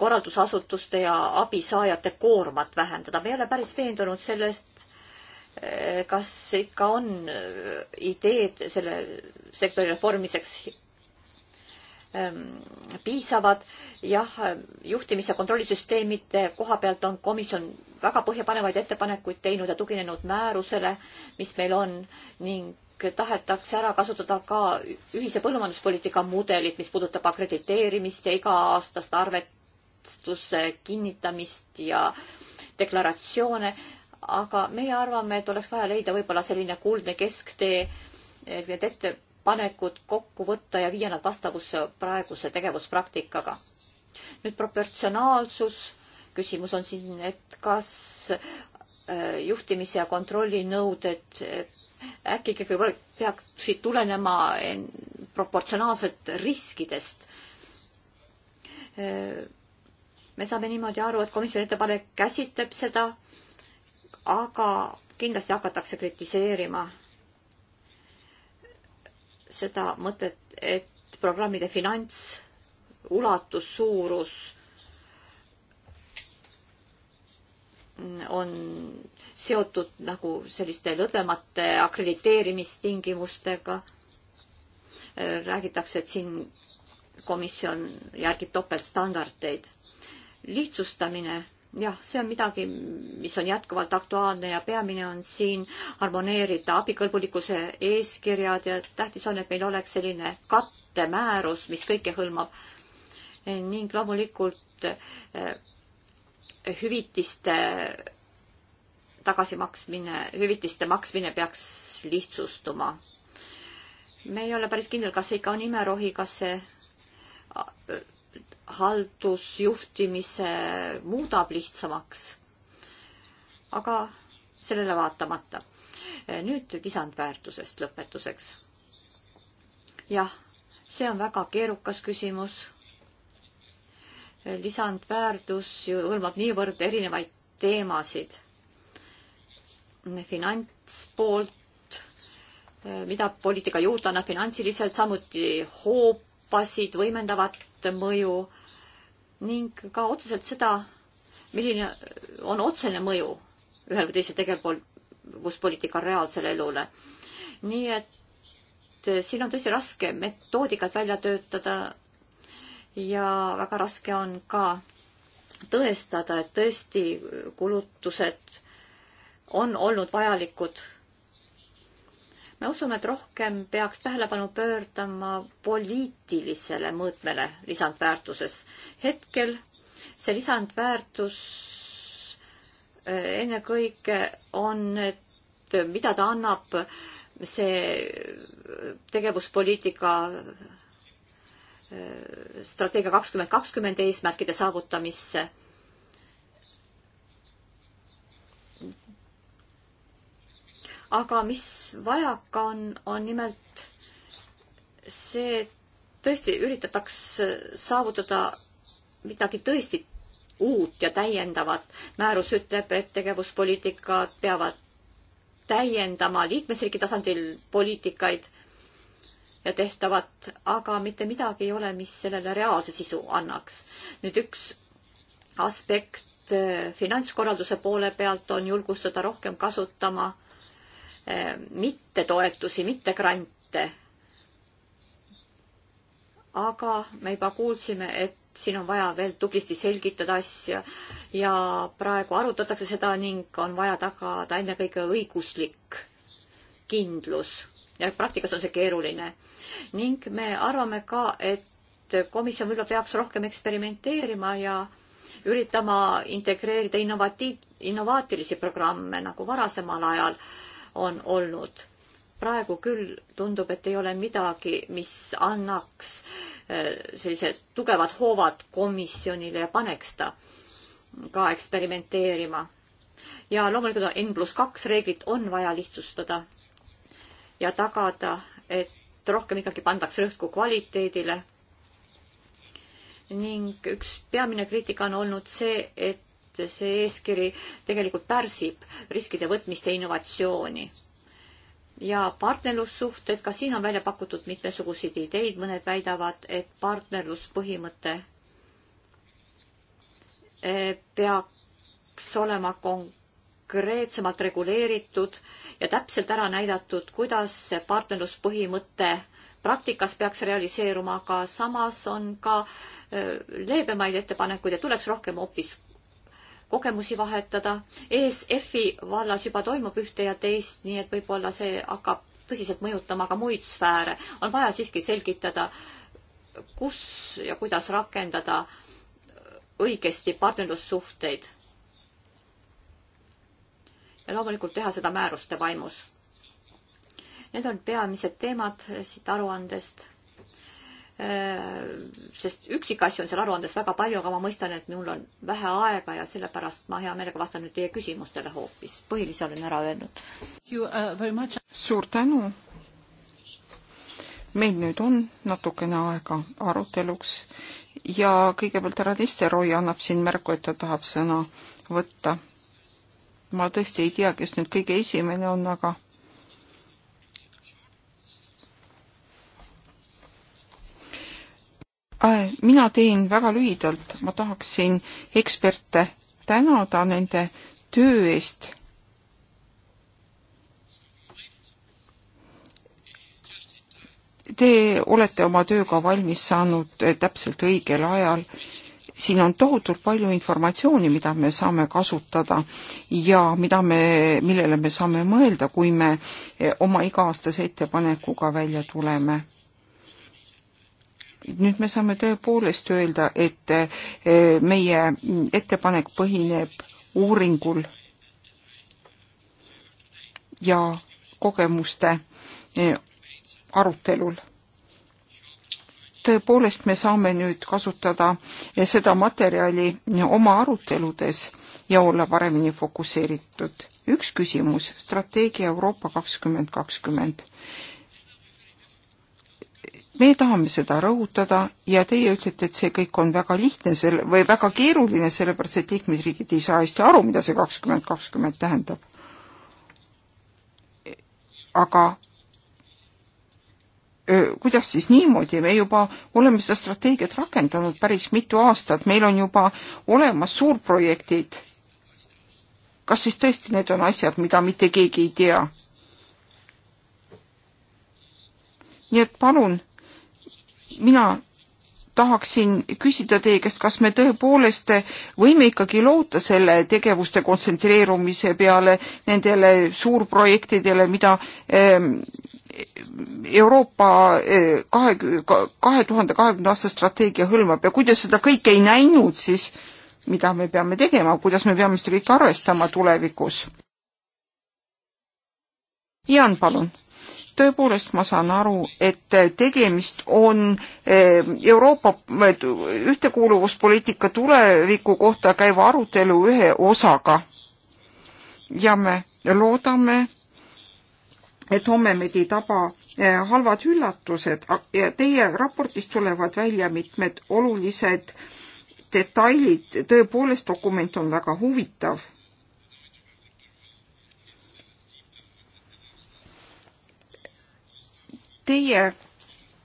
korraldusasutuste ja abisaajate koormat vähendada. me ei ole päris veendunud sellest, kas ikka on ideed selle sektori reformimiseks Ähm, piisavad. jah, juhtimis- ja kontrollisüsteemide koha pealt on komisjon väga põhjapanevaid ettepanekuid teinud ja tuginenud määrusele, mis meil on ning tahetakse ära kasutada ka ühise põllumajanduspoliitika mudelit, mis puudutab akrediteerimist ja iga-aastast arvestuse kinnitamist ja deklaratsioone, aga meie arvame, et oleks vaja leida võib-olla selline kuldne kesktee, et need ette panekud kokku võtta ja viia nad vastavusse praeguse tegevuspraktikaga. nüüd proportsionaalsus, küsimus on siin, et kas äh, juhtimise ja kontrolli nõuded äh, äkki ikkagi peaksid tulenema proportsionaalselt riskidest. Äh, me saame niimoodi aru, et komisjoni ettepanek käsitleb seda, aga kindlasti hakatakse kritiseerima seda mõtet, et programmide finants, ulatus, suurus on seotud nagu selliste lõdvemate akrediteerimistingimustega. räägitakse, et siin komisjon järgib topeltstandardeid. lihtsustamine jah, see on midagi, mis on jätkuvalt aktuaalne ja peamine on siin harmoneerida abikõlbulikkuse eeskirjad ja tähtis on, et meil oleks selline kattemäärus, mis kõike hõlmab. ning loomulikult eh, hüvitiste tagasimaksmine, hüvitiste maksmine peaks lihtsustuma. me ei ole päris kindel, kas see ikka on imerohi, kas see haldusjuhtimise muudab lihtsamaks. aga sellele vaatamata. nüüd lisandväärtusest lõpetuseks. jah, see on väga keerukas küsimus. lisandväärtus ju hõlmab niivõrd erinevaid teemasid. finantspoolt, mida poliitika juurde annab finantsiliselt, samuti hoobasid, võimendavat mõju ning ka otseselt seda, milline on otsene mõju ühel või teisel tegevuspoliitikal reaalsele elule. nii et siin on tõesti raske metoodikat välja töötada ja väga raske on ka tõestada, et tõesti kulutused on olnud vajalikud me usume, et rohkem peaks tähelepanu pöördama poliitilisele mõõtmele lisandväärtuses. hetkel see lisandväärtus äh, ennekõike on, et mida ta annab see äh, tegevuspoliitika äh, strateegia kakskümmend kakskümmend eesmärkide saavutamisse aga mis vajaka on, on nimelt see, et tõesti üritataks saavutada midagi tõesti uut ja täiendavat. määrus ütleb, et tegevuspoliitikad peavad täiendama liikmesriigi tasandil poliitikaid ja tehtavat, aga mitte midagi ei ole, mis sellele reaalse sisu annaks. nüüd üks aspekt eh, finantskorralduse poole pealt on julgustada rohkem kasutama äh, mitte toetusi, mitte grante. aga me juba kuulsime, et siin on vaja veel tublisti selgitada asja ja praegu arutatakse seda ning on vaja tagada ennekõike õiguslik kindlus ja praktikas on see keeruline. ning me arvame ka, et komisjon võib-olla peaks rohkem eksperimenteerima ja üritama integreerida innovatiiv, innovaatilisi programme nagu varasemal ajal on olnud. praegu küll tundub, et ei ole midagi, mis annaks äh, sellised tugevad hoovad komisjonile ja paneks ta ka eksperimenteerima. ja loomulikult N pluss kaks reeglit on vaja lihtsustada ja tagada, et rohkem ikkagi pandakse rõhku kvaliteedile. ning üks peamine kriitika on olnud see, et et see eeskiri tegelikult pärsib riskide võtmist ja innovatsiooni. ja partnerlussuhted, ka siin on välja pakutud mitmesuguseid ideid, mõned väidavad, et partnerluspõhimõte eh, peaks olema konkreetsemalt reguleeritud ja täpselt ära näidatud, kuidas see partnerluspõhimõte praktikas peaks realiseeruma, aga samas on ka eh, leebemaid ettepanekuid ja tuleks rohkem hoopis kogemusi vahetada. ESF-i vallas juba toimub ühte ja teist, nii et võib-olla see hakkab tõsiselt mõjutama ka muid sfääre. on vaja siiski selgitada, kus ja kuidas rakendada õigesti partnerlussuhteid. ja loomulikult teha seda määruste vaimus. Need on peamised teemad siit aruandest Äh, sest üksikasju on seal aruandes väga palju, aga ma mõistan, et mul on vähe aega ja sellepärast ma hea meelega vastan nüüd teie küsimustele hoopis. põhilise olen ära öelnud. Uh, suur tänu. meil nüüd on natukene aega aruteluks ja kõigepealt härra Nisteroi annab siin märku, et ta tahab sõna võtta. ma tõesti ei tea, kes nüüd kõige esimene on, aga Äh, mina teen väga lühidalt, ma tahaksin eksperte tänada nende töö eest. Te olete oma tööga valmis saanud täpselt õigel ajal. siin on tohutult palju informatsiooni, mida me saame kasutada ja mida me, millele me saame mõelda, kui me oma iga-aastase ettepanekuga välja tuleme nüüd me saame tõepoolest öelda, et eh, meie ettepanek põhineb uuringul ja kogemuste eh, arutelul. tõepoolest, me saame nüüd kasutada eh, seda materjali oma aruteludes ja olla paremini fokusseeritud. üks küsimus, strateegia Euroopa kakskümmend kakskümmend me tahame seda rõhutada ja teie ütlete, et see kõik on väga lihtne selle või väga keeruline, sellepärast et liikmesriigid ei saa hästi aru, mida see kakskümmend kakskümmend tähendab. aga öö, kuidas siis niimoodi, me juba oleme seda strateegiat rakendanud päris mitu aastat, meil on juba olemas suurprojektid. kas siis tõesti need on asjad, mida mitte keegi ei tea? nii et palun mina tahaksin küsida teie käest, kas me tõepoolest võime ikkagi loota selle tegevuste kontsentreerumise peale nendele suurprojektidele, mida ehm, Euroopa eh, kahe, kahe tuhande kahekümne aasta strateegia hõlmab ja kui te seda kõike ei näinud, siis mida me peame tegema, kuidas me peame seda kõike arvestama tulevikus? Jaan, palun tõepoolest ma saan aru, et tegemist on eh, Euroopa ühtekuuluvuspoliitika tuleviku kohta käiva arutelu ühe osaga. ja me loodame, et homme meid ei taba eh, halvad üllatused ja teie raportist tulevad välja mitmed olulised detailid, tõepoolest dokument on väga huvitav teie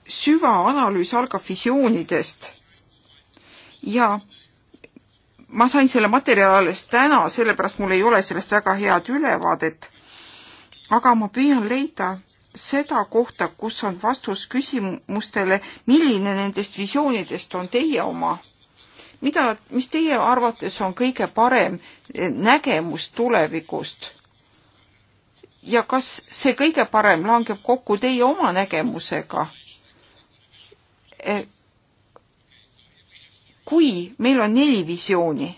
süvaanalüüs algab visioonidest ja ma sain selle materjali alles täna, sellepärast mul ei ole sellest väga head ülevaadet. aga ma püüan leida seda kohta, kus on vastus küsimustele, milline nendest visioonidest on teie oma mida, mis teie arvates on kõige parem nägemus tulevikust? ja kas see kõige parem langeb kokku teie oma nägemusega? E, kui meil on neli visiooni,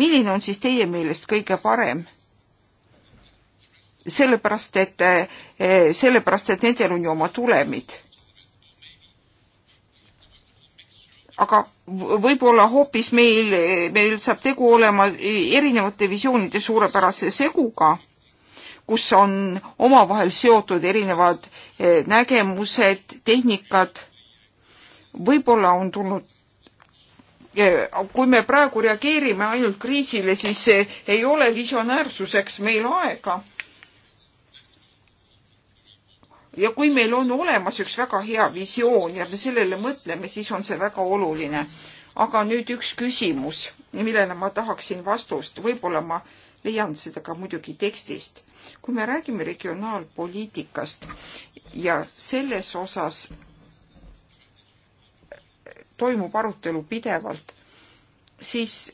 milline on siis teie meelest kõige parem? sellepärast, et, e, sellepärast, et nendel on ju oma tulemid. aga võib-olla hoopis meil, meil saab tegu olema e, erinevate visioonide suurepärase seguga kus on omavahel seotud erinevad eh, nägemused, tehnikad. võib-olla on tulnud eh, kui me praegu reageerime ainult kriisile, siis eh, ei ole visionäärsuseks meil aega. ja kui meil on olemas üks väga hea visioon ja me sellele mõtleme, siis on see väga oluline. aga nüüd üks küsimus, millele ma tahaksin vastust, võib-olla ma leian seda ka muidugi tekstist. kui me räägime regionaalpoliitikast ja selles osas toimub arutelu pidevalt, siis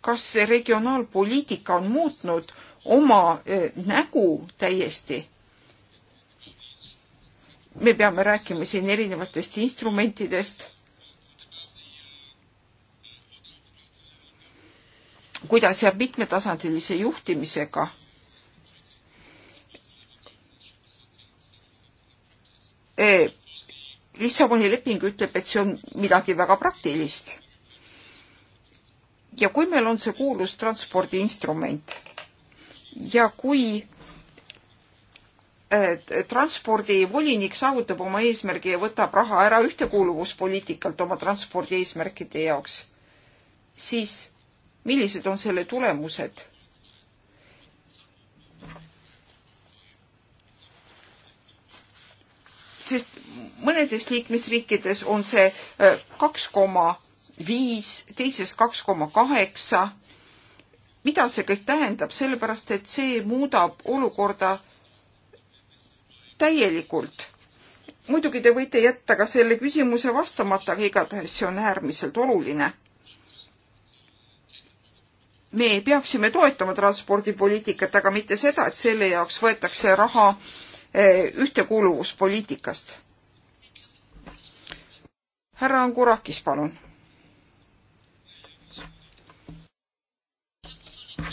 kas see regionaalpoliitika on muutnud oma eh, nägu täiesti? me peame rääkima siin erinevatest instrumentidest kuidas jääb mitmetasandilise juhtimisega. E, Lissaboni leping ütleb, et see on midagi väga praktilist. ja kui meil on see kuulus transpordiinstrument ja kui e, transpordivolinik saavutab oma eesmärgi ja võtab raha ära ühtekuuluvuspoliitikalt oma transpordi eesmärkide jaoks, siis millised on selle tulemused? sest mõnedes liikmesriikides on see äh, kaks koma viis, teises kaks koma kaheksa. mida see kõik tähendab, sellepärast et see muudab olukorda täielikult muidugi te võite jätta ka selle küsimuse vastamata, aga igatahes see on äärmiselt oluline me peaksime toetama transpordipoliitikat, aga mitte seda, et selle jaoks võetakse raha eh, ühtekuuluvuspoliitikast. härra Angurakis, palun.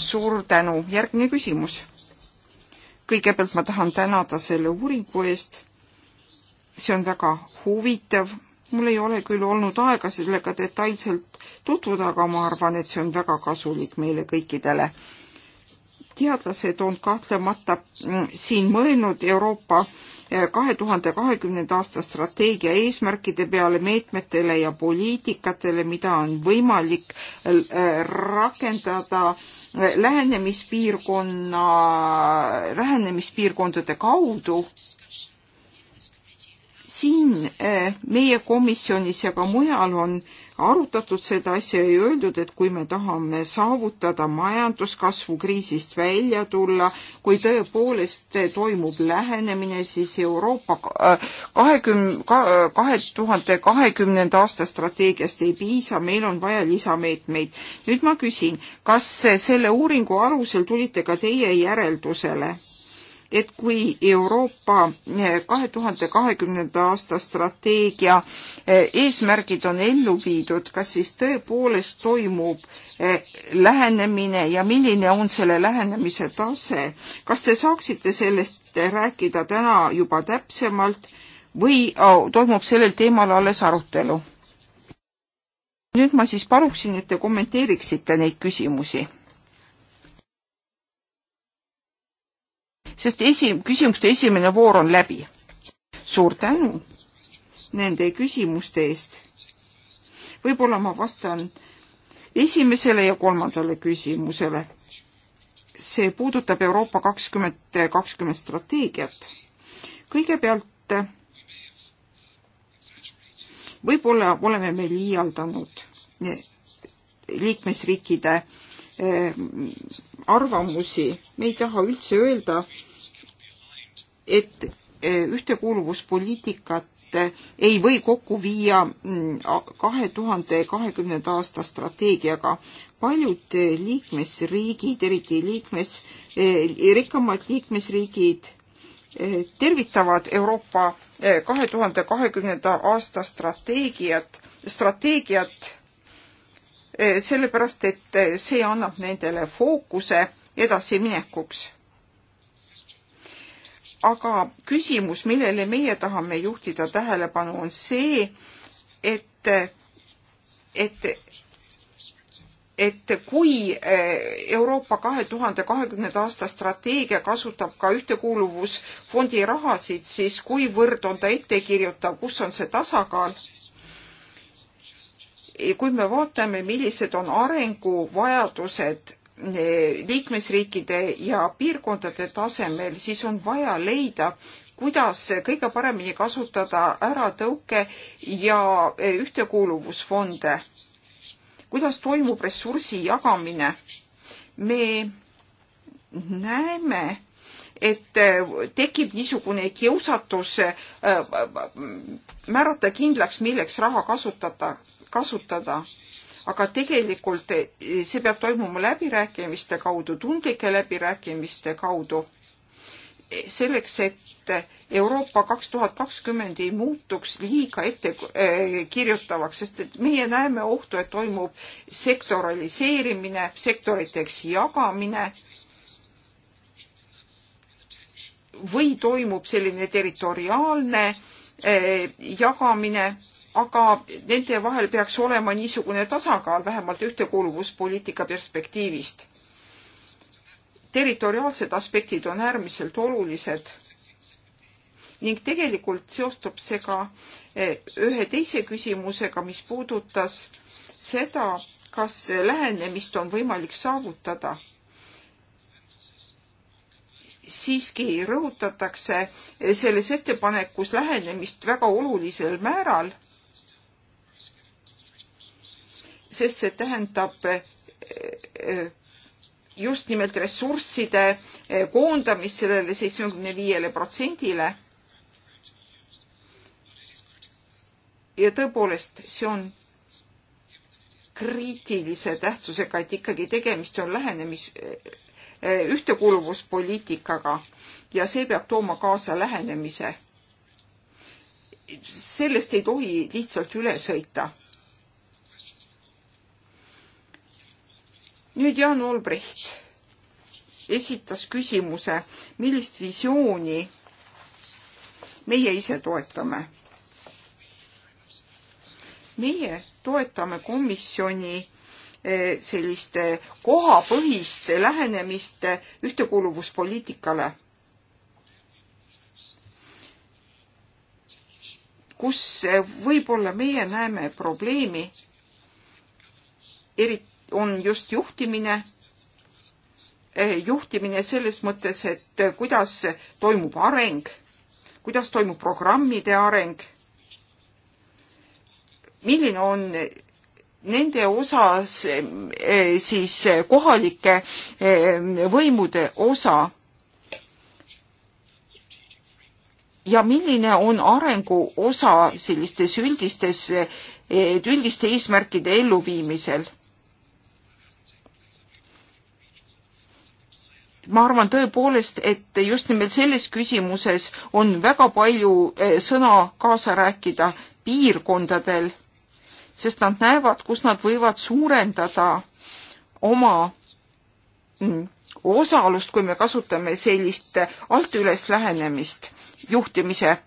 suur tänu, järgmine küsimus. kõigepealt ma tahan tänada selle uuringu eest. see on väga huvitav mul ei ole küll olnud aega sellega detailselt tutvuda, aga ma arvan, et see on väga kasulik meile kõikidele. teadlased on kahtlemata mm, siin mõelnud Euroopa eh, kahe tuhande kahekümnenda aasta strateegia eesmärkide peale, meetmetele ja poliitikatele, mida on võimalik eh, rakendada eh, lähenemispiirkonna, lähenemispiirkondade kaudu siin eh, meie komisjonis ja ka mujal on arutatud seda asja ja öeldud, et kui me tahame saavutada majanduskasvu kriisist välja tulla, kui tõepoolest toimub lähenemine, siis Euroopa eh, kahekümne, eh, kahe tuhande kahekümnenda aasta strateegiast ei piisa, meil on vaja lisameetmeid. nüüd ma küsin, kas selle uuringu alusel tulite ka teie järeldusele? et kui Euroopa eh, kahe tuhande kahekümnenda aasta strateegia eh, eesmärgid on ellu viidud, kas siis tõepoolest toimub eh, lähenemine ja milline on selle lähenemise tase? kas te saaksite sellest rääkida täna juba täpsemalt või oh, toimub sellel teemal alles arutelu? nüüd ma siis paluksin, et te kommenteeriksite neid küsimusi sest esi-, küsimuste esimene voor on läbi. suur tänu nende küsimuste eest. võib-olla ma vastan esimesele ja kolmandale küsimusele. see puudutab Euroopa kakskümmend kakskümmend strateegiat. kõigepealt võib-olla oleme me liialdanud liikmesriikide Äh, arvamusi, me ei taha üldse öelda, et äh, ühtekuuluvuspoliitikat äh, ei või kokku viia mm, kahe tuhande kahekümnenda aasta strateegiaga. paljud liikmesriigid, eriti liikmes, rikkamad liikmesriigid tervitavad Euroopa kahe tuhande kahekümnenda aasta strateegiat, strateegiat Eh, sellepärast et eh, see annab nendele fookuse edasiminekuks. aga küsimus, millele meie tahame juhtida tähelepanu, on see, et, et et kui eh, Euroopa kahe tuhande kahekümnenda aasta strateegia kasutab ka ühtekuuluvusfondi rahasid, siis kuivõrd on ta ettekirjutav, kus on see tasakaal? kui me vaatame, millised on arenguvajadused eh, liikmesriikide ja piirkondade tasemel, siis on vaja leida, kuidas kõige paremini kasutada ära tõuke ja eh, ühtekuuluvusfonde. kuidas toimub ressursi jagamine? me näeme, et eh, tekib niisugune kiusatus määrata kindlaks, milleks raha kasutada, kasutada. aga tegelikult see peab toimuma läbirääkimiste kaudu, tundlike läbirääkimiste kaudu. selleks, et Euroopa kaks tuhat kakskümmend ei muutuks liiga ettekirjutavaks, eh, sest et meie näeme ohtu, et toimub sektoraliseerimine, sektoriteks jagamine või toimub selline territoriaalne eh, jagamine aga nende vahel peaks olema niisugune tasakaal vähemalt ühtekuuluvuspoliitika perspektiivist. territoriaalsed aspektid on äärmiselt olulised ning tegelikult seostub see ka eh, ühe teise küsimusega, mis puudutas seda, kas lähenemist on võimalik saavutada. siiski rõhutatakse selles ettepanekus lähenemist väga olulisel määral sest see tähendab eh, eh, just nimelt ressursside eh, koondamist sellele seitsmekümne viiele protsendile. ja tõepoolest, see on kriitilise tähtsusega, et ikkagi tegemist on lähenemis, ühtekuuluvuspoliitikaga ja see peab tooma kaasa lähenemise. sellest ei tohi lihtsalt üle sõita nüüd Jaan Olbricht esitas küsimuse, millist visiooni meie ise toetame. meie toetame komisjoni eh, sellist kohapõhist lähenemist ühtekuuluvuspoliitikale, kus eh, võib-olla meie näeme probleemi eriti on just juhtimine, eh, juhtimine selles mõttes, et eh, kuidas toimub areng, kuidas toimub programmide areng, milline on nende osas eh, siis kohalike võimude osa ja milline on arengu osa sellistes üldistes, üldiste eesmärkide elluviimisel ma arvan tõepoolest, et just nimelt selles küsimuses on väga palju eh, sõna kaasa rääkida piirkondadel, sest nad näevad, kus nad võivad suurendada oma mm, osalust, kui me kasutame sellist alt üles lähenemist juhtimise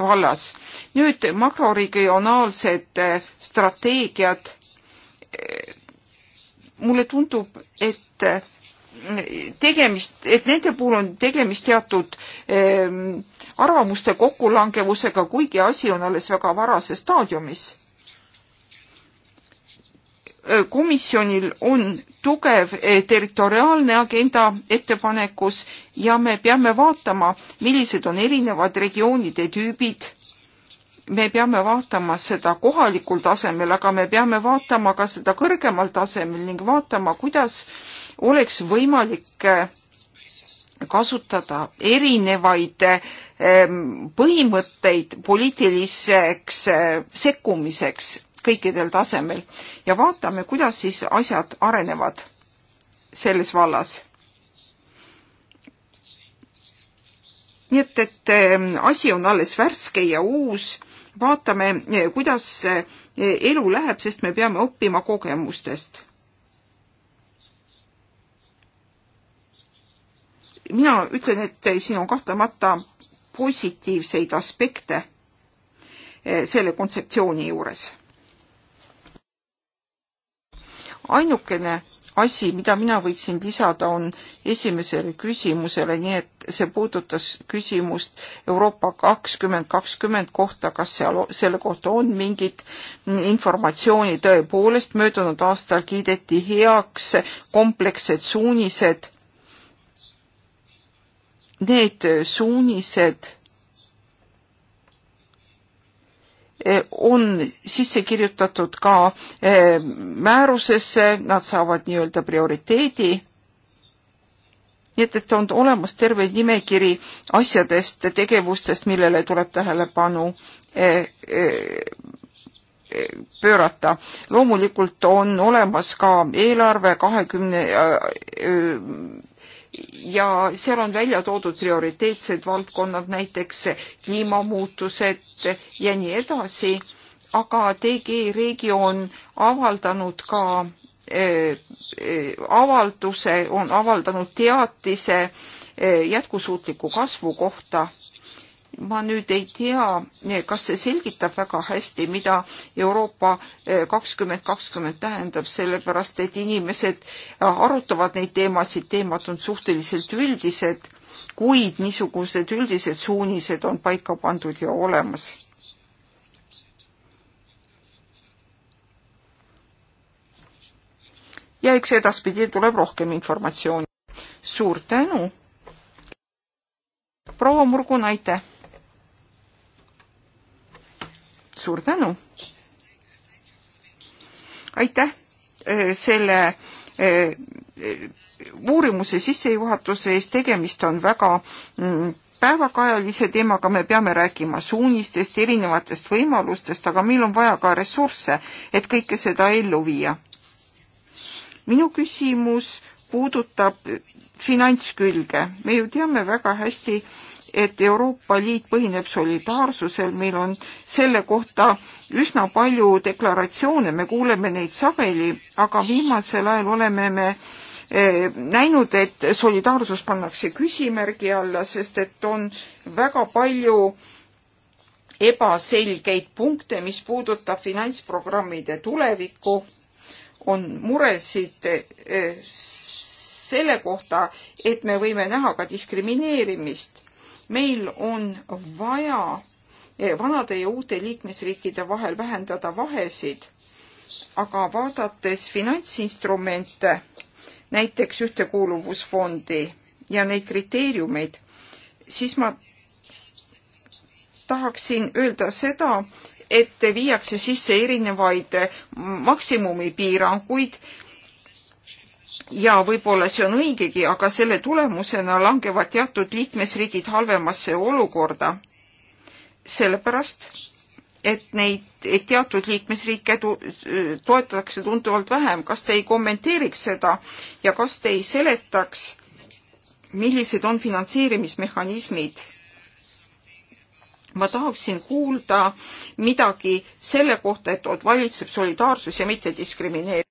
vallas. nüüd makroregionaalsed eh, strateegiad. Eh, mulle tundub, et tegemist, et nende puhul on tegemist teatud ähm, arvamuste kokkulangevusega, kuigi asi on alles väga varases staadiumis. komisjonil on tugev e, territoriaalne agenda ettepanekus ja me peame vaatama, millised on erinevad regioonide tüübid me peame vaatama seda kohalikul tasemel, aga me peame vaatama ka seda kõrgemal tasemel ning vaatama, kuidas oleks võimalik äh, kasutada erinevaid ähm, põhimõtteid poliitiliseks äh, sekkumiseks kõikidel tasemel ja vaatame, kuidas siis asjad arenevad selles vallas. nii et, et ähm, asi on alles värske ja uus, vaatame, äh, kuidas elu läheb, sest me peame õppima kogemustest mina ütlen, et siin on kahtlemata positiivseid aspekte eh, selle kontseptsiooni juures. ainukene asi, mida mina võiksin lisada, on esimesele küsimusele, nii et see puudutas küsimust Euroopa kakskümmend kakskümmend kohta, kas seal, selle kohta on mingit informatsiooni tõepoolest, möödunud aastal kiideti heaks komplekssed suunised need suunised eh, on sisse kirjutatud ka eh, määrusesse, nad saavad nii-öelda prioriteedi. nii et, et on olemas terve nimekiri asjadest, tegevustest, millele tuleb tähelepanu eh, pöörata. loomulikult on olemas ka eelarve kahekümne 20 ja seal on välja toodud prioriteetsed valdkonnad, näiteks kliimamuutused ja nii edasi, aga DG regioon avaldanud ka äh, avalduse, on avaldanud teatise äh, jätkusuutliku kasvu kohta ma nüüd ei tea, kas see selgitab väga hästi, mida Euroopa eh, kakskümmend kakskümmend tähendab, sellepärast et inimesed eh, arutavad neid teemasid, teemad on suhteliselt üldised, kuid niisugused üldised suunised on paika pandud ja olemas. ja eks edaspidi tuleb rohkem informatsiooni. suur tänu! proua Murgunaite! suur tänu. aitäh eh, selle eh, uurimuse sissejuhatuse eest, tegemist on väga mm, päevakajalise teemaga, me peame rääkima suunistest, erinevatest võimalustest, aga meil on vaja ka ressursse, et kõike seda ellu viia. minu küsimus puudutab eh, finantskülge. me ju teame väga hästi, et Euroopa Liit põhineb solidaarsusel, meil on selle kohta üsna palju deklaratsioone, me kuuleme neid sageli, aga viimasel ajal oleme me eh, näinud, et solidaarsus pannakse küsimärgi alla, sest et on väga palju ebaselgeid punkte, mis puudutab finantsprogrammide tulevikku, on muresid eh, selle kohta, et me võime näha ka diskrimineerimist meil on vaja eh, vanade ja uute liikmesriikide vahel vähendada vahesid, aga vaadates finantsinstrumente, näiteks ühtekuuluvusfondi ja neid kriteeriumeid, siis ma tahaksin öelda seda, et viiakse sisse erinevaid maksimumipiiranguid ja võib-olla see on õigegi, aga selle tulemusena langevad teatud liikmesriigid halvemasse olukorda, sellepärast et neid et teatud liikmesriike toetatakse tunduvalt vähem. kas te ei kommenteeriks seda ja kas te ei seletaks, millised on finantseerimismehhanismid? ma tahaksin kuulda midagi selle kohta, et valitseb solidaarsus ja mitte diskrimineerimine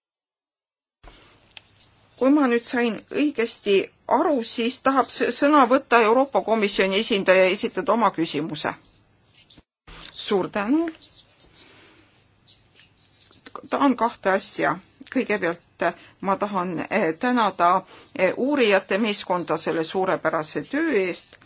kui ma nüüd sain õigesti aru, siis tahab sõna võtta Euroopa Komisjoni esindaja ja esitada oma küsimuse. suur tänu. tahan kahte asja. kõigepealt eh, ma tahan eh, tänada eh, uurijate meeskonda selle suurepärase töö eest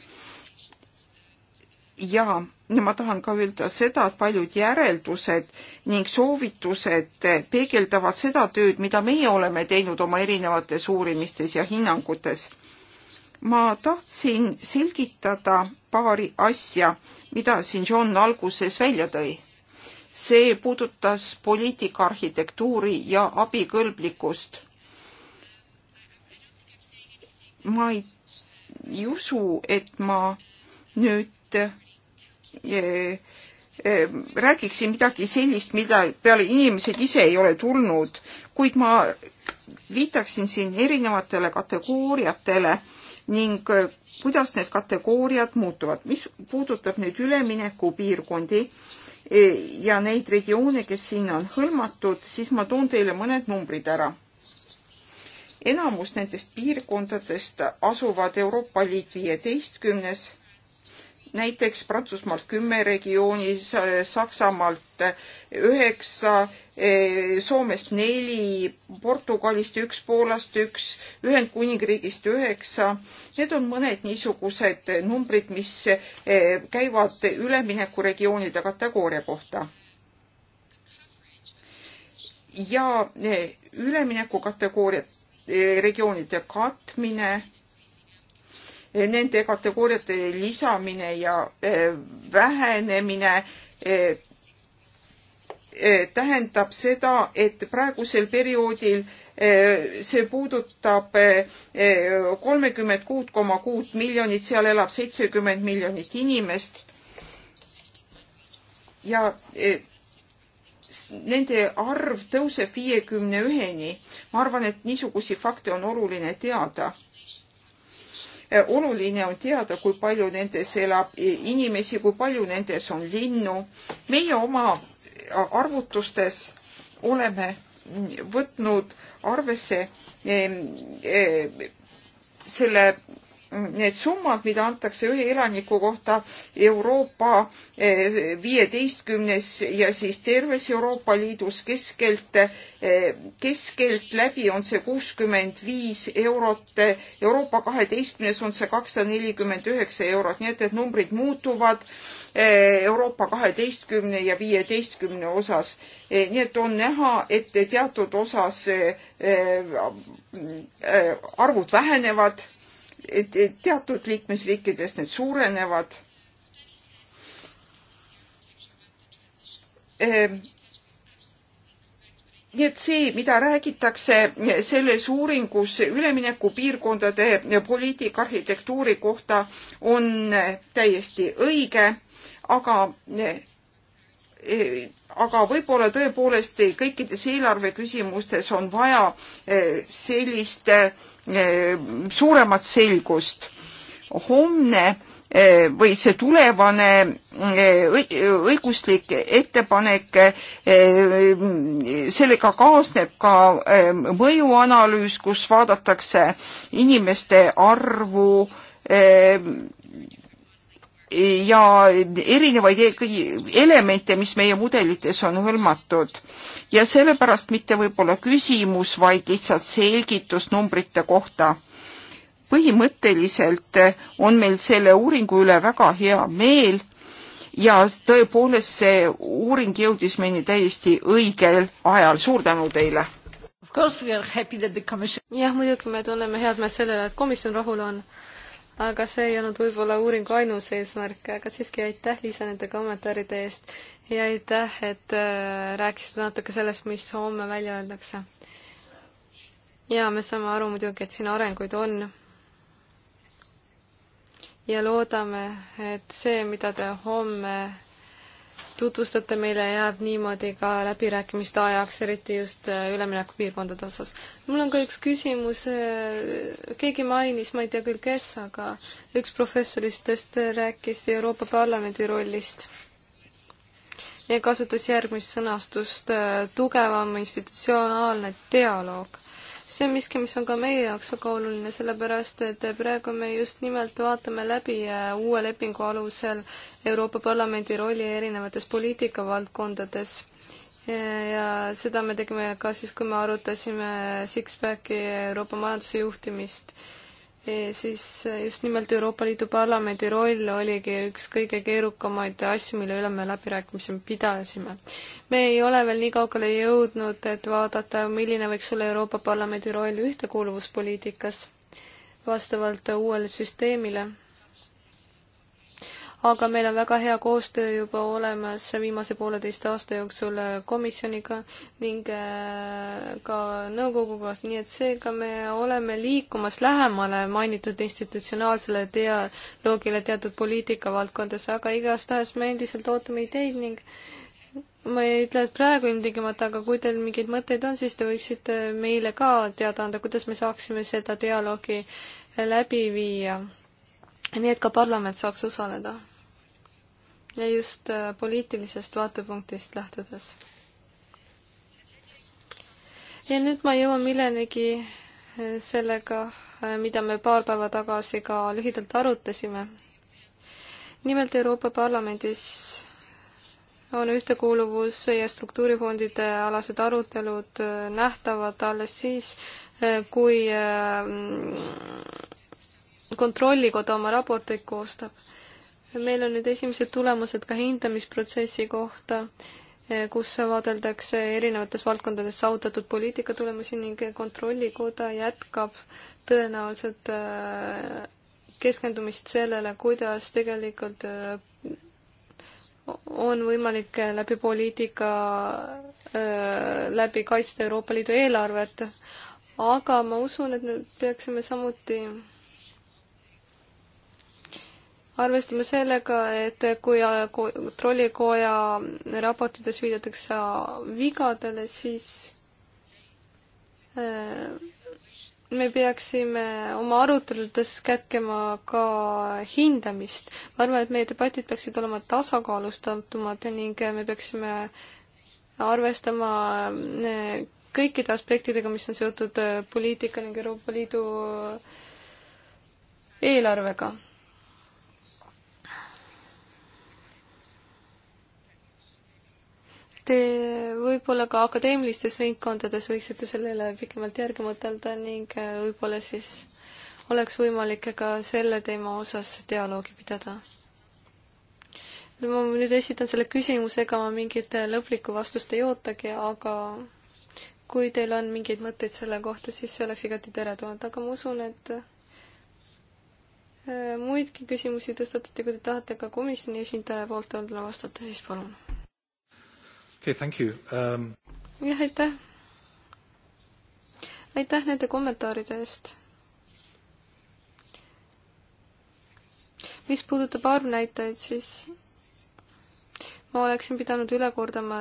ja ma tahan ka öelda seda, et paljud järeldused ning soovitused peegeldavad seda tööd, mida meie oleme teinud oma erinevates uurimistes ja hinnangutes. ma tahtsin selgitada paari asja, mida siin John alguses välja tõi. see puudutas poliitika arhitektuuri ja abikõlblikkust. ma ei, ei usu, et ma nüüd Eh, eh, räägiksin midagi sellist, mida peale inimesed ise ei ole tulnud, kuid ma viitaksin siin erinevatele kategooriatele ning eh, kuidas need kategooriad muutuvad. mis puudutab nüüd üleminekupiirkondi ja neid regioone, kes sinna on hõlmatud, siis ma toon teile mõned numbrid ära. enamus nendest piirkondadest asuvad Euroopa Liit viieteistkümnes näiteks Prantsusmaalt kümme regiooni, äh, Saksamaalt äh, üheksa, äh, Soomest neli, Portugalist üks, Poolast üks, Ühendkuningriigist üheksa. Need on mõned niisugused numbrid, mis käivad üleminekuregioonide kategooria kohta. ja ülemineku kategooria regioonide katmine nende kategooriate lisamine ja eh, vähenemine eh, eh, tähendab seda, et praegusel perioodil see puudutab kolmekümmet kuut koma kuut miljonit, seal elab seitsekümmend miljonit inimest. ja nende arv tõuseb viiekümne üheni. ma arvan, et niisuguseid fakte on oluline teada Eh, oluline on teada, kui palju nendes elab inimesi, kui palju nendes on linnu. meie oma arvutustes oleme võtnud arvesse selle need summad, mida antakse ühe elaniku kohta Euroopa eh, viieteistkümnes ja siis terves Euroopa Liidus keskelt, eh, keskeltläbi on see kuuskümmend viis eurot, eh, Euroopa kaheteistkümnes on see kakssada nelikümmend üheksa eurot, nii et, et numbrid muutuvad Euroopa kaheteistkümne ja viieteistkümne osas. nii et on näha, et teatud osas arvud vähenevad teatud liikmesriikides need suurenevad. Ehm, nii et see, mida räägitakse selles uuringus üleminekupiirkondade poliitika arhitektuuri kohta, on täiesti õige, aga Eh, aga võib-olla tõepoolest kõikides eelarve küsimustes on vaja eh, sellist eh, suuremat selgust. homne või see tulevane õiguslik ettepanek, sellega kaasneb ka mõjuanalüüs, kus vaadatakse inimeste arvu, ja erinevaid e- elemente, mis meie mudelites on hõlmatud. ja sellepärast mitte võib-olla küsimus, vaid lihtsalt selgitus numbrite kohta. põhimõtteliselt on meil selle uuringu üle väga hea meel ja tõepoolest see uuring jõudis meini täiesti õigel ajal. suur tänu teile! jah, muidugi me tunneme head meelt sellele, et komisjon rahul on aga see ei olnud võib-olla uuringu ainus eesmärk, aga siiski aitäh, Liisa, nende kommentaaride eest ja aitäh, et äh, rääkisite natuke sellest, mis homme välja öeldakse. ja me saame aru muidugi, et siin arenguid on. ja loodame, et see, mida te homme tutvustate meile, jääb niimoodi ka läbirääkimiste ajaks, eriti just äh, üleminekupiirkondade osas. mul on ka üks küsimus, äh, keegi mainis, ma ei tea küll, kes, aga üks professoritest rääkis Euroopa Parlamendi rollist ja kasutas järgmist sõnastust, äh, tugevam institutsionaalne dialoog see on miski, mis on ka meie jaoks väga oluline, sellepärast et praegu me just nimelt vaatame läbi äh, uue lepingu alusel Euroopa Parlamendi rolli erinevates poliitikavaldkondades. ja seda me tegime ka siis, kui me arutasime Sixpacki Euroopa majanduse juhtimist E, siis e, just nimelt Euroopa Liidu Parlamendi roll oligi üks kõige keerukamaid asju, mille üle me läbirääkimisi pidasime. me ei ole veel nii kaugele jõudnud, et vaadata, milline võiks olla Euroopa Parlamendi roll ühtekuuluvuspoliitikas vastavalt uuele süsteemile aga meil on väga hea koostöö juba olemas viimase pooleteist aasta jooksul äh, komisjoniga ning äh, ka nõukoguga, nii et seega me oleme liikumas lähemale mainitud institutsionaalsele dialoogile teatud poliitikavaldkondades, aga igastahes me endiselt ootame ideid ning ma ei ütle, et praegu ilmtingimata, aga kui teil mingeid mõtteid on, siis te võiksite meile ka teada anda, kuidas me saaksime seda dialoogi läbi viia. nii et ka parlament saaks osaleda ja just äh, poliitilisest vaatepunktist lähtudes. ja nüüd ma jõuan millenegi äh, sellega, äh, mida me paar päeva tagasi ka lühidalt arutasime. nimelt Euroopa Parlamendis on ühtekuuluvus ja struktuurifondide alased arutelud nähtavad alles siis, kui kontrollikoda oma raporteid koostab meil on nüüd esimesed tulemused ka hindamisprotsessi kohta, eh, kus vaadeldakse erinevates valdkondades saavutatud poliitika tulemusi ning Kontrollikoda jätkab tõenäoliselt eh, keskendumist sellele, kuidas tegelikult eh, on võimalik läbi poliitika, läbi kaitsta Euroopa Liidu eelarvet, aga ma usun, et me peaksime samuti arvestame sellega, et kui kontrollikoja raportides viidatakse vigadele, siis äh, me peaksime oma aruteludes kätkema ka hindamist. ma arvan, et meie debatid peaksid olema tasakaalustatumad ning me peaksime arvestama äh, kõikide aspektidega, mis on seotud äh, poliitika ning Euroopa Liidu eelarvega Te võib-olla ka akadeemilistes ringkondades võiksite sellele pikemalt järgi mõtelda ning äh, võib-olla siis oleks võimalik ka selle teema osas dialoogi pidada. ma nüüd esitan selle küsimuse, ega ma mingit äh, lõplikku vastust ei ootagi, aga kui teil on mingeid mõtteid selle kohta, siis see oleks igati teretulnud, aga ma usun, et äh, muidki küsimusi tõstatati, kui te tahate ka komisjoni esindaja poolt olla vastata, siis palun okay, thank you um.... jah, aitäh. aitäh nende kommentaaride eest. mis puudutab arvnäitajaid, siis ma oleksin pidanud üle kordama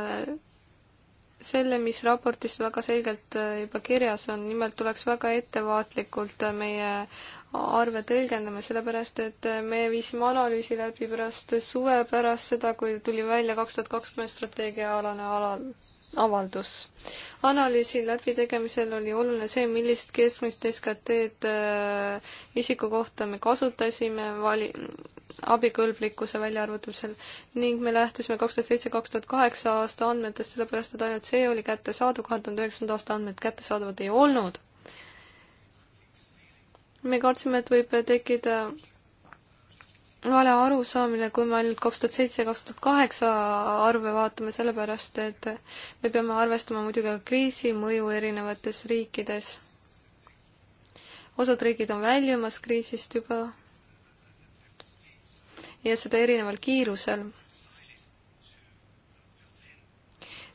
selle, mis raportis väga selgelt äh, juba kirjas on, nimelt tuleks väga ettevaatlikult äh, meie arve tõlgendame, sellepärast et me viisime analüüsi läbi pärast suve, pärast seda, kui tuli välja kaks tuhat kakskümmend strateegiaalane ala, avaldus. analüüsi läbitegemisel oli oluline see, millist keskmist SKT-d äh, isiku kohta me kasutasime vali-, abikõlblikkuse väljaarvutamisel ning me lähtusime kaks tuhat seitse, kaks tuhat kaheksa aasta andmetest, sellepärast et ainult see oli kättesaadav, kahe tuhande üheksanda aasta andmed kättesaadavad ei olnud me kartsime, et võib tekkida vale arusaamine, kui me ainult kaks tuhat seitse, kaks tuhat kaheksa arve vaatame, sellepärast et me peame arvestama muidugi ka kriisi mõju erinevates riikides. osad riigid on väljumas kriisist juba ja seda erineval kiirusel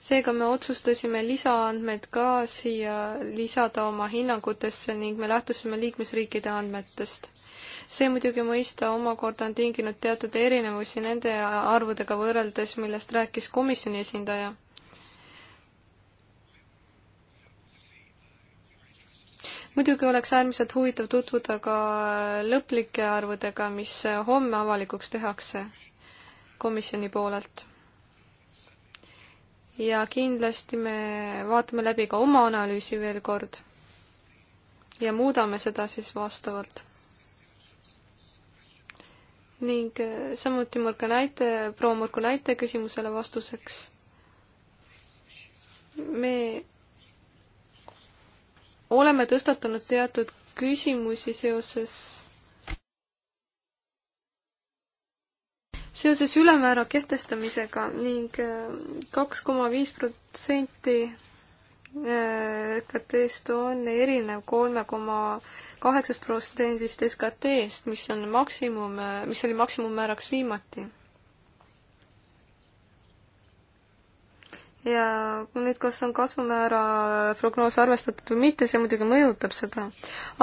seega me otsustasime lisaandmed ka siia lisada oma hinnangutesse ning me lähtusime liikmesriikide andmetest. see muidugi mõista omakorda on tinginud teatud erinevusi nende arvudega võrreldes, millest rääkis komisjoni esindaja muidugi oleks äärmiselt huvitav tutvuda ka lõplike arvudega, mis homme avalikuks tehakse komisjoni poolelt ja kindlasti me vaatame läbi ka oma analüüsi veel kord ja muudame seda siis vastavalt. ning äh, samuti Murka näite, proua Murku näite küsimusele vastuseks. me oleme tõstatanud teatud küsimusi seoses seoses ülemäära kehtestamisega ning äh, kaks koma viis protsenti SKT-st äh, on erinev kolme koma kaheksast protsendist SKT-st, mis on maksimum, äh, mis oli maksimummääraks viimati ja nüüd, kas on kasvumäära prognoos arvestatud või mitte, see muidugi mõjutab seda.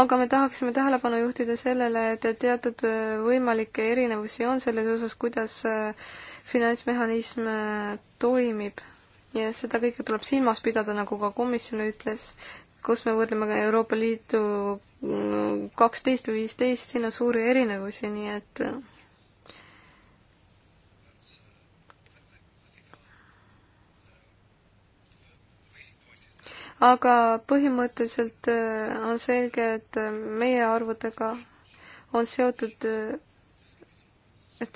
aga me tahaksime tähelepanu juhtida sellele, et teatud äh, võimalikke erinevusi on selles osas, kuidas äh, finantsmehhanism äh, toimib. ja seda kõike tuleb silmas pidada, nagu ka komisjon ütles, kus me võrdleme ka Euroopa Liitu mm, kaksteist või viisteist, siin on suuri erinevusi, nii et aga põhimõtteliselt äh, on selge, et äh, meie arvudega on seotud äh,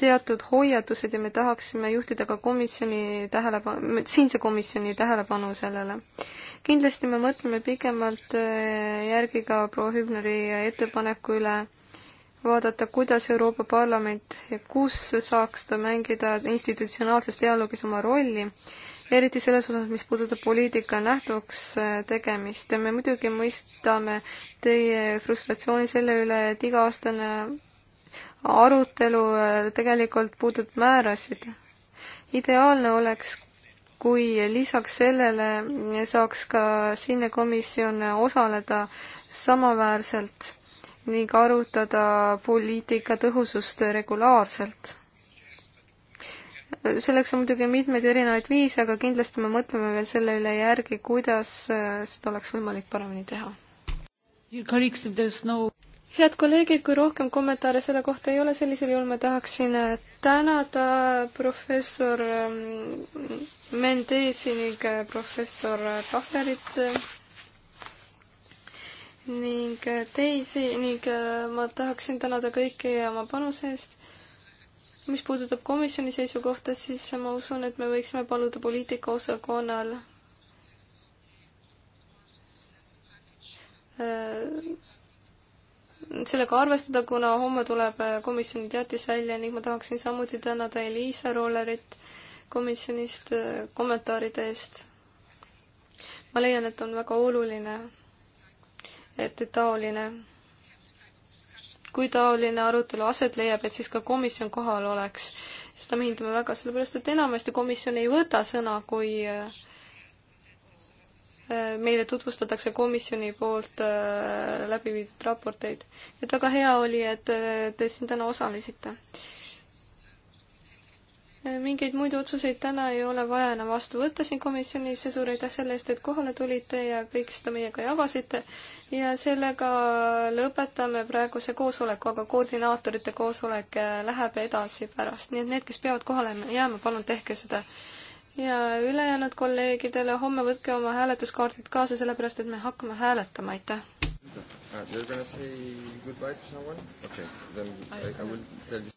teatud hoiatused ja me tahaksime juhtida ka komisjoni tähelepanu, siinse komisjoni tähelepanu sellele. kindlasti me mõtleme pigemalt järgi ka proua Hübneri ettepaneku üle, vaadata, kuidas Euroopa Parlament ja kus saaks ta mängida institutsionaalses dialoogis oma rolli eriti selles osas, mis puudutab poliitika nähtuks äh, tegemist. me muidugi mõistame teie frustratsiooni selle üle, et iga-aastane arutelu äh, tegelikult puudub määrasid. ideaalne oleks, kui lisaks sellele saaks ka siinne komisjon osaleda samaväärselt ning arutada poliitika tõhusust regulaarselt selleks on muidugi mitmeid erinevaid viise, aga kindlasti me mõtleme veel selle üle järgi, kuidas äh, seda oleks võimalik paremini teha. No... head kolleegid, kui rohkem kommentaare selle kohta ei ole, sellisel juhul ma tahaksin äh, tänada professor ähm, Mendesi ning äh, professor Kahverit ning teisi ning ma tahaksin tänada kõiki oma panuse eest mis puudutab komisjoni seisukohta, siis ma usun, et me võiksime paluda poliitikaosakonnal äh, sellega arvestada, kuna homme tuleb äh, komisjoni teatis välja ning ma tahaksin samuti tänada Elisa Rollerit komisjonist äh, kommentaaride eest. ma leian, et on väga oluline, et taoline kui taoline arutelu aset leiab, et siis ka komisjon kohal oleks. seda me hindame väga, sellepärast et enamasti komisjon ei võta sõna, kui äh, meile tutvustatakse komisjoni poolt äh, läbi viidud raporteid. et väga hea oli, et äh, te siin täna osalesite mingeid muid otsuseid täna ei ole vaja enam vastu võtta siin komisjonis ja suur aitäh selle eest, et kohale tulite ja kõik seda meiega jagasite. ja sellega lõpetame praeguse koosoleku, aga koordinaatorite koosolek läheb edasi pärast, nii et need, kes peavad kohale jääma, palun tehke seda. ja ülejäänud kolleegidele homme võtke oma hääletuskaardid kaasa, sellepärast et me hakkame hääletama, aitäh. Uh, you're gonna say goodbye to someone? Okay, then I, I will tell you.